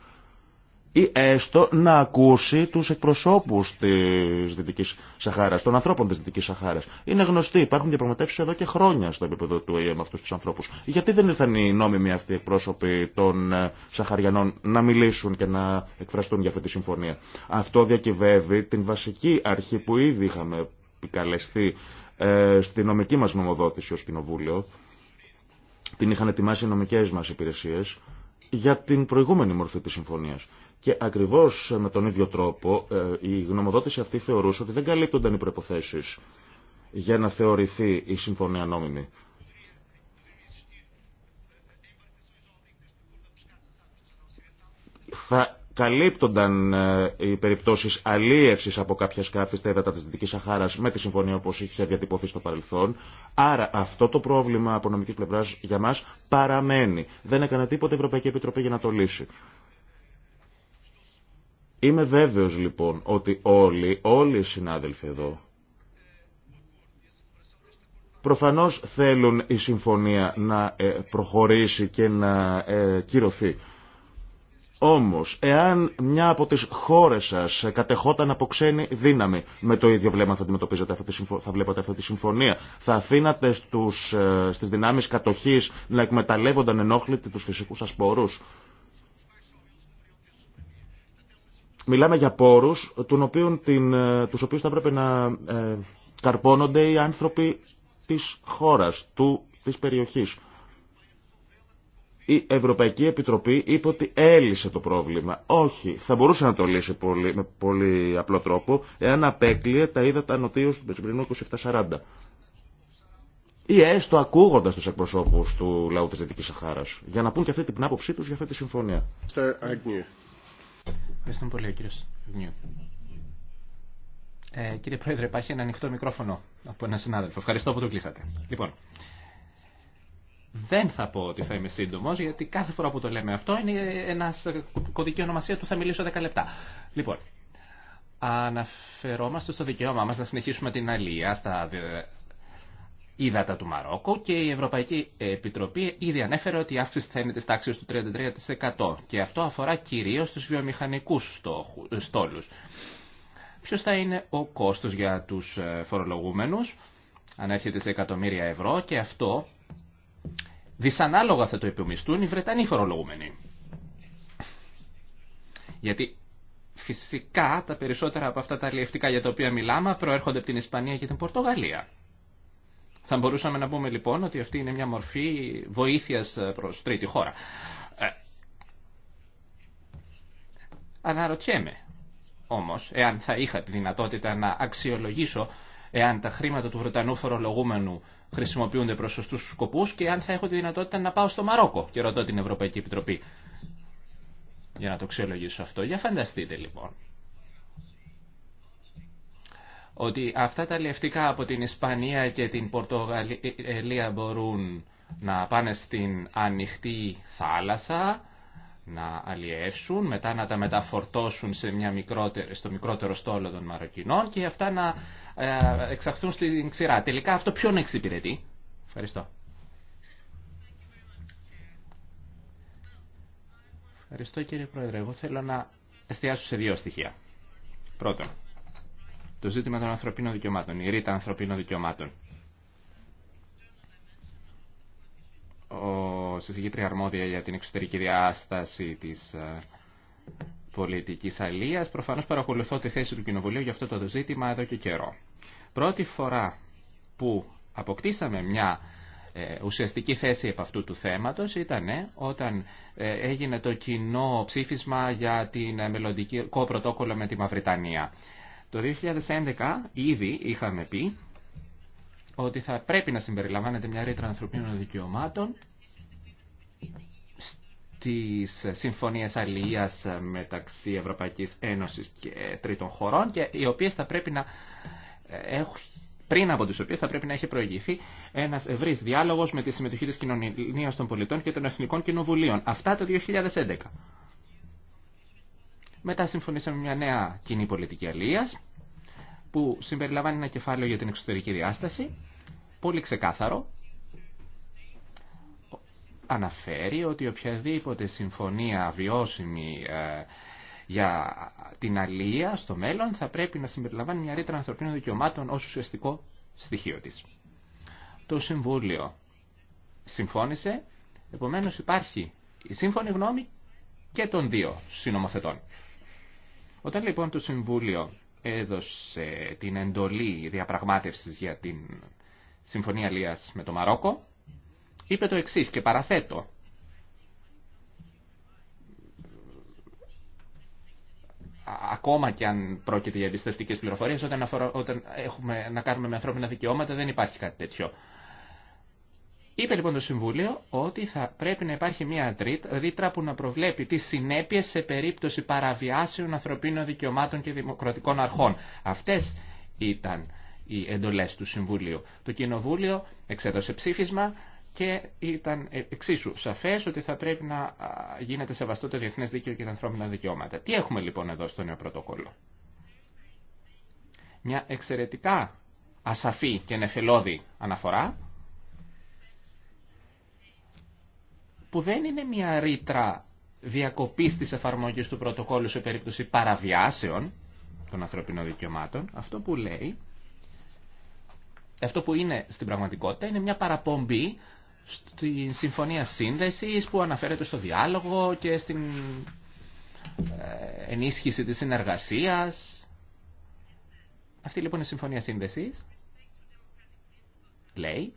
ή έστω να ακούσει τους εκπροσώπους της Δυτικής Σαχάρας, των ανθρώπων της Δυτικής Σαχάρας. Είναι γνωστοί, υπάρχουν διαπραγματεύσεις εδώ και χρόνια στο επίπεδο του ΑΕΜ με αυτούς τους ανθρώπους. Γιατί δεν ήρθαν οι νόμιμοι αυτοί οι εκπρόσωποι των ε, Σαχαριανών να μιλήσουν και να εκφραστούν για αυτή τη συμφωνία. Αυτό διακυβεύει την βασική αρχή που ήδη είχαμε επικαλεστεί ε, στη νομική μας νομοδότηση ως Κοινοβούλιο. Την είχαν ετοιμάσει οι νομικές μας υπηρεσίες για την προηγούμενη μορφή της συμφωνίας. Και ακριβώ με τον ίδιο τρόπο ε, η γνωμοδότηση αυτή θεωρούσε ότι δεν καλύπτονταν οι προποθέσει για να θεωρηθεί η συμφωνία νόμιμη. Θα καλύπτονταν ε, οι περιπτώσεις αλίευσης από κάποια σκάφη στα έδατα της Δυτικής Σαχάρας με τη συμφωνία όπως είχε διατυπωθεί στο παρελθόν. Άρα αυτό το πρόβλημα από νομική πλευράς για μας παραμένει. Δεν έκανε τίποτα η Ευρωπαϊκή Επιτροπή για να το λύσει. Είμαι βέβαιος λοιπόν ότι όλοι, όλοι οι συνάδελφοι εδώ προφανώς θέλουν η συμφωνία να ε, προχωρήσει και να ε, κυρωθεί. Όμως, εάν μια από τις χώρες σας κατεχόταν από ξένη δύναμη, με το ίδιο βλέμμα θα αντιμετωπίζετε αυτή τη, θα βλέπατε αυτή τη συμφωνία, θα αφήνατε στους, ε, στις δυνάμεις κατοχής να εκμεταλλεύονταν ενόχλητοι τους φυσικούς σας πόρους. Μιλάμε για πόρους, των οποίων την, ε, τους οποίους θα έπρεπε να ε, καρπώνονται οι άνθρωποι της χώρας, του, της περιοχής. Η Ευρωπαϊκή Επιτροπή είπε ότι έλυσε το πρόβλημα. Όχι, θα μπορούσε να το λύσει πολύ, με πολύ απλό τρόπο, εάν απέκλειε τα τα νοτίως του Μεσημπρινού 2740. Ή έστω ακούγοντα του εκπροσώπου του λαού τη Δυτική Σαχάρα, για να πούν και αυτή την άποψή του για αυτή τη συμφωνία. Ευχαριστούμε πολύ, κύριε Συγνιού. Ε, κύριε Πρόεδρε, υπάρχει ένα ανοιχτό μικρόφωνο από έναν συνάδελφο. Ευχαριστώ που το κλείσατε. Λοιπόν, δεν θα πω ότι θα είμαι σύντομο, γιατί κάθε φορά που το λέμε αυτό είναι ένα κωδική ονομασία του θα μιλήσω 10 λεπτά. Λοιπόν, αναφερόμαστε στο δικαίωμά μα να συνεχίσουμε την αλληλεία στα ύδατα του Μαρόκου και η Ευρωπαϊκή Επιτροπή ήδη ανέφερε ότι η αύξηση θα είναι τη του 33% και αυτό αφορά κυρίως τους βιομηχανικούς ε, στόλους. Ποιο θα είναι ο κόστος για τους ε, φορολογούμενους, ανέρχεται σε εκατομμύρια ευρώ και αυτό δυσανάλογα θα το επιμιστούν οι Βρετανοί φορολογούμενοι. Γιατί φυσικά τα περισσότερα από αυτά τα αλλιευτικά για τα οποία μιλάμε προέρχονται από την Ισπανία και την Πορτογαλία. Θα μπορούσαμε να πούμε λοιπόν ότι αυτή είναι μια μορφή βοήθειας ε, προς τρίτη χώρα. Ε, αναρωτιέμαι όμως, εάν θα είχα τη δυνατότητα να αξιολογήσω εάν τα χρήματα του Βρετανού φορολογούμενου χρησιμοποιούνται προς σωστούς σκοπούς και αν θα έχω τη δυνατότητα να πάω στο Μαρόκο και ρωτώ την Ευρωπαϊκή Επιτροπή για να το αξιολογήσω αυτό. Για φανταστείτε λοιπόν ότι αυτά τα λευτικά από την Ισπανία και την Πορτογαλία μπορούν να πάνε στην ανοιχτή θάλασσα, να αλλιεύσουν, μετά να τα μεταφορτώσουν σε μια μικρότερη, στο μικρότερο στόλο των Μαροκινών και αυτά να ε, εξαχθούν στην ξηρά. Τελικά αυτό ποιον εξυπηρετεί. Ευχαριστώ. Ευχαριστώ κύριε Πρόεδρε. Εγώ θέλω να εστιάσω σε δύο στοιχεία. Πρώτον, το ζήτημα των ανθρωπίνων δικαιωμάτων, η ρήτα ανθρωπίνων δικαιωμάτων. Ο συζητήτρια αρμόδια για την εξωτερική διάσταση της ε, πολιτικής αλίας. Προφανώς παρακολουθώ τη θέση του Κοινοβουλίου για αυτό το ζήτημα εδώ και καιρό. Πρώτη φορά που αποκτήσαμε μια ε, ουσιαστική θέση επ' αυτού του θέματος ήταν όταν ε, έγινε το κοινό ψήφισμα για την μελλοντική πρωτόκολλο με τη Μαυριτανία. Το 2011 ήδη είχαμε πει ότι θα πρέπει να συμπεριλαμβάνεται μια ρήτρα ανθρωπίνων δικαιωμάτων στις συμφωνίες αλληλείας μεταξύ Ευρωπαϊκής Ένωσης και τρίτων χωρών και οι οποίες θα πρέπει να ε, έχουν πριν από τις οποίες θα πρέπει να έχει προηγηθεί ένας ευρύς διάλογος με τη συμμετοχή της κοινωνίας των πολιτών και των εθνικών κοινοβουλίων. Αυτά το 2011. Μετά συμφωνήσαμε μια νέα κοινή πολιτική αλίας που συμπεριλαμβάνει ένα κεφάλαιο για την εξωτερική διάσταση, πολύ ξεκάθαρο. Αναφέρει ότι οποιαδήποτε συμφωνία βιώσιμη ε, για την αλλήλεια στο μέλλον θα πρέπει να συμπεριλαμβάνει μια ρήτρα ανθρωπίνων δικαιωμάτων ως ουσιαστικό στοιχείο της. Το Συμβούλιο συμφώνησε, επομένως υπάρχει η σύμφωνη γνώμη και των δύο συνομοθετών. Όταν λοιπόν το Συμβούλιο έδωσε την εντολή διαπραγμάτευσης για την Συμφωνία Λίας με το Μαρόκο, είπε το εξής και παραθέτω. Ακόμα και αν πρόκειται για εμπιστευτικέ πληροφορίε, όταν, όταν έχουμε να κάνουμε με ανθρώπινα δικαιώματα δεν υπάρχει κάτι τέτοιο. Είπε λοιπόν το Συμβούλιο ότι θα πρέπει να υπάρχει μια ρήτρα που να προβλέπει τις συνέπειες σε περίπτωση παραβιάσεων ανθρωπίνων δικαιωμάτων και δημοκρατικών αρχών. Αυτές ήταν οι εντολές του Συμβουλίου. Το Κοινοβούλιο εξέδωσε ψήφισμα και ήταν εξίσου σαφές ότι θα πρέπει να γίνεται σεβαστό το διεθνές δίκαιο και τα ανθρώπινα δικαιώματα. Τι έχουμε λοιπόν εδώ στο νέο πρωτόκολλο. Μια εξαιρετικά ασαφή και νεφελώδη αναφορά που δεν είναι μια ρήτρα διακοπή τη εφαρμογή του πρωτοκόλλου σε περίπτωση παραβιάσεων των ανθρωπινών δικαιωμάτων. Αυτό που λέει, αυτό που είναι στην πραγματικότητα είναι μια παραπομπή στην συμφωνία σύνδεσης που αναφέρεται στο διάλογο και στην ε, ενίσχυση της συνεργασίας. Αυτή λοιπόν η συμφωνία σύνδεσης λέει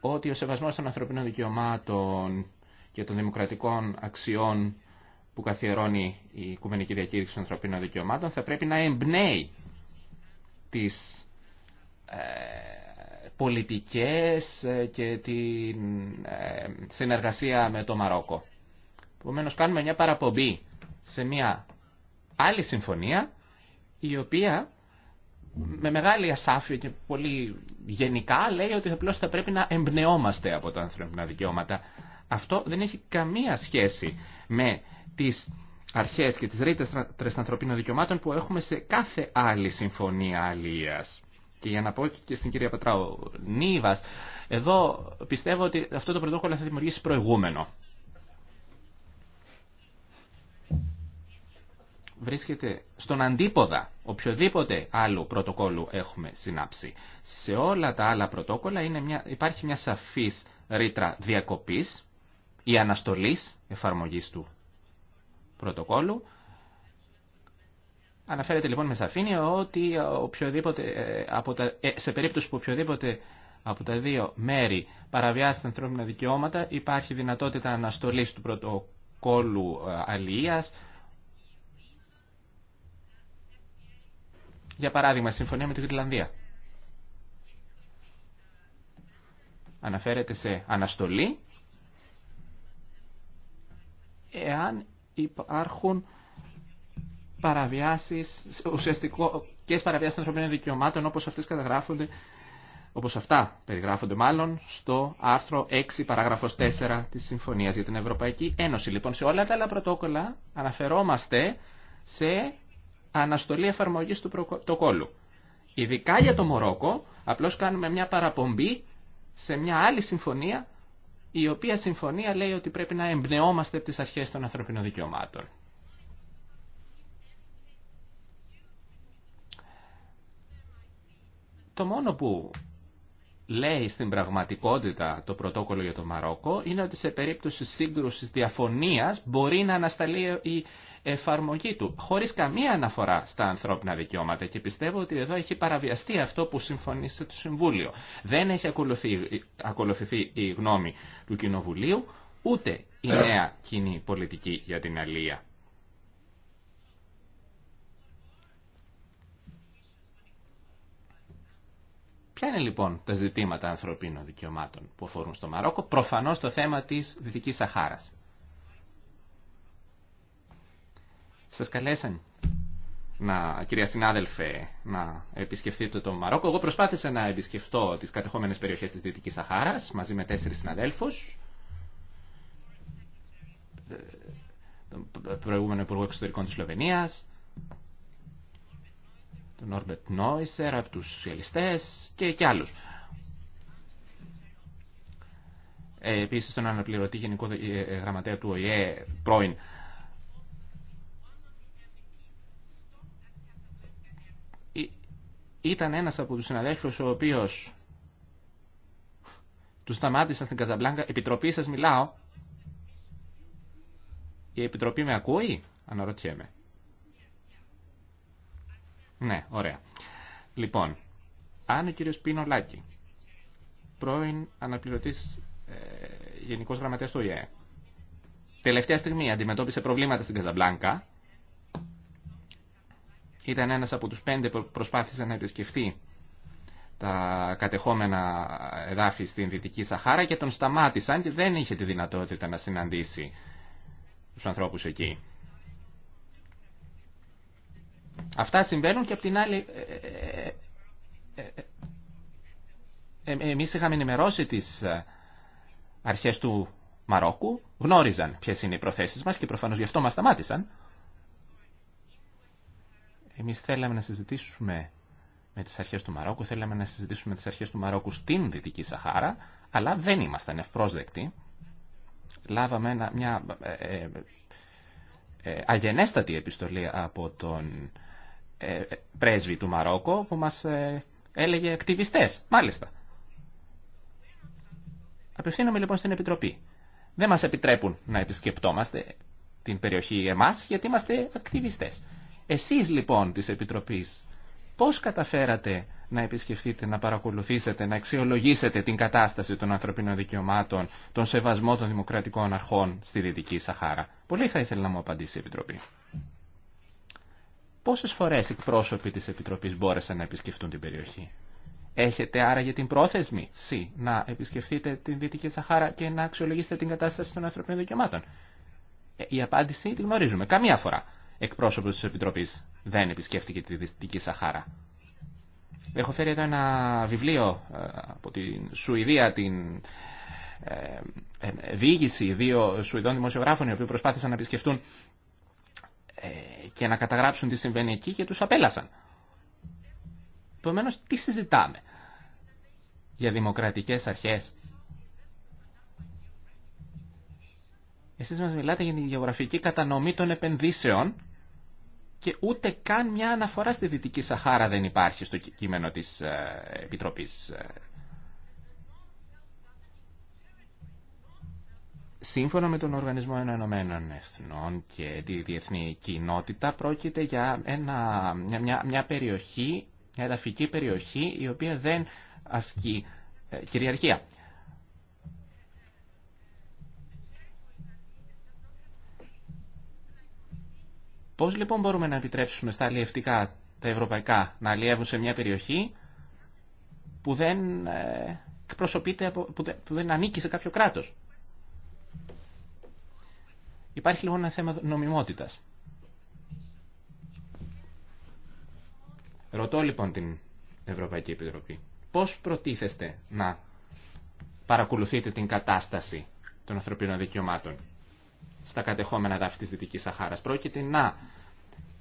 ότι ο σεβασμός των ανθρωπίνων δικαιωμάτων και των δημοκρατικών αξιών που καθιερώνει η Οικουμενική Διακήρυξη των Ανθρωπίνων Δικαιωμάτων θα πρέπει να εμπνέει τις ε, πολιτικές ε, και την ε, συνεργασία με το Μαρόκο. Επομένως κάνουμε μια παραπομπή σε μια άλλη συμφωνία η οποία με μεγάλη ασάφεια και πολύ γενικά λέει ότι απλώς θα πρέπει να εμπνεόμαστε από τα ανθρώπινα δικαιώματα αυτό δεν έχει καμία σχέση με τις αρχές και τις ρήτες ανθρωπίνων δικαιωμάτων που έχουμε σε κάθε άλλη συμφωνία αλληλείας. Και για να πω και στην κυρία Πατράου Νίβας, εδώ πιστεύω ότι αυτό το πρωτόκολλο θα δημιουργήσει προηγούμενο. βρίσκεται στον αντίποδα οποιοδήποτε άλλου πρωτοκόλλου έχουμε συνάψει. Σε όλα τα άλλα πρωτόκολλα είναι μια, υπάρχει μια σαφής ρήτρα διακοπής ή αναστολής εφαρμογής του πρωτοκόλου. Αναφέρεται λοιπόν με σαφήνεια ότι ε, από τα, ε, σε περίπτωση που οποιοδήποτε από τα δύο μέρη παραβιάσει τα ανθρώπινα δικαιώματα υπάρχει δυνατότητα αναστολής του πρωτοκόλου ε, αλληλείας. Για παράδειγμα, συμφωνία με τη Γρυλανδία. Αναφέρεται σε αναστολή εάν υπάρχουν παραβιάσεις, και παραβιάσεις των ανθρωπίνων δικαιωμάτων όπως αυτές καταγράφονται όπως αυτά περιγράφονται μάλλον στο άρθρο 6 παράγραφος 4 της Συμφωνίας για την Ευρωπαϊκή Ένωση. Λοιπόν, σε όλα τα άλλα πρωτόκολλα αναφερόμαστε σε αναστολή εφαρμογής του πρωτοκόλλου. Ειδικά για το Μορόκο, απλώς κάνουμε μια παραπομπή σε μια άλλη συμφωνία η οποία συμφωνία λέει ότι πρέπει να εμπνεόμαστε από τις αρχές των ανθρωπίνων δικαιωμάτων. Το μόνο που λέει στην πραγματικότητα το πρωτόκολλο για το Μαρόκο είναι ότι σε περίπτωση σύγκρουσης διαφωνίας μπορεί να ανασταλεί η εφαρμογή του, χωρίς καμία αναφορά στα ανθρώπινα δικαιώματα και πιστεύω ότι εδώ έχει παραβιαστεί αυτό που συμφωνήσε το Συμβούλιο. Δεν έχει ακολουθηθεί η γνώμη του Κοινοβουλίου, ούτε η νέα κοινή πολιτική για την αλία. Ποια είναι λοιπόν τα ζητήματα ανθρωπίνων δικαιωμάτων που αφορούν στο Μαρόκο, προφανώς το θέμα της Δυτικής Σαχάρας. Σας καλέσαν, να, κυρία συνάδελφε, να επισκεφτείτε το Μαρόκο. Εγώ προσπάθησα να επισκεφτώ τις κατεχόμενες περιοχές της Δυτικής Σαχάρας μαζί με τέσσερις συναδέλφους. Ε, τον προηγούμενο Υπουργό Εξωτερικών της Σλοβενίας, τον Όρμπετ Νόισερ, από τους σοσιαλιστές και, και άλλους. Ε, επίσης τον αναπληρωτή Γενικό ε, ε, Γραμματέα του ΟΗΕ πρώην. Ήταν ένας από τους συναδέλφους ο οποίος του σταμάτησαν στην Καζαμπλάνκα. Επιτροπή σας μιλάω. Η Επιτροπή με ακούει, αναρωτιέμαι. Ναι, ωραία. Λοιπόν, αν ο κύριος Πίνο πρώην αναπληρωτής ε, γενικός γραμματέας του ΙΕ, τελευταία στιγμή αντιμετώπισε προβλήματα στην Καζαμπλάνκα, ήταν ένας από τους πέντε που προσπάθησε να επισκεφτεί τα κατεχόμενα εδάφη στην Δυτική Σαχάρα και τον σταμάτησαν και δεν είχε τη δυνατότητα να συναντήσει τους ανθρώπους εκεί. Αυτά συμβαίνουν και από την άλλη ε, ε, ε, εμείς είχαμε ενημερώσει τις αρχές του Μαρόκου, γνώριζαν ποιες είναι οι προθέσεις μας και προφανώς γι' αυτό μας σταμάτησαν. Εμείς θέλαμε να συζητήσουμε με τις αρχές του Μαρόκου, θέλαμε να συζητήσουμε με τις αρχές του Μαρόκου στην Δυτική Σαχάρα, αλλά δεν ήμασταν ευπρόσδεκτοι. Λάβαμε ένα, μια ε, ε, αγενέστατη επιστολή από τον ε, πρέσβη του Μαρόκο που μας ε, έλεγε ακτιβιστές. Μάλιστα. Απευθύνομαι λοιπόν στην Επιτροπή. Δεν μας επιτρέπουν να επισκεπτόμαστε την περιοχή εμάς γιατί είμαστε ακτιβιστές. Εσείς λοιπόν της Επιτροπής πώς καταφέρατε να επισκεφτείτε, να παρακολουθήσετε, να αξιολογήσετε την κατάσταση των ανθρωπίνων δικαιωμάτων, τον σεβασμό των δημοκρατικών αρχών στη Δυτική Σαχάρα. Πολύ θα ήθελα να μου απαντήσει η Επιτροπή. Πόσες φορές εκπρόσωποι της Επιτροπής μπόρεσαν να επισκεφτούν την περιοχή. Έχετε άραγε την πρόθεσμη, σι, να επισκεφτείτε την Δυτική Σαχάρα και να αξιολογήσετε την κατάσταση των ανθρωπίνων δικαιωμάτων. Ε, η απάντηση την γνωρίζουμε. Καμία φορά εκπρόσωπος της Επιτροπής δεν επισκέφτηκε τη Δυτική Σαχάρα. Έχω φέρει εδώ ένα βιβλίο ε, από την Σουηδία, την ε, διοίκηση δύο Σουηδών δημοσιογράφων οι οποίοι προσπάθησαν να επισκεφτούν ε, και να καταγράψουν τι συμβαίνει εκεί και τους απέλασαν. Επομένω, τι συζητάμε για δημοκρατικές αρχές. Εσείς μας μιλάτε για την γεωγραφική κατανομή των επενδύσεων και ούτε καν μια αναφορά στη Δυτική Σαχάρα δεν υπάρχει στο κείμενο της ε, Επιτροπής ε, Σύμφωνα με τον Οργανισμό Ενωμένων Εθνών και τη διεθνή κοινότητα πρόκειται για ένα, μια, μια περιοχή, μια εδαφική περιοχή η οποία δεν ασκεί ε, κυριαρχία. Πώς λοιπόν μπορούμε να επιτρέψουμε στα αλλιευτικά, τα ευρωπαϊκά, να αλλιεύουν σε μια περιοχή που δεν, ε, που δεν ανήκει σε κάποιο κράτος. Υπάρχει λοιπόν ένα θέμα νομιμότητας. Ρωτώ λοιπόν την Ευρωπαϊκή Επιτροπή. Πώς προτίθεστε να παρακολουθείτε την κατάσταση των ανθρωπίνων δικαιωμάτων στα κατεχόμενα δάφη της Δυτικής Σαχάρας. Πρόκειται να,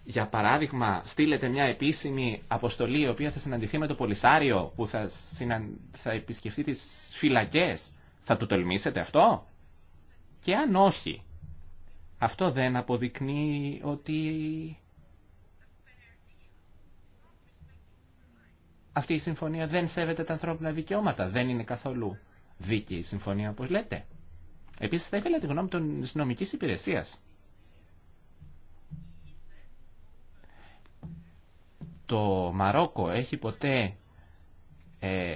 για παράδειγμα, στείλετε μια επίσημη αποστολή η οποία θα συναντηθεί με το Πολυσάριο που θα, θα επισκεφτεί τις φυλακές. Θα το τολμήσετε αυτό? Και αν όχι, αυτό δεν αποδεικνύει ότι αυτή η συμφωνία δεν σέβεται τα ανθρώπινα δικαιώματα. Δεν είναι καθόλου δίκαιη η συμφωνία όπως λέτε. Επίσης θα ήθελα τη γνώμη των νομικής υπηρεσίας. Το Μαρόκο έχει ποτέ ε,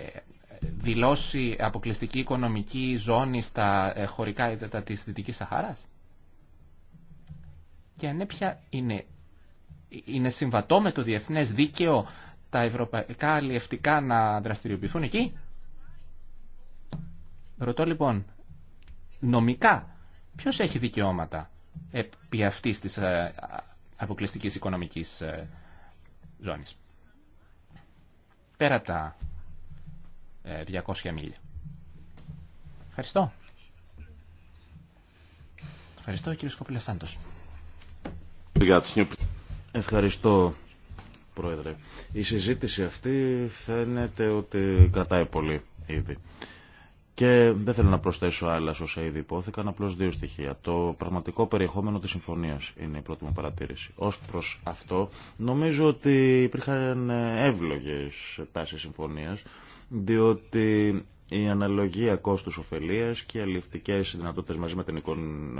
δηλώσει αποκλειστική οικονομική ζώνη στα ε, χωρικά ύδατα της Δυτικής Σαχάρας και ανέπια είναι, είναι συμβατό με το διεθνές δίκαιο τα ευρωπαϊκά αλλιευτικά να δραστηριοποιηθούν εκεί. Ρωτώ λοιπόν, νομικά ποιος έχει δικαιώματα επί αυτής της ε, αποκλειστικής οικονομικής ε, ζώνης. Πέρα τα 200 ε, μίλια. Ευχαριστώ. Ευχαριστώ κύριε Ευχαριστώ, Πρόεδρε. Η συζήτηση αυτή φαίνεται ότι κρατάει πολύ ήδη. Και δεν θέλω να προσθέσω άλλα όσα ήδη υπόθηκαν, απλώ δύο στοιχεία. Το πραγματικό περιεχόμενο τη συμφωνία είναι η πρώτη μου παρατήρηση. Ω προ αυτό, νομίζω ότι υπήρχαν εύλογε τάσει συμφωνία, διότι η αναλογία κόστου ωφελία και οι δυνατότητες μαζί με την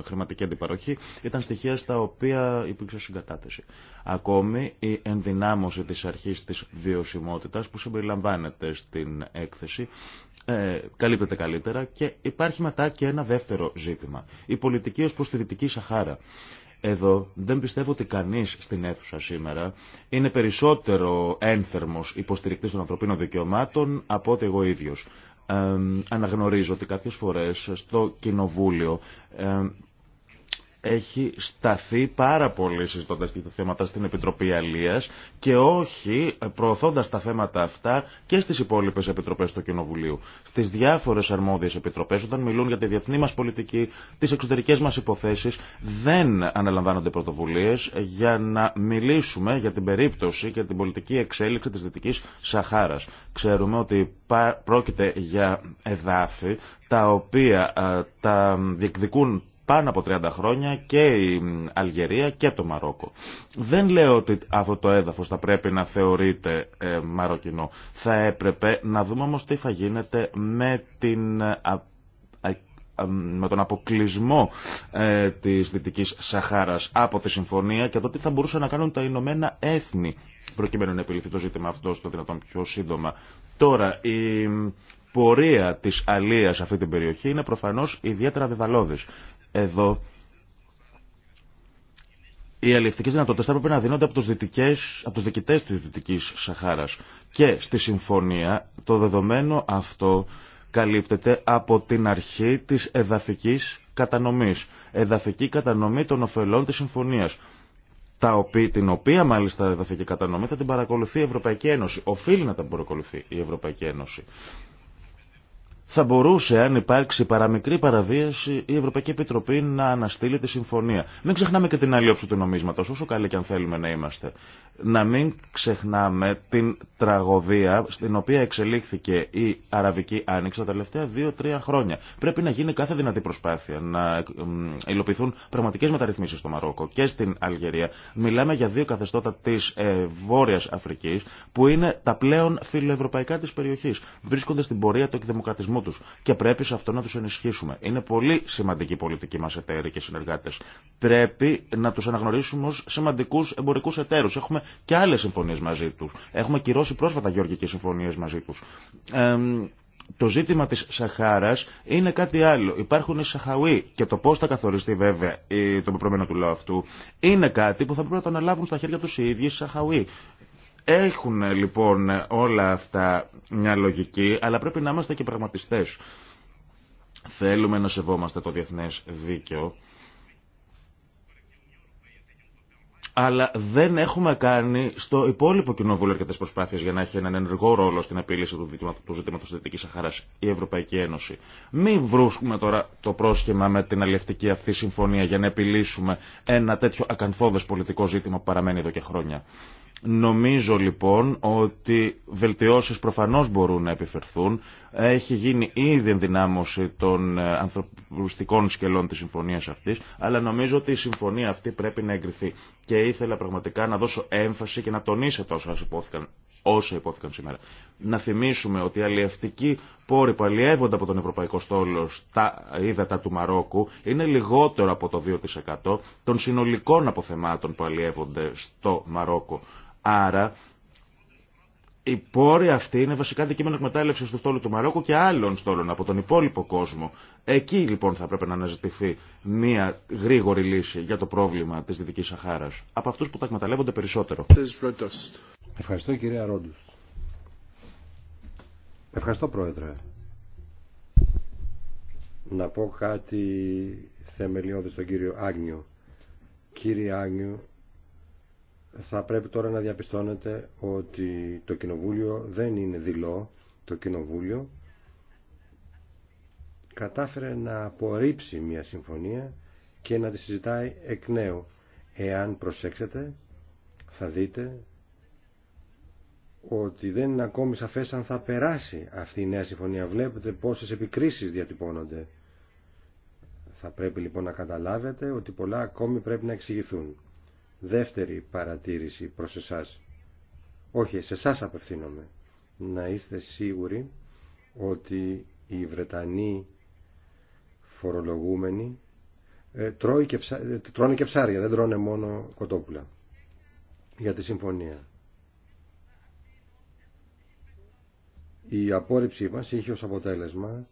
χρηματική αντιπαροχή ήταν στοιχεία στα οποία υπήρξε συγκατάθεση. Ακόμη η ενδυνάμωση τη αρχή τη βιωσιμότητα που συμπεριλαμβάνεται στην έκθεση ε, καλύπτεται καλύτερα και υπάρχει μετά και ένα δεύτερο ζήτημα. Η πολιτική ω προ τη Δυτική Σαχάρα. Εδώ δεν πιστεύω ότι κανείς στην αίθουσα σήμερα είναι περισσότερο ένθερμος υποστηρικτής των ανθρωπίνων δικαιωμάτων από ότι εγώ ίδιο αναγνωρίζω ότι κάποιες φορές στο Κοινοβούλιο έχει σταθεί πάρα πολύ συζητώντα τα θέματα στην Επιτροπή Αλίας και όχι προωθώντα τα θέματα αυτά και στι υπόλοιπε επιτροπέ του Κοινοβουλίου. Στι διάφορε αρμόδιε επιτροπέ, όταν μιλούν για τη διεθνή μα πολιτική, τι εξωτερικέ μα υποθέσει, δεν αναλαμβάνονται πρωτοβουλίε για να μιλήσουμε για την περίπτωση και την πολιτική εξέλιξη τη Δυτική Σαχάρα. Ξέρουμε ότι πρόκειται για εδάφη τα οποία ε, τα διεκδικούν πάνω από 30 χρόνια και η Αλγερία και το Μαρόκο. Δεν λέω ότι αυτό το έδαφος θα πρέπει να θεωρείται ε, μαροκινό. Θα έπρεπε να δούμε όμως τι θα γίνεται με την ε, ε, τον αποκλεισμό ε, της Δυτικής Σαχάρας από τη Συμφωνία και το τι θα μπορούσαν να κάνουν τα Ηνωμένα Έθνη προκειμένου να επιληθεί το ζήτημα αυτό στο δυνατόν πιο σύντομα. Τώρα, η πορεία της αλίας σε αυτή την περιοχή είναι προφανώς ιδιαίτερα διδαλώδης εδώ οι αλληλευτικές δυνατότητες θα έπρεπε να δίνονται από τους, δυτικές, από τους διοικητές της Δυτικής Σαχάρας. Και στη συμφωνία το δεδομένο αυτό καλύπτεται από την αρχή της εδαφικής κατανομής. Εδαφική κατανομή των ωφελών της συμφωνίας. Τα οποία, την οποία μάλιστα εδαφική κατανομή θα την παρακολουθεί η Ευρωπαϊκή Ένωση. Οφείλει να την παρακολουθεί η Ευρωπαϊκή Ένωση θα μπορούσε, αν υπάρξει παραμικρή παραβίαση, η Ευρωπαϊκή Επιτροπή να αναστείλει τη συμφωνία. Μην ξεχνάμε και την άλλη όψη του νομίσματος, όσο καλή και αν θέλουμε να είμαστε. Να μην ξεχνάμε την τραγωδία στην οποία εξελίχθηκε η Αραβική Άνοιξη τα τελευταία δύο-τρία χρόνια. Πρέπει να γίνει κάθε δυνατή προσπάθεια να ε, υλοποιηθούν πραγματικέ μεταρρυθμίσει στο Μαρόκο και στην Αλγερία. Μιλάμε για δύο καθεστώτα τη ε, Βόρεια Αφρική που είναι τα πλέον φιλοευρωπαϊκά τη περιοχή. Βρίσκονται στην πορεία του εκδημοκρατισμού του. και πρέπει σε αυτό να του ενισχύσουμε. Είναι πολύ σημαντικοί οι πολιτικοί εταίροι και συνεργάτε. Πρέπει να του αναγνωρίσουμε ω σημαντικού εμπορικού εταίρους. Έχουμε και άλλε συμφωνίε μαζί του. Έχουμε κυρώσει πρόσφατα γεωργικές συμφωνίε μαζί του. Ε, το ζήτημα της Σαχάρας είναι κάτι άλλο. Υπάρχουν οι Σαχαουοί και το πώς θα καθοριστεί βέβαια το πεπρωμένο του λαού αυτού είναι κάτι που θα πρέπει να το αναλάβουν στα χέρια τους οι ίδιοι οι έχουν λοιπόν όλα αυτά μια λογική, αλλά πρέπει να είμαστε και πραγματιστές. Θέλουμε να σεβόμαστε το διεθνές δίκαιο, αλλά δεν έχουμε κάνει στο υπόλοιπο κοινοβούλιο αρκετές προσπάθειε για να έχει έναν ενεργό ρόλο στην επίλυση του, του ζητήματος της Δυτική Σαχάρα η Ευρωπαϊκή Ένωση. Μην βρίσκουμε τώρα το πρόσχημα με την αλληλευτική αυτή συμφωνία για να επιλύσουμε ένα τέτοιο ακαθόδε πολιτικό ζήτημα που παραμένει εδώ και χρόνια. Νομίζω λοιπόν ότι βελτιώσεις προφανώς μπορούν να επιφερθούν. Έχει γίνει ήδη ενδυνάμωση των ε, ανθρωπιστικών σκελών της συμφωνίας αυτής, αλλά νομίζω ότι η συμφωνία αυτή πρέπει να εγκριθεί. Και ήθελα πραγματικά να δώσω έμφαση και να τονίσω τόσο όσα υπόθηκαν, όσα υπόθηκαν σήμερα. Να θυμίσουμε ότι οι αλλιευτικοί πόροι που αλλιεύονται από τον Ευρωπαϊκό Στόλο στα ύδατα του Μαρόκου είναι λιγότερο από το 2% των συνολικών αποθεμάτων που αλλιεύονται στο Μαρόκο. Άρα οι πόροι αυτοί είναι βασικά αντικείμενο εκμετάλλευση του στόλου του Μαρόκου και άλλων στόλων από τον υπόλοιπο κόσμο. Εκεί λοιπόν θα πρέπει να αναζητηθεί μια γρήγορη λύση για το πρόβλημα τη Δυτική Σαχάρα. Από αυτού που τα εκμεταλλεύονται περισσότερο. Ευχαριστώ κυρία Ρόντου. Ευχαριστώ πρόεδρε. Να πω κάτι θεμελιώδη στον κύριο Άγνιο. Κύριε Άγνιο, θα πρέπει τώρα να διαπιστώνετε ότι το Κοινοβούλιο δεν είναι δειλό. Το Κοινοβούλιο κατάφερε να απορρίψει μια συμφωνία και να τη συζητάει εκ νέου. Εάν προσέξετε, θα δείτε ότι δεν είναι ακόμη σαφές αν θα περάσει αυτή η νέα συμφωνία. Βλέπετε πόσες επικρίσεις διατυπώνονται. Θα πρέπει λοιπόν να καταλάβετε ότι πολλά ακόμη πρέπει να εξηγηθούν. Δεύτερη παρατήρηση προς εσάς. Όχι, σε εσάς απευθύνομαι. Να είστε σίγουροι ότι οι Βρετανοί φορολογούμενοι ε, και ε, τρώνε και ψάρια, δεν τρώνε μόνο κοτόπουλα για τη συμφωνία. Η απόρριψή μας είχε ως αποτέλεσμα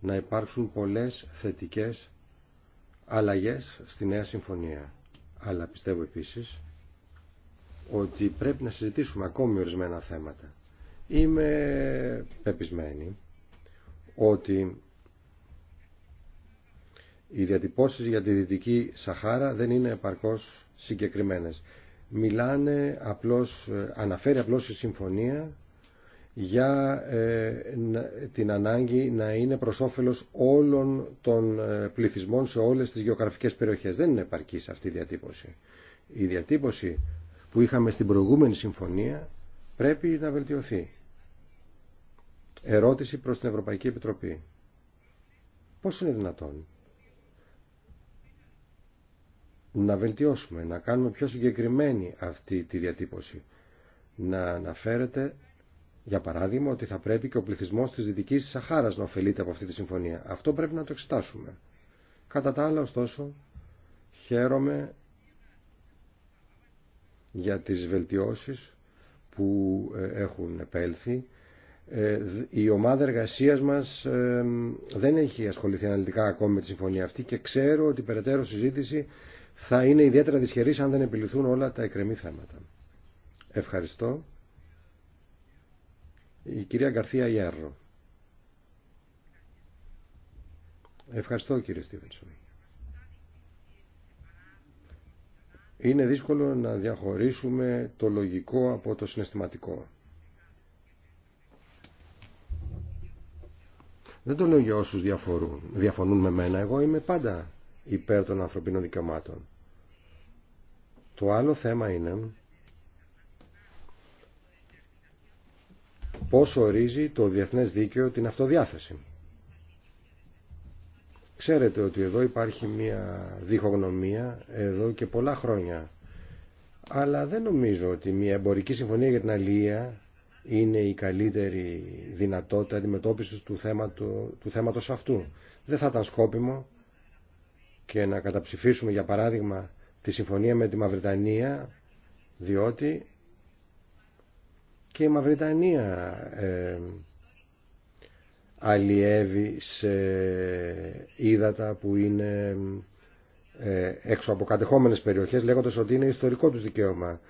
να υπάρξουν πολλές θετικές αλλαγές στη νέα συμφωνία. Αλλά πιστεύω επίσης ότι πρέπει να συζητήσουμε ακόμη ορισμένα θέματα. Είμαι πεπισμένη ότι οι διατυπώσεις για τη Δυτική Σαχάρα δεν είναι επαρκώς συγκεκριμένες. Μιλάνε απλώς, ε, αναφέρει απλώς η συμφωνία για ε, την ανάγκη να είναι προς όφελος όλων των ε, πληθυσμών σε όλες τις γεωγραφικές περιοχές. Δεν είναι επαρκής αυτή η διατύπωση. Η διατύπωση που είχαμε στην προηγούμενη συμφωνία πρέπει να βελτιωθεί. Ερώτηση προς την Ευρωπαϊκή Επιτροπή. Πώς είναι δυνατόν να βελτιώσουμε, να κάνουμε πιο συγκεκριμένη αυτή τη διατύπωση. Να αναφέρεται για παράδειγμα, ότι θα πρέπει και ο πληθυσμό τη Δυτική Σαχάρα να ωφελείται από αυτή τη συμφωνία. Αυτό πρέπει να το εξετάσουμε. Κατά τα άλλα, ωστόσο, χαίρομαι για τις βελτιώσεις που ε, έχουν επέλθει. Ε, η ομάδα εργασίας μας ε, δεν έχει ασχοληθεί αναλυτικά ακόμη με τη συμφωνία αυτή και ξέρω ότι η περαιτέρω συζήτηση θα είναι ιδιαίτερα δυσχερή αν δεν επιληθούν όλα τα εκκρεμή θέματα. Ευχαριστώ. Η κυρία Γκαρθία Ιέρρο. Ευχαριστώ κύριε Στίβενσον. Είναι δύσκολο να διαχωρίσουμε το λογικό από το συναισθηματικό. Δεν το λέω για όσους διαφορούν, διαφωνούν με μένα. Εγώ είμαι πάντα υπέρ των ανθρωπίνων δικαιωμάτων. Το άλλο θέμα είναι πώς ορίζει το διεθνές δίκαιο την αυτοδιάθεση. Ξέρετε ότι εδώ υπάρχει μια διχογνωμία εδώ και πολλά χρόνια. Αλλά δεν νομίζω ότι μια εμπορική συμφωνία για την αλληλεία είναι η καλύτερη δυνατότητα αντιμετώπισης του, θέματο, του θέματος αυτού. Δεν θα ήταν σκόπιμο και να καταψηφίσουμε για παράδειγμα τη συμφωνία με τη Μαυριτανία διότι και η Μαυριτανία ε, αλλιεύει σε ύδατα που είναι ε, έξω από κατεχόμενες περιοχές λέγοντας ότι είναι ιστορικό τους δικαίωμα.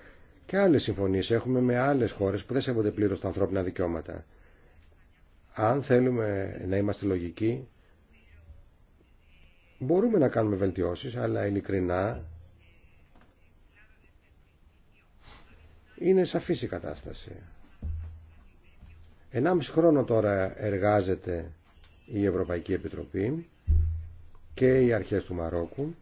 Και άλλες συμφωνίες έχουμε με άλλες χώρες που δεν σέβονται πλήρως τα ανθρώπινα δικαιώματα. Αν θέλουμε να είμαστε λογικοί, μπορούμε να κάνουμε βελτιώσεις, αλλά ειλικρινά είναι σαφής η κατάσταση. Ενάμιση χρόνο τώρα εργάζεται η Ευρωπαϊκή Επιτροπή και οι αρχές του Μαρόκου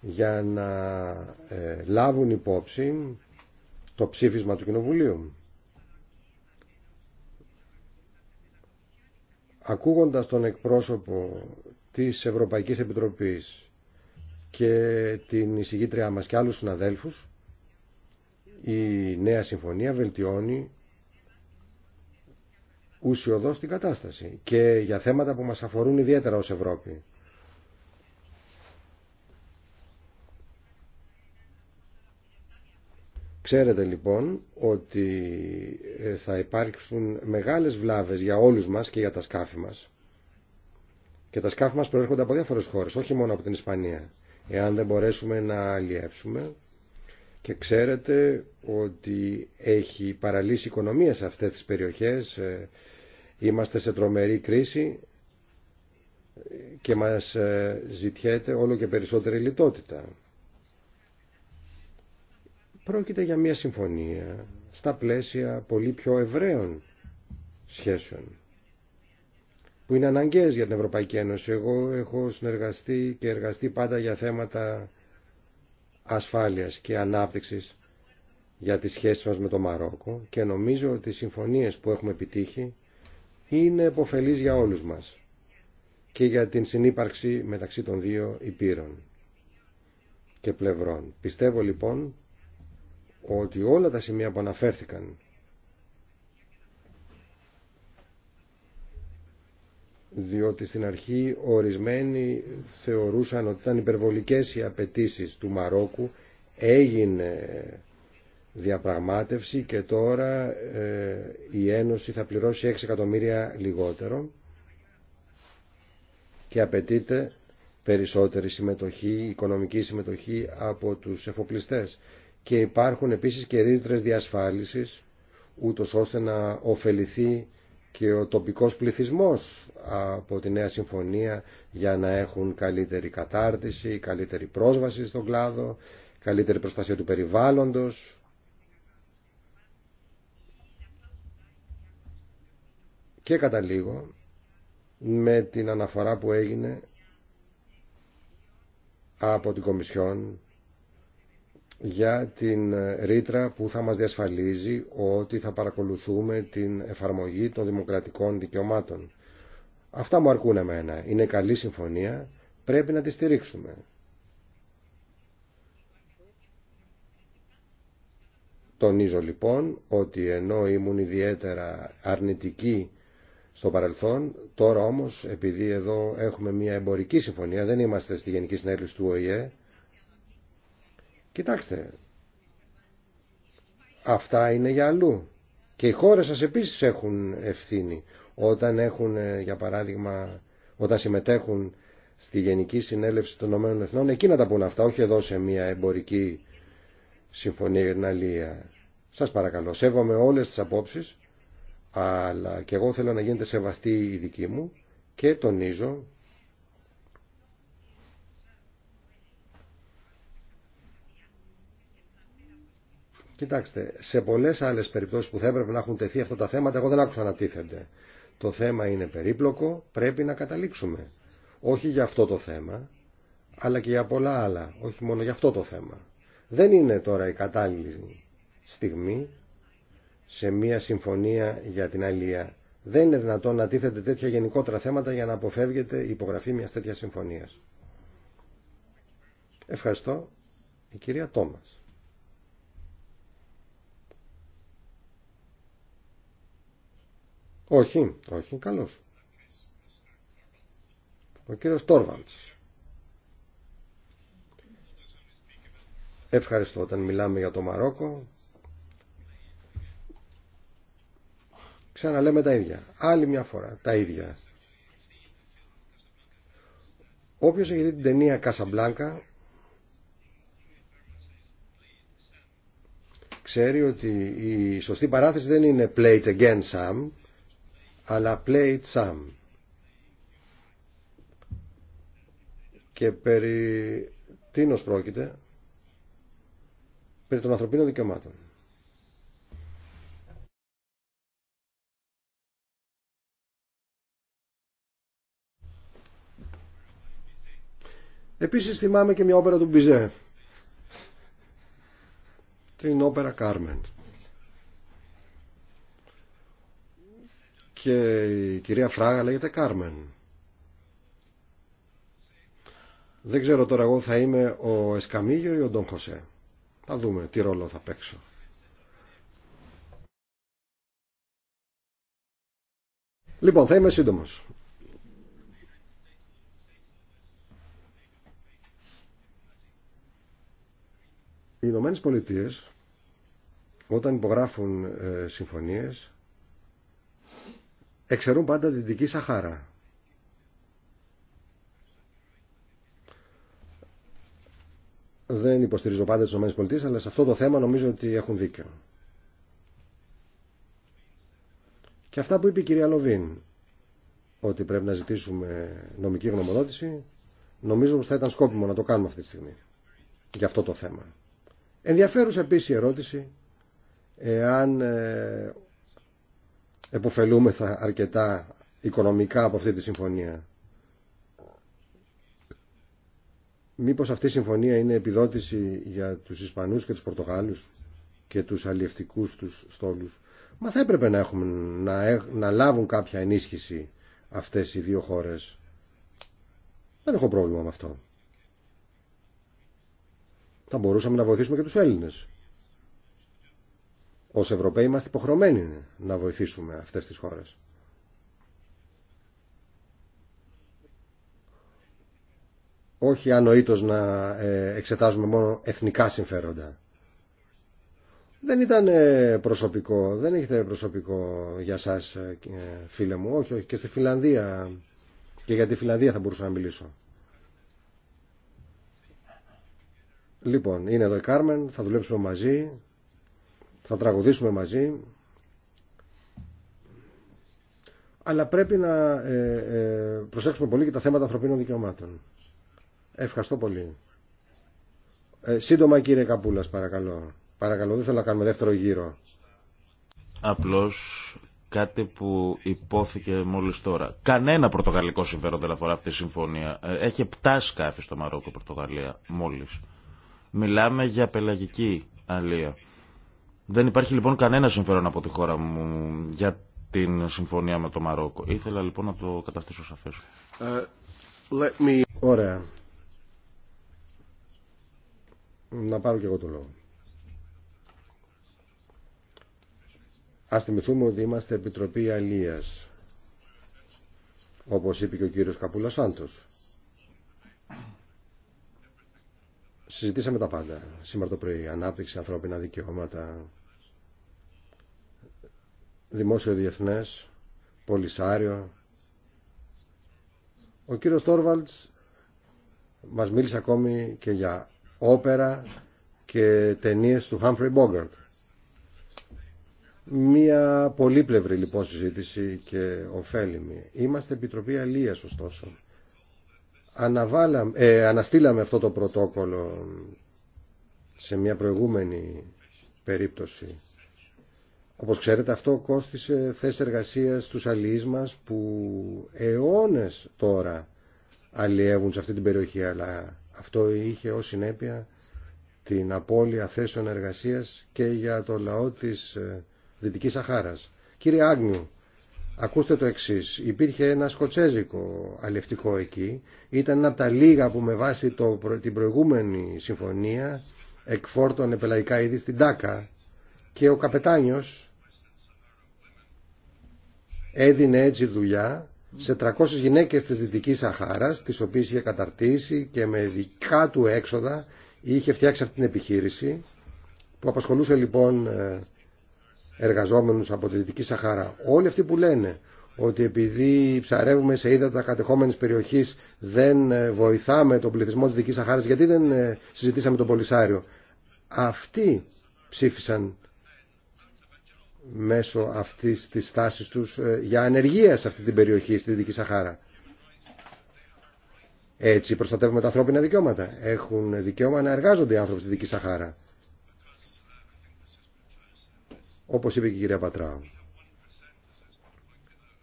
για να ε, λάβουν υπόψη το ψήφισμα του Κοινοβουλίου. Ακούγοντας τον εκπρόσωπο της Ευρωπαϊκής Επιτροπής και την εισηγήτριά μας και άλλους συναδέλφους η νέα συμφωνία βελτιώνει ουσιοδός την κατάσταση και για θέματα που μας αφορούν ιδιαίτερα ως Ευρώπη. Ξέρετε λοιπόν ότι ε, θα υπάρξουν μεγάλες βλάβες για όλους μας και για τα σκάφη μας. Και τα σκάφη μας προέρχονται από διάφορες χώρες, όχι μόνο από την Ισπανία. Εάν δεν μπορέσουμε να αλλιεύσουμε, και ξέρετε ότι έχει παραλύσει η οικονομία σε αυτές τις περιοχές. Ε, είμαστε σε τρομερή κρίση και μας ε, ζητιέται όλο και περισσότερη λιτότητα. Πρόκειται για μια συμφωνία στα πλαίσια πολύ πιο ευραίων σχέσεων που είναι αναγκαίες για την Ευρωπαϊκή Ένωση. Εγώ έχω συνεργαστεί και εργαστεί πάντα για θέματα ασφάλειας και ανάπτυξης για τις σχέσεις μας με το Μαρόκο και νομίζω ότι οι συμφωνίες που έχουμε επιτύχει είναι επωφελείς για όλους μας και για την συνύπαρξη μεταξύ των δύο υπήρων και πλευρών. Πιστεύω λοιπόν ότι όλα τα σημεία που αναφέρθηκαν διότι στην αρχή ορισμένοι θεωρούσαν ότι ήταν υπερβολικές οι απαιτήσει του Μαρόκου έγινε διαπραγμάτευση και τώρα ε, η Ένωση θα πληρώσει 6 εκατομμύρια λιγότερο και απαιτείται περισσότερη συμμετοχή, οικονομική συμμετοχή από τους εφοπλιστές και υπάρχουν επίσης και ρήτρες διασφάλισης ούτως ώστε να ωφεληθεί και ο τοπικός πληθυσμός από τη νέα συμφωνία για να έχουν καλύτερη κατάρτιση, καλύτερη πρόσβαση στον κλάδο, καλύτερη προστασία του περιβάλλοντος. Και καταλήγω με την αναφορά που έγινε από την Κομισιόν για την ε, ρήτρα που θα μας διασφαλίζει ότι θα παρακολουθούμε την εφαρμογή των δημοκρατικών δικαιωμάτων. Αυτά μου αρκούν εμένα. Είναι καλή συμφωνία, πρέπει να τη στηρίξουμε. Τονίζω λοιπόν ότι ενώ ήμουν ιδιαίτερα αρνητική στο παρελθόν, τώρα όμως επειδή εδώ έχουμε μια εμπορική συμφωνία, δεν είμαστε στη Γενική Συνέλευση του ΟΗΕ, Κοιτάξτε, αυτά είναι για αλλού. Και οι χώρες σας επίσης έχουν ευθύνη όταν έχουν, ε, για παράδειγμα, όταν συμμετέχουν στη Γενική Συνέλευση των Ηνωμένων Εθνών, εκεί να τα πούν αυτά, όχι εδώ σε μια εμπορική συμφωνία για την Σας παρακαλώ, σέβομαι όλες τις απόψεις, αλλά και εγώ θέλω να γίνετε σεβαστή η δική μου και τονίζω Κοιτάξτε, σε πολλές άλλες περιπτώσεις που θα έπρεπε να έχουν τεθεί αυτά τα θέματα, εγώ δεν άκουσα να τίθενται. Το θέμα είναι περίπλοκο, πρέπει να καταλήξουμε. Όχι για αυτό το θέμα, αλλά και για πολλά άλλα, όχι μόνο για αυτό το θέμα. Δεν είναι τώρα η κατάλληλη στιγμή σε μια συμφωνία για την αλία. Δεν είναι δυνατόν να τίθεται τέτοια γενικότερα θέματα για να αποφεύγεται η υπογραφή μιας τέτοιας συμφωνίας. Ευχαριστώ. Η κυρία Τόμας. Όχι, όχι, καλώς. Ο κύριος Τόρβαλτς. Ευχαριστώ όταν μιλάμε για το Μαρόκο. Ξαναλέμε τα ίδια. Άλλη μια φορά τα ίδια. Όποιος έχει δει την ταινία Κασαμπλάνκα ξέρει ότι η σωστή παράθεση δεν είναι play it again Sam αλλά play it Και περί τίνος πρόκειται, περί των ανθρωπίνων δικαιωμάτων. Επίσης θυμάμαι και μια όπερα του Μπιζέ, την όπερα Κάρμεντ. και η κυρία Φράγα λέγεται Κάρμεν. Δεν ξέρω τώρα εγώ θα είμαι ο Εσκαμίγιο ή ο Ντον Χωσέ. Θα δούμε τι ρόλο θα παίξω. Λοιπόν, θα είμαι σύντομος. Οι Ηνωμένε Πολιτείε όταν υπογράφουν ε, συμφωνίες Εξαιρούν πάντα την Δυτική Σαχάρα. Δεν υποστηρίζω πάντα τις ΗΠΑ, αλλά σε αυτό το θέμα νομίζω ότι έχουν δίκιο. Και αυτά που είπε η κυρία Λοβίν, ότι πρέπει να ζητήσουμε νομική γνωμοδότηση, νομίζω πως θα ήταν σκόπιμο να το κάνουμε αυτή τη στιγμή για αυτό το θέμα. Ενδιαφέρουσα επίσης η ερώτηση εάν ε, εποφελούμεθα αρκετά οικονομικά από αυτή τη συμφωνία. Μήπως αυτή η συμφωνία είναι επιδότηση για τους Ισπανούς και τους Πορτογάλους και τους αλλιευτικούς τους στόλους. Μα θα έπρεπε να, έχουμε, να, να λάβουν κάποια ενίσχυση αυτές οι δύο χώρες. Δεν έχω πρόβλημα με αυτό. Θα μπορούσαμε να βοηθήσουμε και τους Έλληνες ως Ευρωπαίοι είμαστε υποχρεωμένοι να βοηθήσουμε αυτές τις χώρες. Όχι ανοήτως να ε, εξετάζουμε μόνο εθνικά συμφέροντα. Δεν ήταν ε, προσωπικό, δεν έχετε προσωπικό για σας ε, φίλε μου, όχι, όχι, και στη Φιλανδία και για τη Φιλανδία θα μπορούσα να μιλήσω. Λοιπόν, είναι εδώ η Κάρμεν, θα δουλέψουμε μαζί θα τραγουδήσουμε μαζί αλλά πρέπει να ε, ε, προσέξουμε πολύ και τα θέματα ανθρωπίνων δικαιωμάτων. Ευχαριστώ πολύ. Ε, σύντομα κύριε Καπούλας παρακαλώ. Παρακαλώ δεν θέλω να κάνουμε δεύτερο γύρο. Απλώς κάτι που υπόθηκε μόλις τώρα. Κανένα πορτογαλικό συμφέρον δεν αφορά αυτή τη συμφωνία. Ε, έχει 7 σκάφη στο Μαρόκο Πορτογαλία μόλις. Μιλάμε για πελαγική αλεία. Δεν υπάρχει λοιπόν κανένα συμφέρον από τη χώρα μου για την συμφωνία με το Μαρόκο. Ήθελα λοιπόν να το καταστήσω σαφές. Ε, me... Ωραία. Να πάρω και εγώ το λόγο. Ας θυμηθούμε ότι είμαστε Επιτροπή Αλίας, όπως είπε και ο κύριος Καπούλα Σάντος. Συζητήσαμε τα πάντα σήμερα το πρωί. Ανάπτυξη, ανθρώπινα δικαιώματα, δημόσιο διεθνές, πολυσάριο. Ο κύριος Τόρβαλτς μας μίλησε ακόμη και για όπερα και ταινίες του Humphrey Bogart. Μία πολύπλευρη λοιπόν συζήτηση και ωφέλιμη. Είμαστε Επιτροπή Αλίας ωστόσο. Αναβάλαμε, ε, αναστήλαμε αυτό το πρωτόκολλο σε μια προηγούμενη περίπτωση όπως ξέρετε αυτό κόστισε θέσεις εργασίας στους αλληλείς μας που αιώνες τώρα αλλιεύουν σε αυτή την περιοχή αλλά αυτό είχε ως συνέπεια την απώλεια θέσεων εργασίας και για το λαό της ε, Δυτικής Σαχάρας. Κύριε Άγνιου, ακούστε το εξής. Υπήρχε ένα σκοτσέζικο αλλιευτικό εκεί. Ήταν ένα από τα λίγα που με βάση το, την προηγούμενη συμφωνία εκφόρτωνε πελαϊκά είδη στην Τάκα και ο καπετάνιος έδινε έτσι δουλειά σε 300 γυναίκες της Δυτικής Σαχάρας, τις οποίες είχε καταρτήσει και με δικά του έξοδα είχε φτιάξει αυτή την επιχείρηση που απασχολούσε λοιπόν ε, εργαζόμενους από τη Δυτική Σαχάρα. Όλοι αυτοί που λένε ότι επειδή ψαρεύουμε σε ύδατα κατεχόμενης περιοχής δεν ε, βοηθάμε τον πληθυσμό της Δυτικής Σαχάρας, γιατί δεν ε, συζητήσαμε τον Πολυσάριο. Αυτοί ψήφισαν μέσω αυτής της στάσης τους ε, για ανεργία σε αυτή την περιοχή, στη Δυτική Σαχάρα. Έτσι προστατεύουμε τα ανθρώπινα δικαιώματα. Έχουν δικαίωμα να εργάζονται οι άνθρωποι στη Δυτική Σαχάρα. Όπως είπε και η κυρία Πατράου.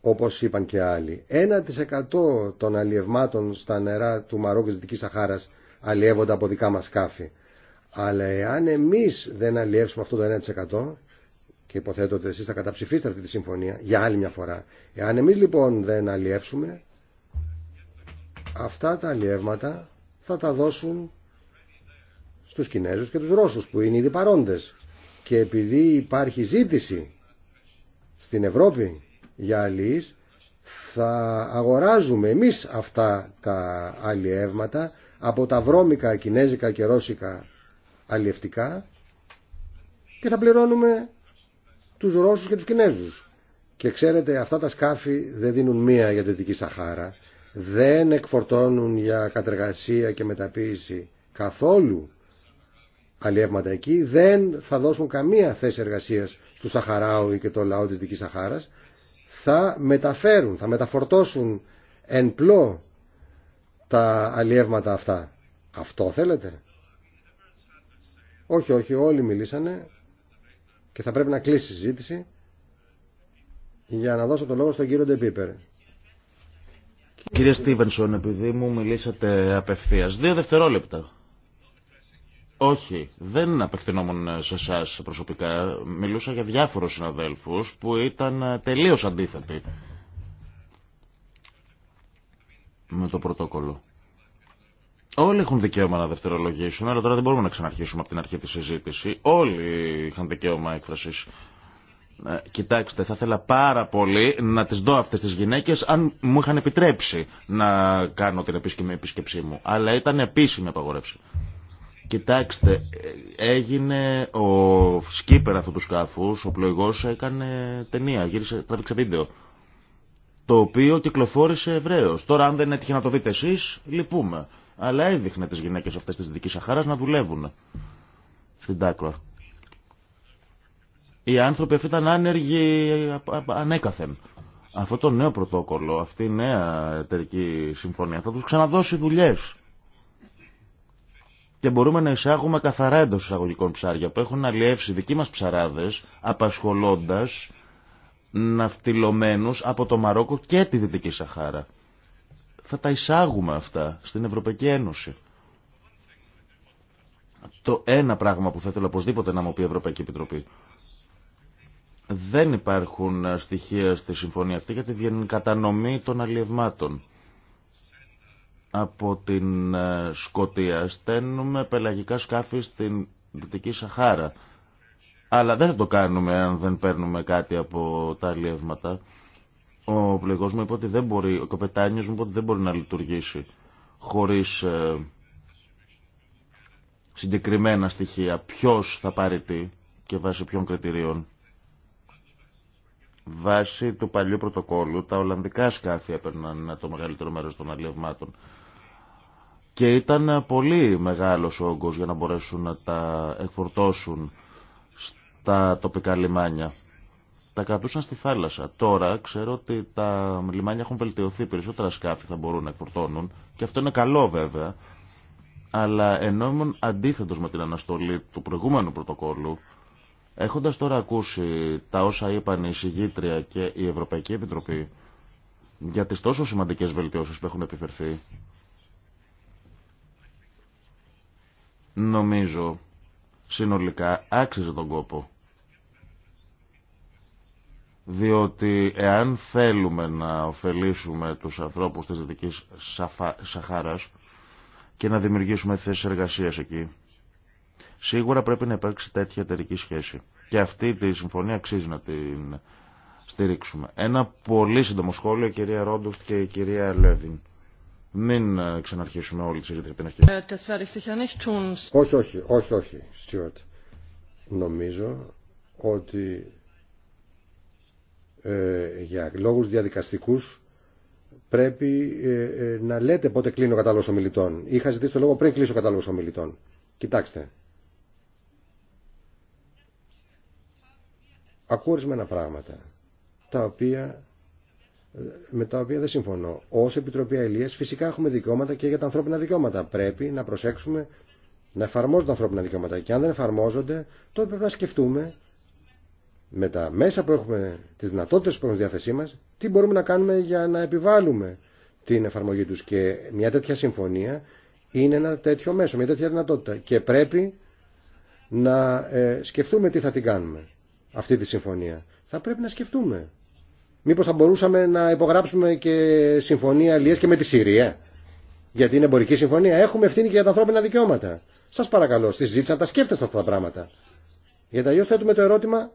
Όπως είπαν και άλλοι. 1% των αλλιευμάτων στα νερά του Μαρόκου της Δυτικής Σαχάρας αλλιεύονται από δικά μας σκάφη. Αλλά εάν εμείς δεν αλλιεύσουμε αυτό το 1%, και υποθέτω ότι εσείς θα καταψηφίσετε αυτή τη συμφωνία για άλλη μια φορά. Εάν εμείς λοιπόν δεν αλλιεύσουμε, αυτά τα αλλιεύματα θα τα δώσουν στους Κινέζους και τους Ρώσους που είναι ήδη παρόντες. Και επειδή υπάρχει ζήτηση στην Ευρώπη για αλλιείς, θα αγοράζουμε εμείς αυτά τα αλλιεύματα από τα βρώμικα, κινέζικα και ρώσικα αλλιευτικά και θα πληρώνουμε τους Ρώσους και τους Κινέζους. Και ξέρετε, αυτά τα σκάφη δεν δίνουν μία για τη Δυτική Σαχάρα, δεν εκφορτώνουν για κατεργασία και μεταποίηση καθόλου αλλιεύματα εκεί, δεν θα δώσουν καμία θέση εργασίας στους Σαχαράου και το λαό της δικής Σαχάρας, θα μεταφέρουν, θα μεταφορτώσουν εν πλώ τα αλλιεύματα αυτά. Αυτό θέλετε. Όχι, όχι, όλοι μιλήσανε και θα πρέπει να κλείσει η συζήτηση για να δώσω το λόγο στον κύριο Ντεπίπερ. Κύριε Στίβενσον, επειδή μου μιλήσατε απευθείας, δύο δευτερόλεπτα. Όχι, δεν απευθυνόμουν σε εσά προσωπικά. Μιλούσα για διάφορους συναδέλφους που ήταν τελείως αντίθετοι με το πρωτόκολλο. Όλοι έχουν δικαίωμα να δευτερολογήσουν, αλλά τώρα δεν μπορούμε να ξαναρχίσουμε από την αρχή τη συζήτηση. Όλοι είχαν δικαίωμα έκφραση. Ε, κοιτάξτε, θα ήθελα πάρα πολύ να τι δω αυτέ τι γυναίκε, αν μου είχαν επιτρέψει να κάνω την επίσκεψη, μου. Αλλά ήταν επίσημη απαγορεύση. Κοιτάξτε, έγινε ο σκύπερ αυτού του σκάφου, ο πλοηγός έκανε ταινία, γύρισε, τράβηξε βίντεο το οποίο κυκλοφόρησε ευρέω. Τώρα αν δεν έτυχε να το δείτε εσεί, λυπούμε αλλά έδειχνε τις γυναίκες αυτές της Δυτικής Σαχάρας να δουλεύουν στην Τάκουα. Οι άνθρωποι αυτοί ήταν άνεργοι ανέκαθεν. Αυτό το νέο πρωτόκολλο, αυτή η νέα εταιρική συμφωνία θα τους ξαναδώσει δουλειές. Και μπορούμε να εισάγουμε καθαρά εντό εισαγωγικών ψάρια που έχουν αλλιεύσει δικοί μας ψαράδες απασχολώντας ναυτιλωμένους από το Μαρόκο και τη Δυτική Σαχάρα θα τα εισάγουμε αυτά στην Ευρωπαϊκή Ένωση. Το ένα πράγμα που θα ήθελα οπωσδήποτε να μου πει η Ευρωπαϊκή Επιτροπή. Δεν υπάρχουν στοιχεία στη συμφωνία αυτή για την κατανομή των αλλιευμάτων. Από την ε, Σκοτία στέλνουμε πελαγικά σκάφη στην Δυτική Σαχάρα. Αλλά δεν θα το κάνουμε αν δεν παίρνουμε κάτι από τα αλλιεύματα. Ο πληγός μου είπε ότι δεν μπορεί, ο καπετάνιος μου ότι δεν μπορεί να λειτουργήσει χωρίς ε, συγκεκριμένα στοιχεία. Ποιος θα πάρει τι και βάσει ποιων κριτηρίων. Βάσει του παλιού πρωτοκόλλου, τα Ολλανδικά σκάφη έπαιρναν το μεγαλύτερο μέρος των αλλιευμάτων. Και ήταν πολύ μεγάλος όγκος για να μπορέσουν να τα εκφορτώσουν στα τοπικά λιμάνια τα κρατούσαν στη θάλασσα. Τώρα ξέρω ότι τα λιμάνια έχουν βελτιωθεί, περισσότερα σκάφη θα μπορούν να εκφορτώνουν και αυτό είναι καλό βέβαια. Αλλά ενώ ήμουν αντίθετο με την αναστολή του προηγούμενου πρωτοκόλλου, έχοντα τώρα ακούσει τα όσα είπαν η Συγήτρια και η Ευρωπαϊκή Επιτροπή για τι τόσο σημαντικέ βελτιώσει που έχουν επιφερθεί, νομίζω συνολικά άξιζε τον κόπο διότι εάν θέλουμε να ωφελήσουμε τους ανθρώπους της Δυτικής Σαχάρας και να δημιουργήσουμε θέσεις εργασίας εκεί, σίγουρα πρέπει να υπάρξει τέτοια εταιρική σχέση. Και αυτή τη συμφωνία αξίζει να την στηρίξουμε. Ένα πολύ σύντομο σχόλιο, κυρία Ρόντουστ και η κυρία Λέβιν. Μην ε, ξαναρχίσουμε όλη τη συζήτηση την αρχή. Ε, όχι, όχι, όχι, όχι, Στιούαρτ. Νομίζω ότι ε, για λόγους διαδικαστικούς πρέπει ε, ε, να λέτε πότε κλείνει ο κατάλογος ομιλητών. Είχα ζητήσει το λόγο πριν κλείσω ο κατάλογος ομιλητών. Κοιτάξτε. Ακούω ορισμένα πράγματα τα οποία, με τα οποία δεν συμφωνώ. Ως Επιτροπή Αιλίας φυσικά έχουμε δικαιώματα και για τα ανθρώπινα δικαιώματα. Πρέπει να προσέξουμε να εφαρμόζονται τα ανθρώπινα δικαιώματα και αν δεν εφαρμόζονται τότε πρέπει να σκεφτούμε με τα μέσα που έχουμε, τι δυνατότητε που έχουμε στη διάθεσή μα, τι μπορούμε να κάνουμε για να επιβάλλουμε την εφαρμογή του. Και μια τέτοια συμφωνία είναι ένα τέτοιο μέσο, μια τέτοια δυνατότητα. Και πρέπει να ε, σκεφτούμε τι θα την κάνουμε, αυτή τη συμφωνία. Θα πρέπει να σκεφτούμε. Μήπως θα μπορούσαμε να υπογράψουμε και συμφωνία αλλιές και με τη Συρία. Γιατί είναι εμπορική συμφωνία. Έχουμε ευθύνη και για τα ανθρώπινα δικαιώματα. Σας παρακαλώ, στη συζήτηση να τα σκέφτεστε αυτά τα πράγματα. Γιατί αλλιώ θέτουμε το ερώτημα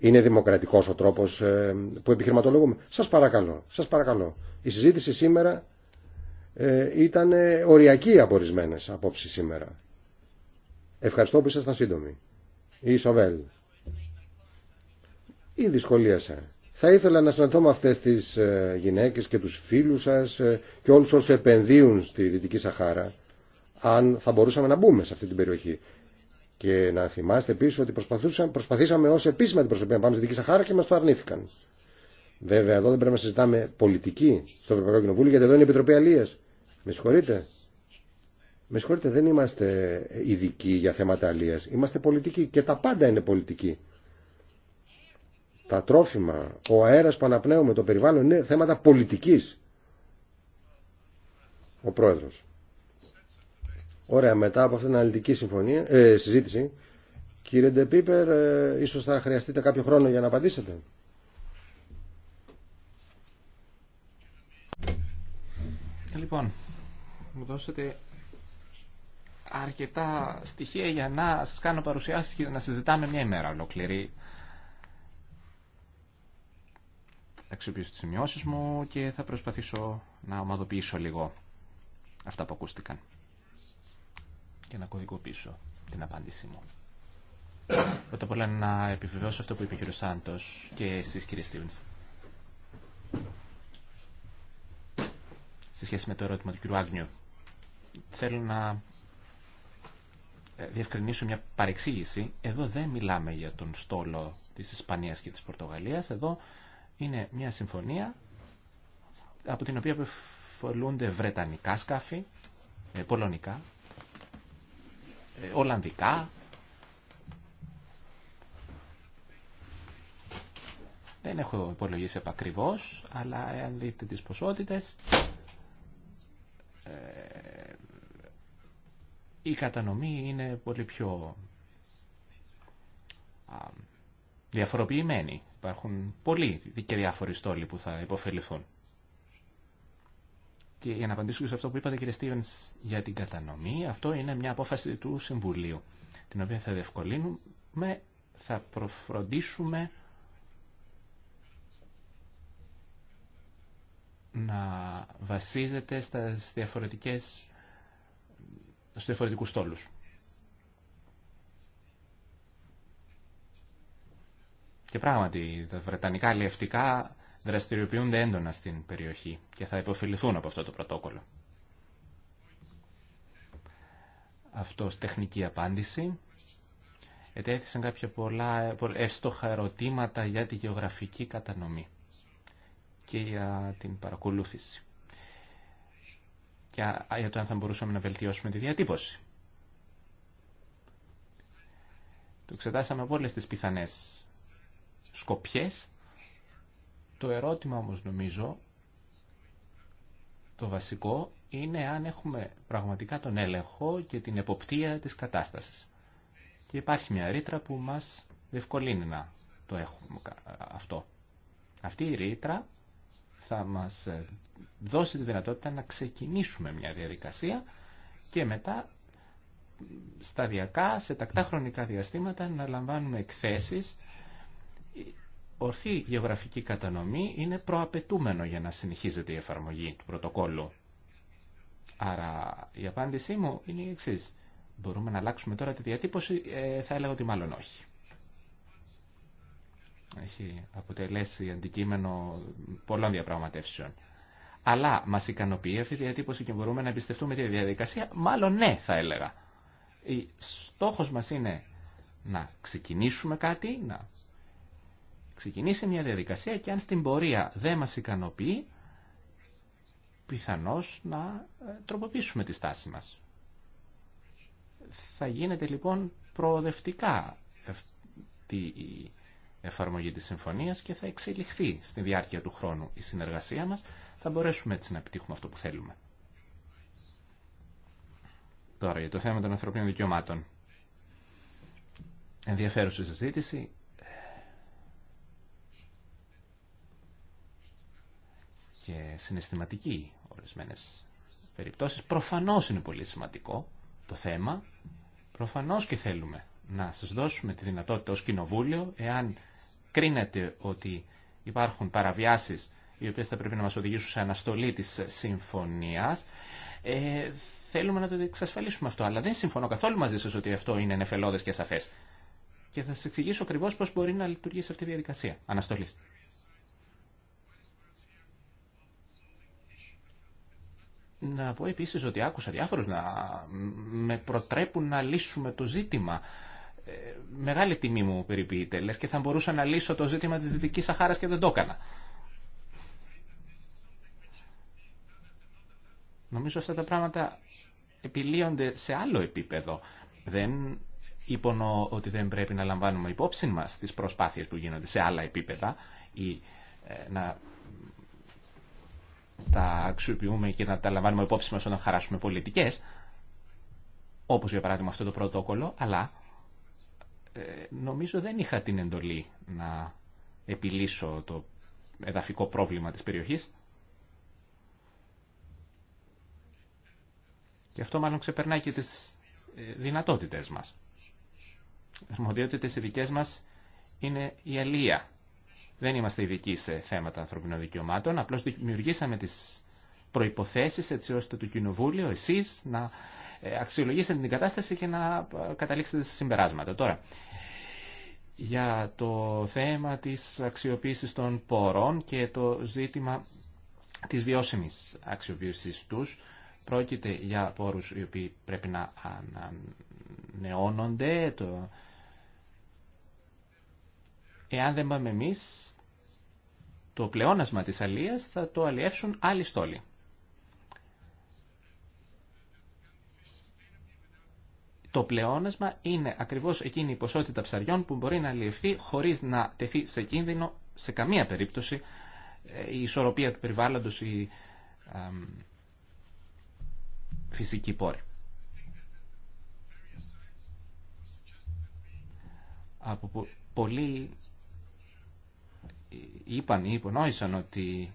είναι δημοκρατικός ο τρόπος ε, που επιχειρηματολογούμε. Σας παρακαλώ, σας παρακαλώ. Η συζήτηση σήμερα ε, ήταν οριακή από ορισμένες απόψεις σήμερα. Ευχαριστώ που ήσασταν σύντομοι. Η Ισοβέλ. Ή δυσκολίασα. Θα ήθελα να συναντώ με αυτές τις ε, γυναίκες και τους φίλους σας και όλους όσους επενδύουν στη Δυτική Σαχάρα αν θα μπορούσαμε να μπούμε σε αυτή την περιοχή. Και να θυμάστε επίση ότι προσπαθήσαμε ω επίσημα την προσωπία να πάμε στη Δική Σαχάρα και μα το αρνήθηκαν. Βέβαια, εδώ δεν πρέπει να συζητάμε πολιτική στο Ευρωπαϊκό Κοινοβούλιο, γιατί εδώ είναι η Επιτροπή Αλία. Με συγχωρείτε. Με συγχωρείτε, δεν είμαστε ειδικοί για θέματα αλία. Είμαστε πολιτικοί και τα πάντα είναι πολιτικοί. Τα τρόφιμα, ο αέρα που αναπνέουμε, το περιβάλλον είναι θέματα πολιτικής. Ο πρόεδρος. Ωραία, μετά από αυτήν την αναλυτική συμφωνία, ε, συζήτηση, κύριε Ντεπίπερ, ε, ίσως θα χρειαστείτε κάποιο χρόνο για να απαντήσετε. Λοιπόν, μου δώσετε αρκετά στοιχεία για να σας κάνω παρουσιάσεις και να συζητάμε μια ημέρα ολόκληρη. Θα αξιοποιήσω τις σημειώσεις μου και θα προσπαθήσω να ομαδοποιήσω λίγο αυτά που ακούστηκαν και να κωδικοποιήσω την απάντησή μου. Πρώτα απ' όλα να επιβεβαιώσω αυτό που είπε ο κ. Σάντο και εσεί κ. Στίβεν. Σε σχέση με το ερώτημα του κ. Άγνιου, θέλω να ε, διευκρινίσω μια παρεξήγηση. Εδώ δεν μιλάμε για τον στόλο της Ισπανίας και της Πορτογαλίας. Εδώ είναι μια συμφωνία από την οποία απευθολούνται βρετανικά σκάφη, ε, πολωνικά Ολλανδικά. Δεν έχω υπολογίσει επακριβώ, αλλά αν δείτε τις ποσότητες, ε, η κατανομή είναι πολύ πιο διαφοροποιημένη. Υπάρχουν πολλοί και διάφοροι στόλοι που θα υποφεληθούν. Και για να απαντήσω σε αυτό που είπατε κύριε Στίβενς για την κατανομή, αυτό είναι μια απόφαση του Συμβουλίου, την οποία θα διευκολύνουμε, θα προφροντίσουμε να βασίζεται στα διαφορετικές, στους διαφορετικούς τόλους. Και πράγματι, τα βρετανικά λιευτικά δραστηριοποιούνται έντονα στην περιοχή και θα υποφεληθούν από αυτό το πρωτόκολλο. Αυτό τεχνική απάντηση. Ετέθησαν κάποια πολλά εύστοχα ερωτήματα για τη γεωγραφική κατανομή και για την παρακολούθηση και για το αν θα μπορούσαμε να βελτιώσουμε τη διατύπωση. Το εξετάσαμε από όλες τις πιθανές σκοπιές το ερώτημα όμως νομίζω, το βασικό, είναι αν έχουμε πραγματικά τον έλεγχο και την εποπτεία της κατάστασης. Και υπάρχει μια ρήτρα που μας διευκολύνει να το έχουμε αυτό. Αυτή η ρήτρα θα μας ε, δώσει τη δυνατότητα να ξεκινήσουμε μια διαδικασία και μετά σταδιακά, σε τακτά χρονικά διαστήματα, να λαμβάνουμε εκθέσεις ορθή γεωγραφική κατανομή είναι προαπαιτούμενο για να συνεχίζεται η εφαρμογή του πρωτοκόλλου. Άρα η απάντησή μου είναι η εξή. Μπορούμε να αλλάξουμε τώρα τη διατύπωση, ε, θα έλεγα ότι μάλλον όχι. Έχει αποτελέσει αντικείμενο πολλών διαπραγματεύσεων. Αλλά μας ικανοποιεί αυτή η διατύπωση και μπορούμε να εμπιστευτούμε τη διαδικασία, μάλλον ναι θα έλεγα. στόχος μας είναι να ξεκινήσουμε κάτι, να ξεκινήσει μια διαδικασία και αν στην πορεία δεν μας ικανοποιεί, πιθανώς να ε, τροποποιήσουμε τη στάση μας. Θα γίνεται λοιπόν προοδευτικά αυτή η εφαρμογή της συμφωνίας και θα εξελιχθεί στη διάρκεια του χρόνου η συνεργασία μας, θα μπορέσουμε έτσι να επιτύχουμε αυτό που θέλουμε. Τώρα για το θέμα των ανθρωπίνων δικαιωμάτων. Ενδιαφέρουσα συζήτηση. και συναισθηματική ορισμένες περιπτώσεις. Προφανώς είναι πολύ σημαντικό το θέμα. Προφανώς και θέλουμε να σας δώσουμε τη δυνατότητα ως κοινοβούλιο, εάν κρίνετε ότι υπάρχουν παραβιάσεις οι οποίες θα πρέπει να μας οδηγήσουν σε αναστολή της συμφωνίας, ε, θέλουμε να το εξασφαλίσουμε αυτό. Αλλά δεν συμφωνώ καθόλου μαζί σας ότι αυτό είναι νεφελώδες και σαφές. Και θα σας εξηγήσω ακριβώς πώς μπορεί να λειτουργήσει αυτή η διαδικασία αναστολής. να πω επίσης ότι άκουσα διάφορους να με προτρέπουν να λύσουμε το ζήτημα. Ε, μεγάλη τιμή μου περιποιείται, λες και θα μπορούσα να λύσω το ζήτημα της Δυτικής Σαχάρας και δεν το έκανα. Νομίζω αυτά τα πράγματα επιλύονται σε άλλο επίπεδο. Δεν υπονοώ ότι δεν πρέπει να λαμβάνουμε υπόψη μας τις προσπάθειες που γίνονται σε άλλα επίπεδα ή ε, να τα αξιοποιούμε και να τα λαμβάνουμε υπόψη μας όταν χαράσουμε πολιτικές, όπως για παράδειγμα αυτό το πρωτόκολλο, αλλά ε, νομίζω δεν είχα την εντολή να επιλύσω το εδαφικό πρόβλημα της περιοχής. Και αυτό μάλλον ξεπερνάει και τις ε, δυνατότητες μας. Οι αρμοδιότητες οι μας είναι η αλία. Δεν είμαστε ειδικοί σε θέματα ανθρωπινών δικαιωμάτων, απλώ δημιουργήσαμε τις προϋποθέσεις έτσι ώστε το Κοινοβούλιο, εσείς, να ε, αξιολογήσετε την κατάσταση και να ε, καταλήξετε σε συμπεράσματα. Τώρα, για το θέμα της αξιοποίηση των πορών και το ζήτημα της βιώσιμης αξιοποίησης τους, πρόκειται για πόρου οι οποίοι πρέπει να ανανεώνονται, το Εάν δεν πάμε εμεί το πλεόνασμα της αλίας θα το αλλιεύσουν άλλοι στόλοι. Το πλεόνασμα είναι ακριβώς εκείνη η ποσότητα ψαριών που μπορεί να αλλιευθεί χωρίς να τεθεί σε κίνδυνο σε καμία περίπτωση ε, η ισορροπία του περιβάλλοντος, η φυσική πόρη. Από πολλοί είπαν ή υπονόησαν ότι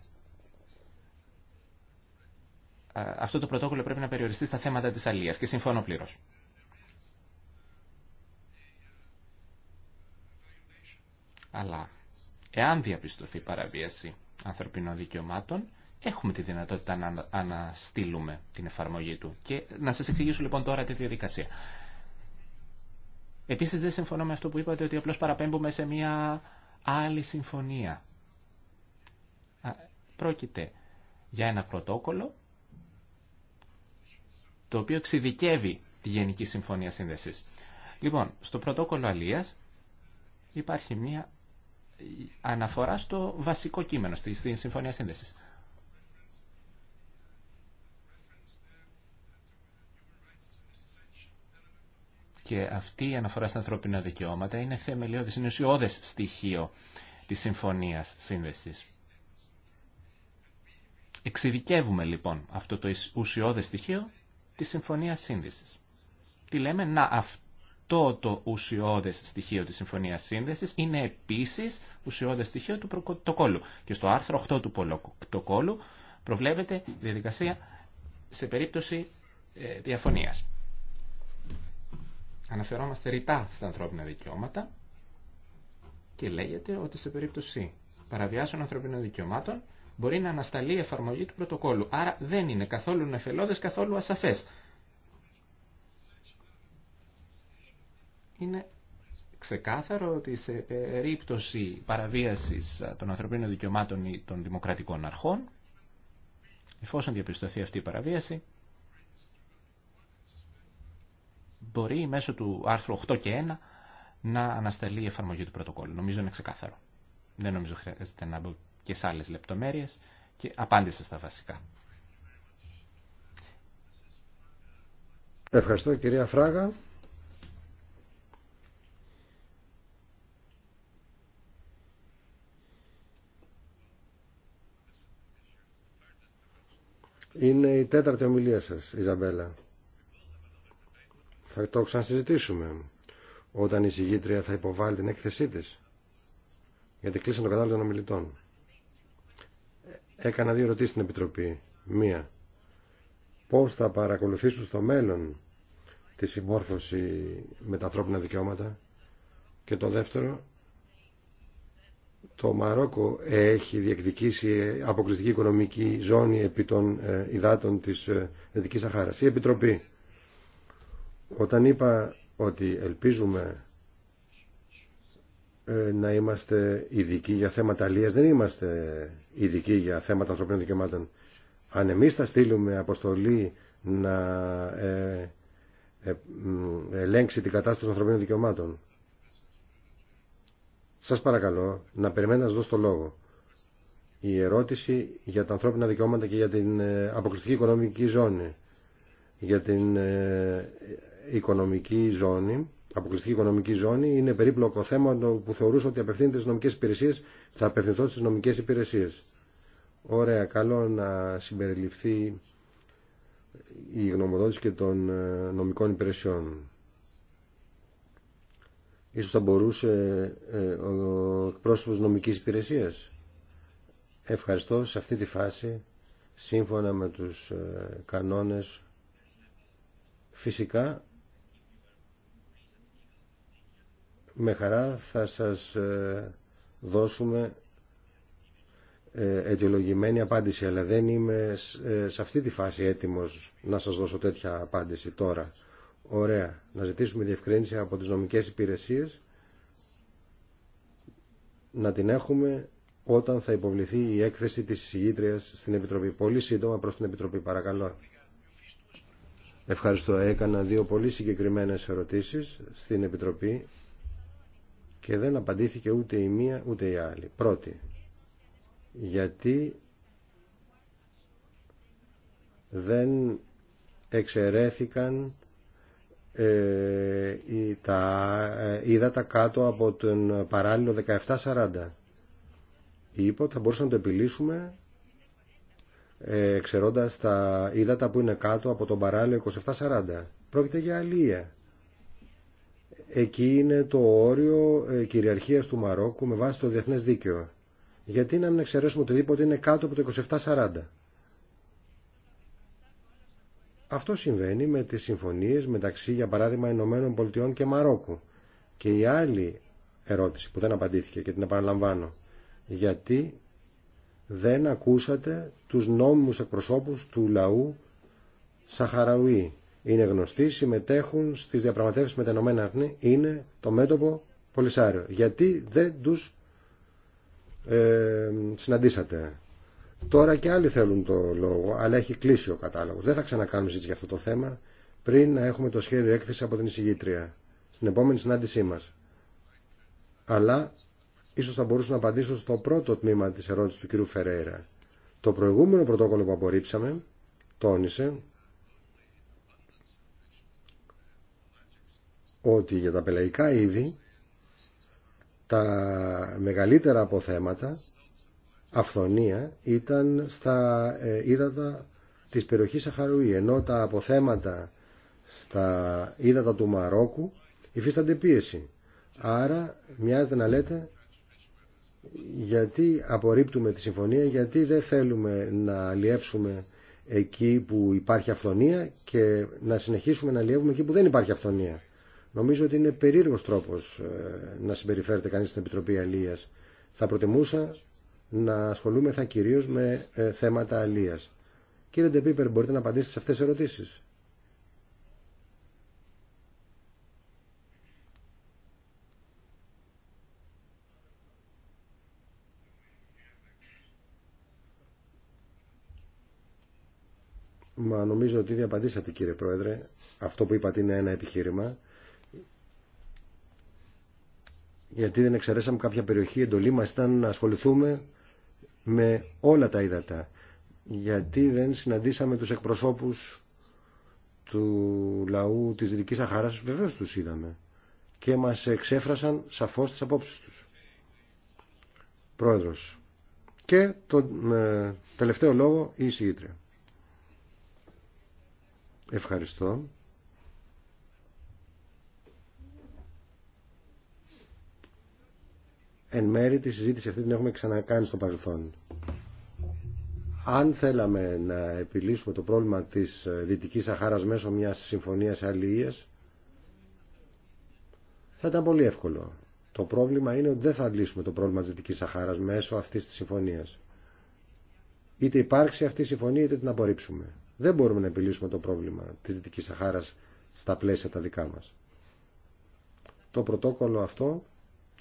ε, αυτό το πρωτόκολλο πρέπει να περιοριστεί στα θέματα της αλίας και συμφωνώ πλήρως. Αλλά εάν διαπιστωθεί παραβίαση ανθρωπινών δικαιωμάτων, έχουμε τη δυνατότητα να αναστείλουμε την εφαρμογή του. Και να σας εξηγήσω λοιπόν τώρα τη διαδικασία. Επίσης δεν συμφωνώ με αυτό που είπατε ότι απλώς παραπέμπουμε σε μια άλλη συμφωνία. Πρόκειται για ένα πρωτόκολλο το οποίο εξειδικεύει τη Γενική Συμφωνία Σύνδεσης. Λοιπόν, στο πρωτόκολλο Αλίας υπάρχει μία αναφορά στο βασικό κείμενο, στη Συμφωνία Σύνδεσης. Και αυτή η αναφορά στα ανθρώπινα δικαιώματα είναι θεμελιώδης, είναι ουσιώδες στοιχείο της Συμφωνίας Σύνδεσης. Εξειδικεύουμε λοιπόν αυτό το ουσιώδες στοιχείο της Συμφωνίας Σύνδεσης. Τι λέμε, να αυτό το ουσιώδες στοιχείο της Συμφωνίας Σύνδεσης είναι επίσης ουσιώδες στοιχείο του πρωτοκόλου. Και στο άρθρο 8 του πρωτοκόλου προβλέπεται διαδικασία σε περίπτωση ε, διαφωνίας αναφερόμαστε ρητά στα ανθρώπινα δικαιώματα και λέγεται ότι σε περίπτωση παραβιάσεων ανθρωπίνων δικαιωμάτων μπορεί να ανασταλεί η εφαρμογή του πρωτοκόλου. Άρα δεν είναι καθόλου νεφελώδες, καθόλου ασαφές. Είναι ξεκάθαρο ότι σε περίπτωση παραβίασης των ανθρωπίνων δικαιωμάτων ή των δημοκρατικών αρχών, εφόσον διαπιστωθεί αυτή η παραβίαση, μπορεί μέσω του άρθρου 8 και 1 να αναστελεί η εφαρμογή του πρωτοκόλλου. Νομίζω είναι ξεκάθαρο. Δεν νομίζω χρειάζεται να μπω και σε άλλε λεπτομέρειες και απάντησα στα βασικά. Ευχαριστώ κυρία Φράγα. Είναι η τέταρτη ομιλία σας, Ιζαμπέλα. Θα το ξανασυζητήσουμε όταν η συγγήτρια θα υποβάλει την έκθεσή της. Γιατί κλείσαν το κατάλληλο των ομιλητών. Ε, έκανα δύο ερωτήσεις στην Επιτροπή. Μία. Πώς θα παρακολουθήσουν στο μέλλον τη συμμόρφωση με τα ανθρώπινα δικαιώματα. Και το δεύτερο, το Μαρόκο έχει διεκδικήσει αποκλειστική οικονομική ζώνη επί των ε, υδάτων της ε, Δυτικής Σαχάρας. Η Επιτροπή όταν είπα ότι ελπίζουμε ε, να είμαστε ειδικοί για θέματα αλίας, δεν είμαστε ειδικοί για θέματα ανθρωπίνων δικαιωμάτων. Αν εμείς θα στείλουμε αποστολή να ε, ε, ελέγξει την κατάσταση των ανθρωπίνων δικαιωμάτων, σας παρακαλώ να περιμένετε να σας δώσω το λόγο. Η ερώτηση για τα ανθρώπινα δικαιώματα και για την αποκλειστική οικονομική ζώνη, για την οικονομική ζώνη, αποκλειστική οικονομική ζώνη, είναι περίπλοκο θέμα που θεωρούσε ότι απευθύνεται στι νομικέ υπηρεσίε. Θα απευθυνθώ στι νομικέ υπηρεσίε. Ωραία, καλό να συμπεριληφθεί η γνωμοδότηση και των ε, νομικών υπηρεσιών. Ίσως θα μπορούσε ε, ο εκπρόσωπος νομικής υπηρεσίας. Ευχαριστώ σε αυτή τη φάση, σύμφωνα με τους ε, κανόνες, φυσικά με χαρά θα σας ε, δώσουμε ε, αιτιολογημένη απάντηση, αλλά δεν είμαι ε, σε αυτή τη φάση έτοιμος να σας δώσω τέτοια απάντηση τώρα. Ωραία. Να ζητήσουμε διευκρίνηση από τις νομικές υπηρεσίες να την έχουμε όταν θα υποβληθεί η έκθεση της συγγήτριας στην Επιτροπή. Πολύ σύντομα προς την Επιτροπή, παρακαλώ. Ευχαριστώ. Έκανα δύο πολύ συγκεκριμένες ερωτήσεις στην Επιτροπή και δεν απαντήθηκε ούτε η μία ούτε η άλλη. Πρώτη, γιατί δεν εξαιρέθηκαν ε, τα ύδατα ε, κάτω από τον παράλληλο 1740. Είπε ότι θα μπορούσαμε να το επιλύσουμε ε, εξαιρώντας τα ύδατα που είναι κάτω από τον παράλληλο 2740. Πρόκειται για αλία. Εκεί είναι το όριο ε, κυριαρχίας του Μαρόκου με βάση το διεθνές δίκαιο. Γιατί να μην εξαιρέσουμε οτιδήποτε είναι κάτω από το 2740. Αυτό συμβαίνει με τις συμφωνίες μεταξύ, για παράδειγμα, Ηνωμένων Πολιτειών και Μαρόκου. Και η άλλη ερώτηση που δεν απαντήθηκε και την επαναλαμβάνω. Γιατί δεν ακούσατε τους νόμιμους εκπροσώπους του λαού Σαχαραουή είναι γνωστοί, συμμετέχουν στις διαπραγματεύσεις με τα Ηνωμένα Έθνη, είναι το μέτωπο Πολυσάριο. Γιατί δεν τους ε, συναντήσατε. Τώρα και άλλοι θέλουν το λόγο, αλλά έχει κλείσει ο κατάλογος. Δεν θα ξανακάνουμε ζήτηση για αυτό το θέμα πριν να έχουμε το σχέδιο έκθεση από την εισηγήτρια στην επόμενη συνάντησή μας. Αλλά ίσως θα μπορούσα να απαντήσω στο πρώτο τμήμα της ερώτησης του κ. Φερέιρα. Το προηγούμενο πρωτόκολλο που απορρίψαμε τόνισε ότι για τα πελαϊκά είδη τα μεγαλύτερα αποθέματα αυθονία ήταν στα ε, ύδατα της περιοχής Σαχαρουή ενώ τα αποθέματα στα ύδατα του Μαρόκου υφίστανται πίεση. Άρα μοιάζεται να λέτε γιατί απορρίπτουμε τη συμφωνία, γιατί δεν θέλουμε να αλλιεύσουμε εκεί που υπάρχει αυθονία και να συνεχίσουμε να αλλιεύουμε εκεί που δεν υπάρχει αυθονία. Νομίζω ότι είναι περίεργος τρόπος ε, να συμπεριφέρεται κανείς στην Επιτροπή Αλίας. Θα προτιμούσα να ασχολούμεθα κυρίω με ε, θέματα αλίας. Κύριε Ντεπίπερ, μπορείτε να απαντήσετε σε αυτές τις ερωτήσεις. Μα νομίζω ότι ήδη απαντήσατε κύριε Πρόεδρε. Αυτό που είπατε είναι ένα επιχείρημα γιατί δεν εξαιρέσαμε κάποια περιοχή. Η εντολή μας ήταν να ασχοληθούμε με όλα τα ύδατα. Γιατί δεν συναντήσαμε τους εκπροσώπους του λαού της Δυτικής Αχάρας. Βεβαίως τους είδαμε. Και μας εξέφρασαν σαφώς τις απόψεις τους. Πρόεδρος. Και τον τελευταίο λόγο η εισηγήτρια. Ευχαριστώ. εν μέρη τη συζήτηση αυτή την έχουμε ξανακάνει στο παρελθόν. Αν θέλαμε να επιλύσουμε το πρόβλημα της ε, Δυτικής Σαχάρας μέσω μιας συμφωνίας αλληλείας, θα ήταν πολύ εύκολο. Το πρόβλημα είναι ότι δεν θα λύσουμε το πρόβλημα της Δυτικής Σαχάρας μέσω αυτής της συμφωνίας. Είτε υπάρξει αυτή η συμφωνία είτε την απορρίψουμε. Δεν μπορούμε να επιλύσουμε το πρόβλημα της Δυτικής Σαχάρας στα πλαίσια τα δικά μας. Το πρωτόκολλο αυτό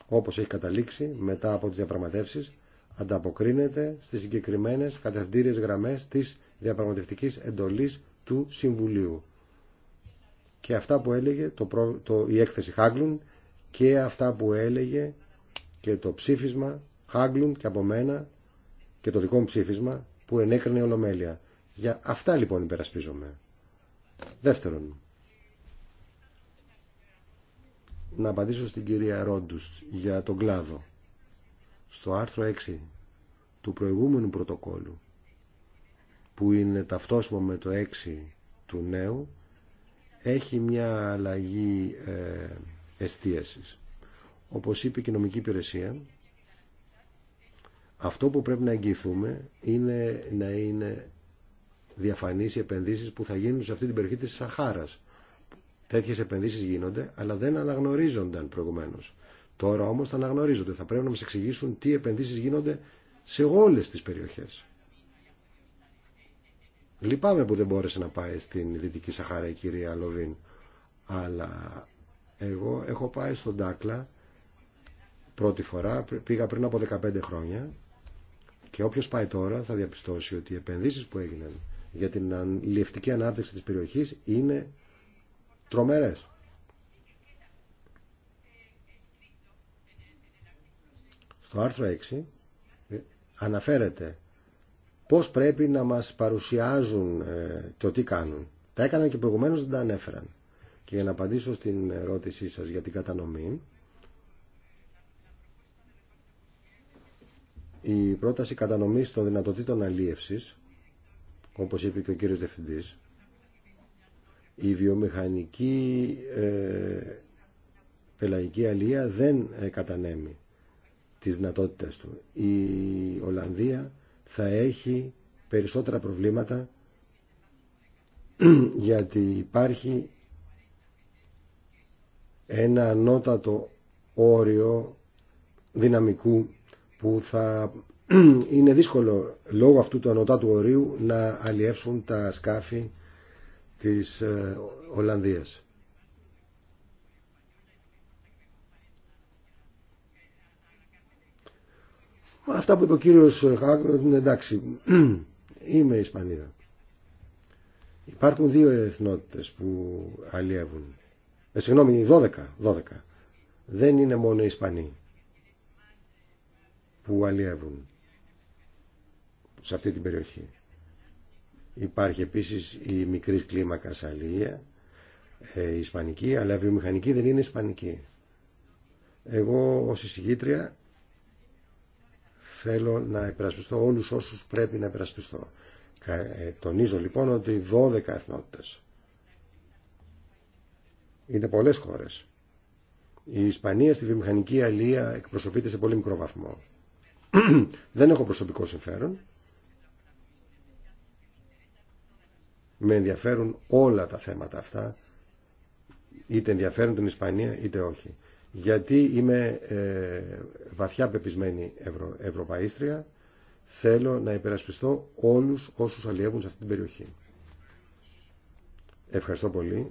όπως έχει καταλήξει μετά από τις διαπραγματεύσεις, ανταποκρίνεται στις συγκεκριμένες κατευθύντριες γραμμές της διαπραγματευτικής εντολής του Συμβουλίου. Και αυτά που έλεγε το, το... η έκθεση Χάγκλουν και αυτά που έλεγε και το ψήφισμα Χάγκλουν και από μένα και το δικό μου ψήφισμα που ενέκρινε η Ολομέλεια. Για αυτά λοιπόν υπερασπίζομαι. Δεύτερον, να απαντήσω στην κυρία Ρόντους για τον κλάδο. Στο άρθρο 6 του προηγούμενου πρωτοκόλλου, που είναι ταυτόσιμο με το 6 του νέου έχει μια αλλαγή ε, εστίασης. Όπως είπε η κοινωνική υπηρεσία αυτό που πρέπει να εγγυηθούμε είναι να είναι διαφανείς οι επενδύσεις που θα γίνουν σε αυτή την περιοχή της Σαχάρας Τέτοιε επενδύσεις γίνονται, αλλά δεν αναγνωρίζονταν προηγουμένω. Τώρα όμως θα αναγνωρίζονται. Θα πρέπει να μας εξηγήσουν τι επενδύσεις γίνονται σε όλε τις περιοχές. Λυπάμαι που δεν μπόρεσε να πάει στην Δυτική Σαχάρα η κυρία Λοβίν. Αλλά εγώ έχω πάει στον Τάκλα πρώτη φορά, πήγα πριν από 15 χρόνια και όποιος πάει τώρα θα διαπιστώσει ότι οι επενδύσεις που έγιναν για την λιευτική ανάπτυξη της περιοχής είναι τρομερές. Στο άρθρο 6 ε, αναφέρεται πώς πρέπει να μας παρουσιάζουν ε, το τι κάνουν. Τα έκαναν και προηγουμένως δεν τα ανέφεραν. Και για να απαντήσω στην ερώτησή σας για την κατανομή, η πρόταση κατανομής των δυνατοτήτων αλίευσης, όπως είπε και ο κύριος Δευθυντής, η βιομηχανική ε, πελαγική αλία δεν ε, κατανέμει τις δυνατότητες του. Η Ολλανδία θα έχει περισσότερα προβλήματα γιατί υπάρχει ένα ανώτατο όριο δυναμικού που θα είναι δύσκολο λόγω αυτού του ανωτάτου ορίου να αλλιεύσουν τα σκάφη της ε, Ολλανδίας. Αυτά που είπε ο κύριος Χάγκρον είναι εντάξει. Είμαι Ισπανίδα. Υπάρχουν δύο εθνότητες που αλλιεύουν. Ε, συγγνώμη, 12, 12. Δεν είναι μόνο οι Ισπανοί που αλλιεύουν σε αυτή την περιοχή. Υπάρχει επίσης η μικρή κλίμακα αλία, ε, η ισπανική, αλλά η βιομηχανική δεν είναι ισπανική. Εγώ ως εισηγήτρια θέλω να υπερασπιστώ όλους όσους πρέπει να υπερασπιστώ. Ε, τονίζω λοιπόν ότι 12 εθνότητες. Είναι πολλές χώρες. Η Ισπανία στη βιομηχανική αλία εκπροσωπείται σε πολύ μικρό βαθμό. Δεν έχω προσωπικό συμφέρον Με ενδιαφέρουν όλα τα θέματα αυτά, είτε ενδιαφέρουν την Ισπανία είτε όχι. Γιατί είμαι ε, βαθιά πεπισμένη Ευρω, Ευρωπαίστρια, θέλω να υπερασπιστώ όλους όσους αλλιεύουν σε αυτή την περιοχή. Ευχαριστώ πολύ.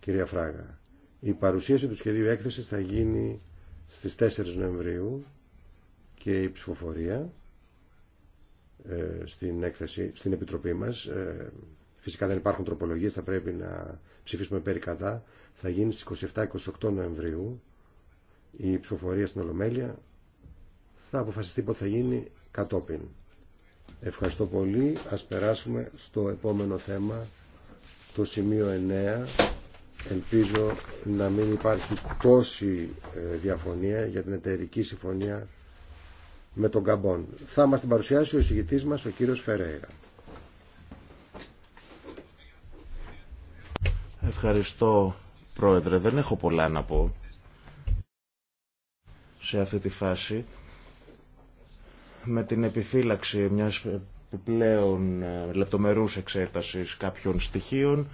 Κυρία Φράγα, η παρουσίαση του σχεδίου έκθεσης θα γίνει στις 4 Νοεμβρίου και η ψηφοφορία ε, στην έκθεση, στην Επιτροπή μας. Ε, φυσικά δεν υπάρχουν τροπολογίες, θα πρέπει να ψηφίσουμε περί κατά. Θα γίνει στις 27-28 Νοεμβρίου η ψηφοφορία στην Ολομέλεια. Θα αποφασιστεί πότε θα γίνει κατόπιν. Ευχαριστώ πολύ. Ας περάσουμε στο επόμενο θέμα, το σημείο 9. Ελπίζω να μην υπάρχει τόση ε, διαφωνία για την εταιρική συμφωνία με τον Καμπόν. Θα μας την παρουσιάσει ο εισηγητής μας, ο κύριος Φερέιρα. Ευχαριστώ, Πρόεδρε. Δεν έχω πολλά να πω σε αυτή τη φάση. Με την επιφύλαξη μιας πλέον ε, λεπτομερούς εξέτασης κάποιων στοιχείων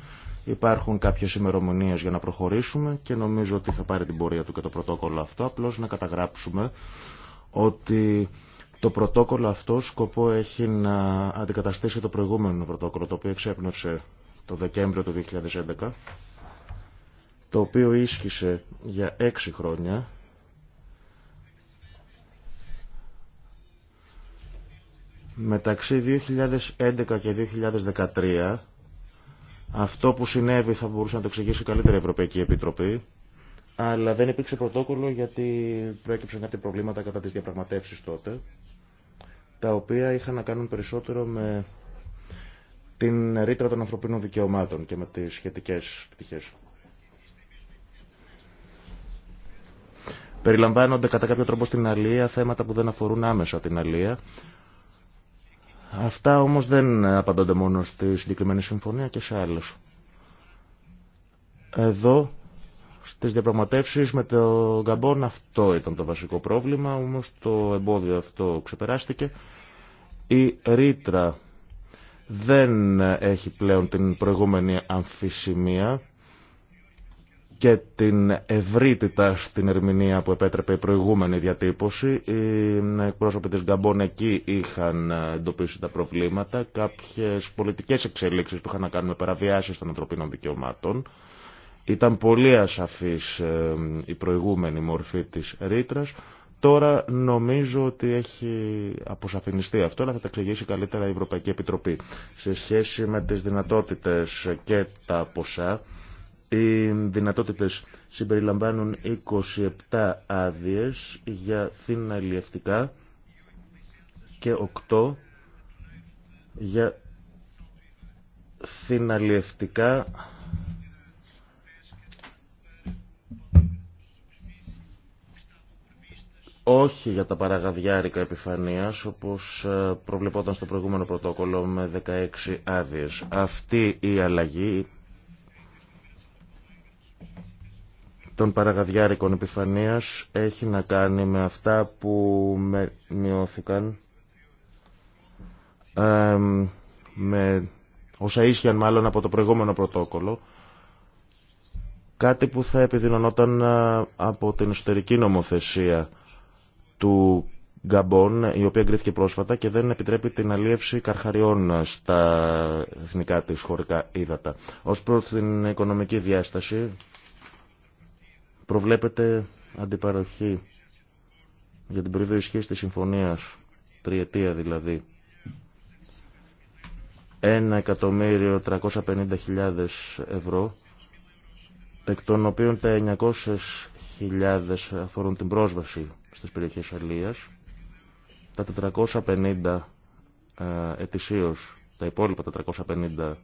Υπάρχουν κάποιες ημερομονίες για να προχωρήσουμε και νομίζω ότι θα πάρει την πορεία του και το πρωτόκολλο αυτό. Απλώς να καταγράψουμε ότι το πρωτόκολλο αυτό σκοπό έχει να αντικαταστήσει το προηγούμενο πρωτόκολλο, το οποίο εξέπνευσε το Δεκέμβριο του 2011, το οποίο ίσχυσε για έξι χρόνια μεταξύ 2011 και 2013 αυτό που συνέβη θα μπορούσε να το εξηγήσει καλύτερη Ευρωπαϊκή Επιτροπή αλλά δεν υπήρξε πρωτόκολλο γιατί προέκυψαν κάποια προβλήματα κατά τις διαπραγματεύσεις τότε, τα οποία είχαν να κάνουν περισσότερο με την ρήτρα των ανθρωπίνων δικαιωμάτων και με τις σχετικές πτυχές. Περιλαμβάνονται κατά κάποιο τρόπο στην αλία θέματα που δεν αφορούν άμεσα την αλία. Αυτά όμως δεν απαντώνται μόνο στη συγκεκριμένη συμφωνία και σε άλλες. Εδώ Τις διαπραγματεύσεις με το Γκαμπόν αυτό ήταν το βασικό πρόβλημα, όμως το εμπόδιο αυτό ξεπεράστηκε. Η ρήτρα δεν έχει πλέον την προηγούμενη αμφισημία και την ευρύτητα στην ερμηνεία που επέτρεπε η προηγούμενη διατύπωση. Οι εκπρόσωποι της Γκαμπών εκεί είχαν εντοπίσει τα προβλήματα, κάποιες πολιτικές εξελίξεις που είχαν να κάνουν με παραβιάσεις των ανθρωπίνων δικαιωμάτων ήταν πολύ ασαφής ε, η προηγούμενη μορφή της ρήτρα. Τώρα νομίζω ότι έχει αποσαφινιστεί αυτό, αλλά θα τα εξηγήσει καλύτερα η Ευρωπαϊκή Επιτροπή. Σε σχέση με τις δυνατότητες και τα ποσά, οι δυνατότητες συμπεριλαμβάνουν 27 άδειες για θυναλιευτικά και 8 για θυναλιευτικά όχι για τα παραγαδιάρικα επιφανείας όπως ε, προβλεπόταν στο προηγούμενο πρωτόκολλο με 16 άδειες. Αυτή η αλλαγή των παραγαδιάρικων επιφανείας έχει να κάνει με αυτά που μειώθηκαν ε, με όσα ίσχυαν μάλλον από το προηγούμενο πρωτόκολλο κάτι που θα επιδεινωνόταν ε, από την εσωτερική νομοθεσία του Γκαμπών, η οποία εγκρίθηκε πρόσφατα και δεν επιτρέπει την αλίευση καρχαριών στα εθνικά της χωρικά ύδατα. Ως προς την οικονομική διάσταση προβλέπεται αντιπαροχή για την περίοδο ισχύς της συμφωνίας, τριετία δηλαδή, 1.350.000 ευρώ, εκ των οποίων τα χιλιάδες αφορούν την πρόσβαση στις περιοχές αλίας, τα 450 ε, ετησίως, τα υπόλοιπα 450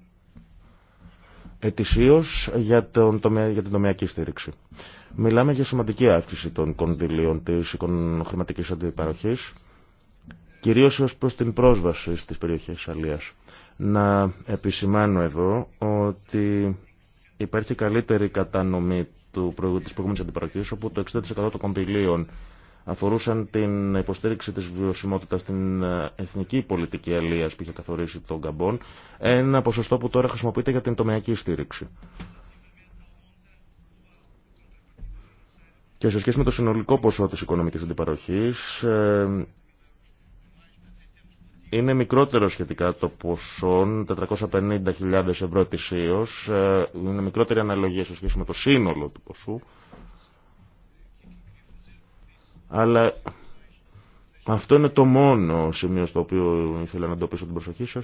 ετησίως για, τον για την τομεακή στήριξη. Μιλάμε για σημαντική αύξηση των κονδυλίων της χρηματικής αντιπαροχής, κυρίως ως προς την πρόσβαση στις περιοχές αλίας. Να επισημάνω εδώ ότι υπάρχει καλύτερη κατανομή του, της προηγούμενης όπου το 60% των κονδυλίων αφορούσαν την υποστήριξη της βιωσιμότητας στην ε, εθνική πολιτική αλίας που είχε καθορίσει τον Καμπόν, ένα ποσοστό που τώρα χρησιμοποιείται για την τομεακή στήριξη. Και σε σχέση με το συνολικό ποσό της οικονομικής αντιπαροχής, ε, είναι μικρότερο σχετικά το ποσό, 450.000 ευρώ ΥΟΣ, ε, είναι μικρότερη αναλογία σε σχέση με το σύνολο του ποσού. Αλλά αυτό είναι το μόνο σημείο στο οποίο ήθελα να εντοπίσω την προσοχή σα.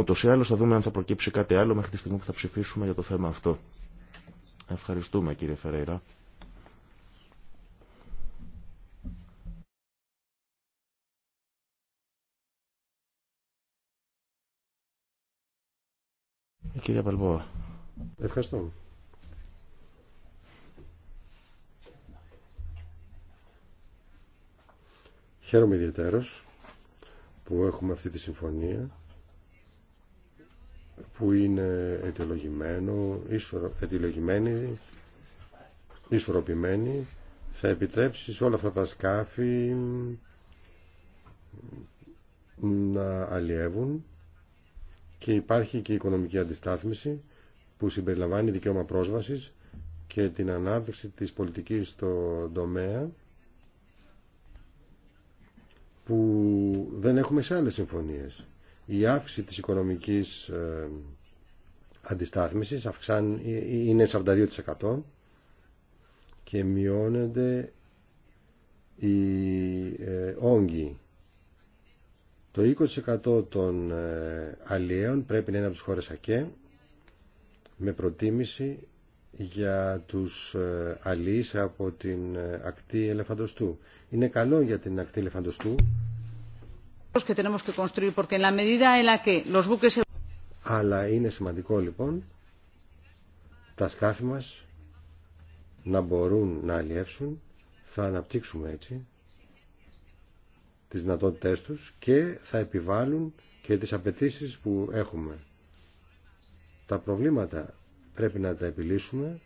Ούτω ή άλλω θα δούμε αν θα προκύψει κάτι άλλο μέχρι τη στιγμή που θα ψηφίσουμε για το θέμα αυτό. Ευχαριστούμε κύριε Φερέιρα. Η κυρία Παλμπόα. Ευχαριστώ. Χαίρομαι ιδιαίτερος που έχουμε αυτή τη συμφωνία που είναι αιτιολογημένο, αιτιολογημένη, ισορροπημένη θα επιτρέψει σε όλα αυτά τα σκάφη να αλλιεύουν και υπάρχει και η οικονομική αντιστάθμιση που συμπεριλαμβάνει δικαίωμα πρόσβαση και την ανάπτυξη της πολιτικής στον τομέα που δεν έχουμε σε άλλες συμφωνίες. Η αύξηση της οικονομικής ε, αντιστάθμισης αυξάνει, είναι 42% και μειώνονται η ε, όγκη. Το 20% των ε, αλλιέων πρέπει να είναι από τις χώρες ΑΚΕ με προτίμηση για τους ε, αλλιείς από την ε, ακτή ελεφαντοστού. Είναι καλό για την ακτή ελεφαντοστού αλλά είναι σημαντικό λοιπόν τα σκάφη μας να μπορούν να αλλιεύσουν θα αναπτύξουμε έτσι τις δυνατότητές τους και θα επιβάλλουν και τις απαιτήσει που έχουμε. Τα προβλήματα πρέπει να τα επιλύσουμε.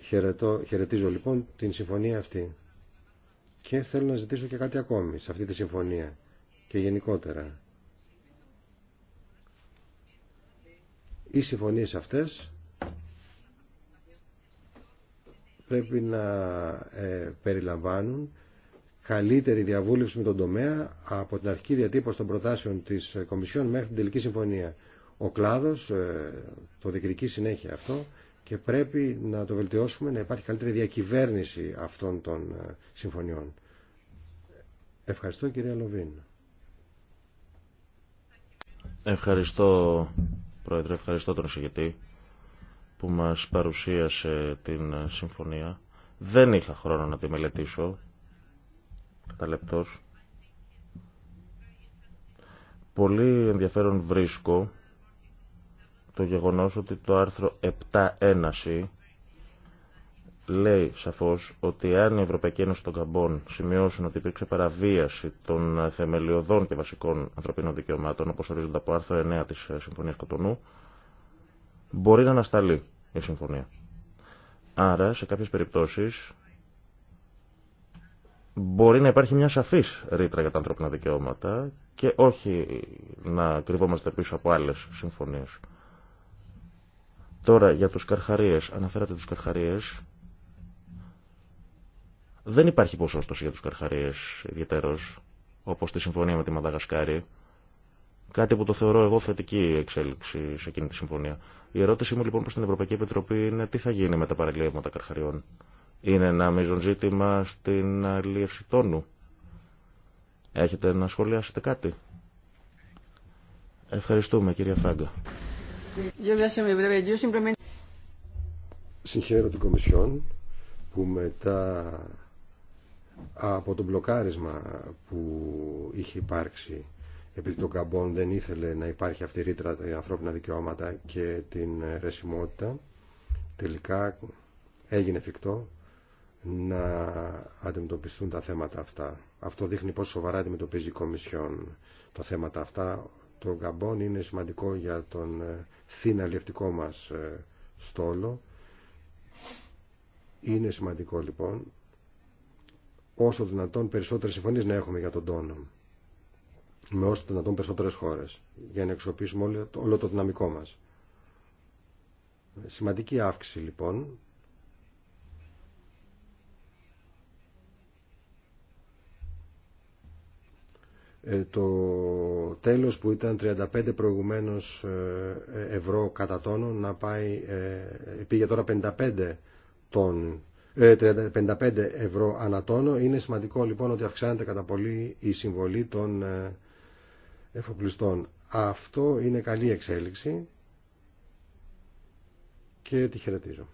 Χαιρετώ, χαιρετίζω λοιπόν την συμφωνία αυτή. Και θέλω να ζητήσω και κάτι ακόμη σε αυτή τη συμφωνία και γενικότερα. Οι συμφωνίες αυτές πρέπει να ε, περιλαμβάνουν καλύτερη διαβούλευση με τον τομέα από την αρχική διατύπωση των προτάσεων της Κομισιόν μέχρι την τελική συμφωνία. Ο κλάδος ε, το διεκδικεί συνέχεια αυτό και πρέπει να το βελτιώσουμε να υπάρχει καλύτερη διακυβέρνηση αυτών των ε, συμφωνιών. Ευχαριστώ κυρία Λοβίν. Ευχαριστώ Πρόεδρε, ευχαριστώ τον εισηγητή που μας παρουσίασε την ε, συμφωνία. Δεν είχα χρόνο να τη μελετήσω, καταλεπτός. Πολύ ενδιαφέρον βρίσκω το γεγονός ότι το άρθρο 7.1 λέει σαφώς ότι αν η Ευρωπαϊκή Ένωση των Καμπών σημειώσουν ότι υπήρξε παραβίαση των θεμελιωδών και βασικών ανθρωπίνων δικαιωμάτων όπως ορίζονται από άρθρο 9 της Συμφωνίας Κοτονού μπορεί να ανασταλεί η Συμφωνία. Άρα σε κάποιες περιπτώσεις μπορεί να υπάρχει μια σαφής ρήτρα για τα ανθρώπινα δικαιώματα και όχι να κρυβόμαστε πίσω από άλλες συμφωνίες. Τώρα για τους καρχαρίες, αναφέρατε τους καρχαρίες, δεν υπάρχει ποσόστοση για τους καρχαρίες ιδιαίτερος, όπως τη συμφωνία με τη Μαδαγασκάρη, κάτι που το θεωρώ εγώ θετική εξέλιξη σε εκείνη τη συμφωνία. Η ερώτησή μου λοιπόν προς την Ευρωπαϊκή Επιτροπή είναι τι θα γίνει με τα παραλίευματα καρχαριών. Είναι ένα μείζον ζήτημα στην αλλιεύση τόνου. Έχετε να σχολιάσετε κάτι. Ευχαριστούμε κυρία Φράγκα. Συγχαίρω την Κομισιόν που μετά από το μπλοκάρισμα που είχε υπάρξει επειδή το Καμπόν δεν ήθελε να υπάρχει αυτή η ρήτρα τα ανθρώπινα δικαιώματα και την ρεσιμότητα τελικά έγινε εφικτό να αντιμετωπιστούν τα θέματα αυτά. Αυτό δείχνει πόσο σοβαρά αντιμετωπίζει η Κομισιόν τα θέματα αυτά. Το Γκαμπόν είναι σημαντικό για τον ε, θύνα μας ε, στόλο. Είναι σημαντικό λοιπόν όσο δυνατόν περισσότερες συμφωνίες να έχουμε για τον τόνο με όσο δυνατόν περισσότερες χώρες για να εξοπλίσουμε όλο το δυναμικό μας. Σημαντική αύξηση λοιπόν Ε, το τέλος που ήταν 35 προηγουμένως ε, ευρώ κατά τόνο να πάει, ε, πήγε τώρα 55, τόν, 55 ευρώ ανά τόνο. Είναι σημαντικό λοιπόν ότι αυξάνεται κατά πολύ η συμβολή των εφοπλιστών. Αυτό είναι καλή εξέλιξη και τη χαιρετίζω.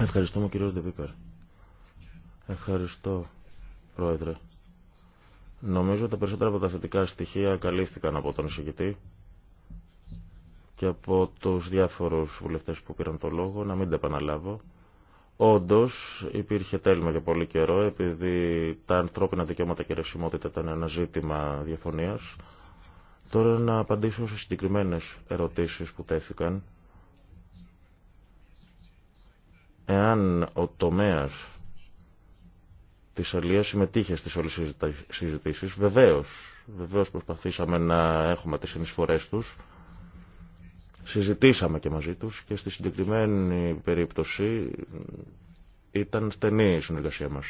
Ευχαριστούμε κύριο Δεπίπερ. Ευχαριστώ Πρόεδρε. Νομίζω τα περισσότερα από τα θετικά στοιχεία καλύφθηκαν από τον εισηγητή και από τους διάφορους βουλευτές που πήραν το λόγο, να μην τα επαναλάβω. Όντως υπήρχε τέλμα για πολύ καιρό επειδή τα ανθρώπινα δικαιώματα και ρευσιμότητα ήταν ένα ζήτημα διαφωνίας. Τώρα να απαντήσω σε συγκεκριμένες ερωτήσεις που τέθηκαν. Εάν ο τομέας Τη Αλία συμμετείχε στι όλε συζητήσει. Βεβαίω, βεβαίω προσπαθήσαμε να έχουμε τι συνεισφορέ του. Συζητήσαμε και μαζί του και στη συγκεκριμένη περίπτωση ήταν στενή η συνεργασία μα.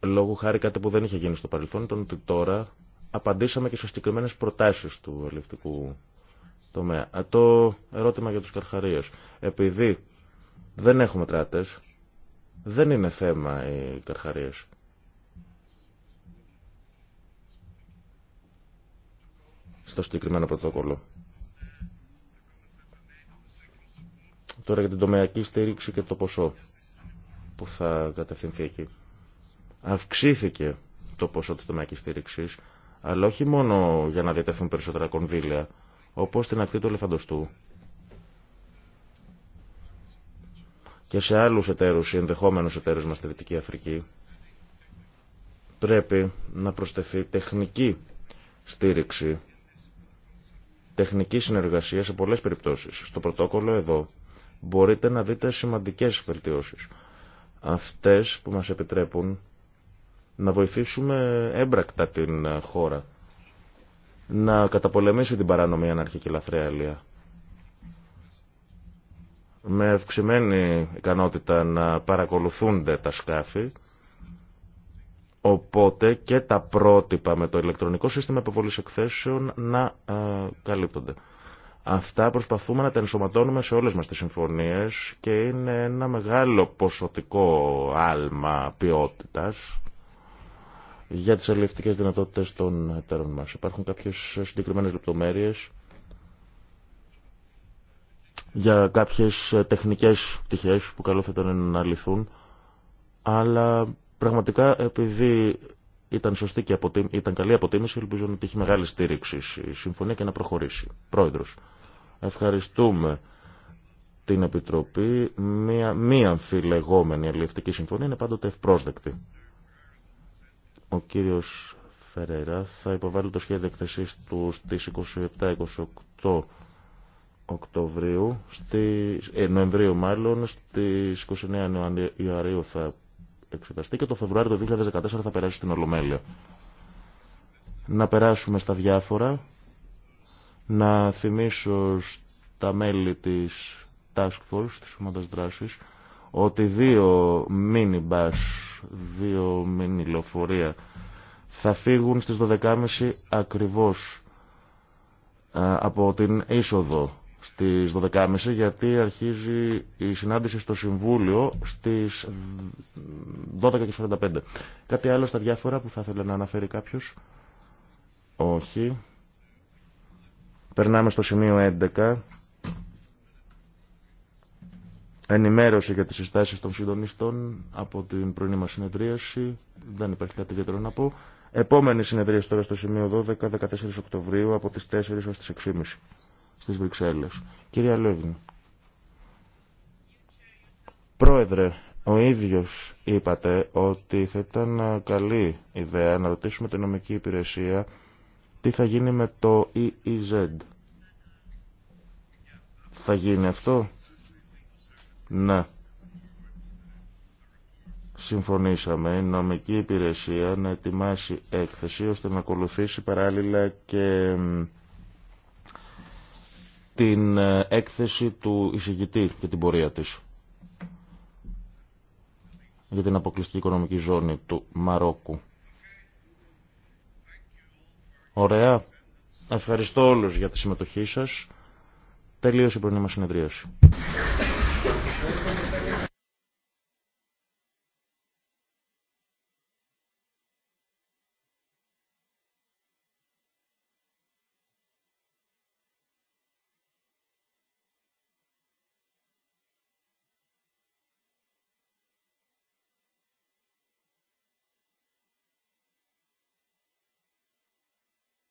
Λόγω χάρη κάτι που δεν είχε γίνει στο παρελθόν ήταν ότι τώρα απαντήσαμε και σε συγκεκριμένε προτάσει του ελληνικού τομέα. Το ερώτημα για του καρχαρίε. Επειδή δεν έχουμε τράτες, δεν είναι θέμα οι καρχαρίες. Στο συγκεκριμένο πρωτόκολλο. Τώρα για την τομεακή στήριξη και το ποσό που θα κατευθυνθεί εκεί. Αυξήθηκε το ποσό της τομεακής στήριξης, αλλά όχι μόνο για να διατεθούν περισσότερα κονδύλια, όπως στην ακτή του ελεφαντοστού και σε άλλους εταίρους, ενδεχόμενους εταίρους μας στη Δυτική Αφρική, πρέπει να προσθεθεί τεχνική στήριξη, τεχνική συνεργασία σε πολλές περιπτώσεις. Στο πρωτόκολλο εδώ μπορείτε να δείτε σημαντικές βελτιώσεις. Αυτές που μας επιτρέπουν να βοηθήσουμε έμπρακτα την χώρα να καταπολεμήσει την παράνομη αναρχική λαθρέα με αυξημένη ικανότητα να παρακολουθούνται τα σκάφη, οπότε και τα πρότυπα με το ηλεκτρονικό σύστημα επιβολής εκθέσεων να ε, καλύπτονται. Αυτά προσπαθούμε να τα ενσωματώνουμε σε όλες μας τις συμφωνίες και είναι ένα μεγάλο ποσοτικό άλμα ποιότητας για τις αλληλευτικές δυνατότητες των εταίρων μας. Υπάρχουν κάποιες συγκεκριμένες λεπτομέρειες για κάποιες ε, τεχνικές πτυχές που καλό θα ήταν να λυθούν, αλλά πραγματικά επειδή ήταν σωστή και αποτί... ήταν καλή αποτίμηση, ελπίζω να τύχει μεγάλη στήριξη η συμφωνία και να προχωρήσει. Πρόεδρος, ευχαριστούμε την Επιτροπή. Μία, μία αμφιλεγόμενη αλληλευτική συμφωνία είναι πάντοτε ευπρόσδεκτη. Ο κύριος Φερέρα θα υποβάλει το σχέδιο εκθεσής του στις 27-28 Οκτωβρίου, στη, ε, Νοεμβρίου μάλλον, στις 29 Ιανουαρίου θα εξεταστεί και το Φεβρουάριο του 2014 θα περάσει στην Ολομέλεια. Να περάσουμε στα διάφορα, να θυμίσω στα μέλη της Task Force, της ομάδας δράσης, ότι δύο μίνι bus, δύο μίνι λεωφορεία θα φύγουν στις 12.30 ακριβώς από την είσοδο στις 12.30 γιατί αρχίζει η συνάντηση στο Συμβούλιο στις 12.45. Κάτι άλλο στα διάφορα που θα ήθελε να αναφέρει κάποιος. Όχι. Περνάμε στο σημείο 11. Ενημέρωση για τις συστάσεις των συντονιστών από την πρωινή μας συνεδρίαση. Δεν υπάρχει κάτι ιδιαίτερο να πω. Επόμενη συνεδρίαση τώρα στο σημείο 12, 14 Οκτωβρίου από τις 4 ως τις 6.30 στις Βρυξέλλες. Κυρία Λέβιν. Πρόεδρε, ο ίδιος είπατε ότι θα ήταν καλή ιδέα να ρωτήσουμε την νομική υπηρεσία τι θα γίνει με το EEZ. Θα γίνει αυτό. Ναι. Συμφωνήσαμε η νομική υπηρεσία να ετοιμάσει έκθεση ώστε να ακολουθήσει παράλληλα και την ε, έκθεση του εισηγητή και την πορεία της για την αποκλειστική οικονομική ζώνη του Μαρόκου. Ωραία. Ευχαριστώ όλους για τη συμμετοχή σας. Τελείωσε η πρωινή μας συνεδρίαση.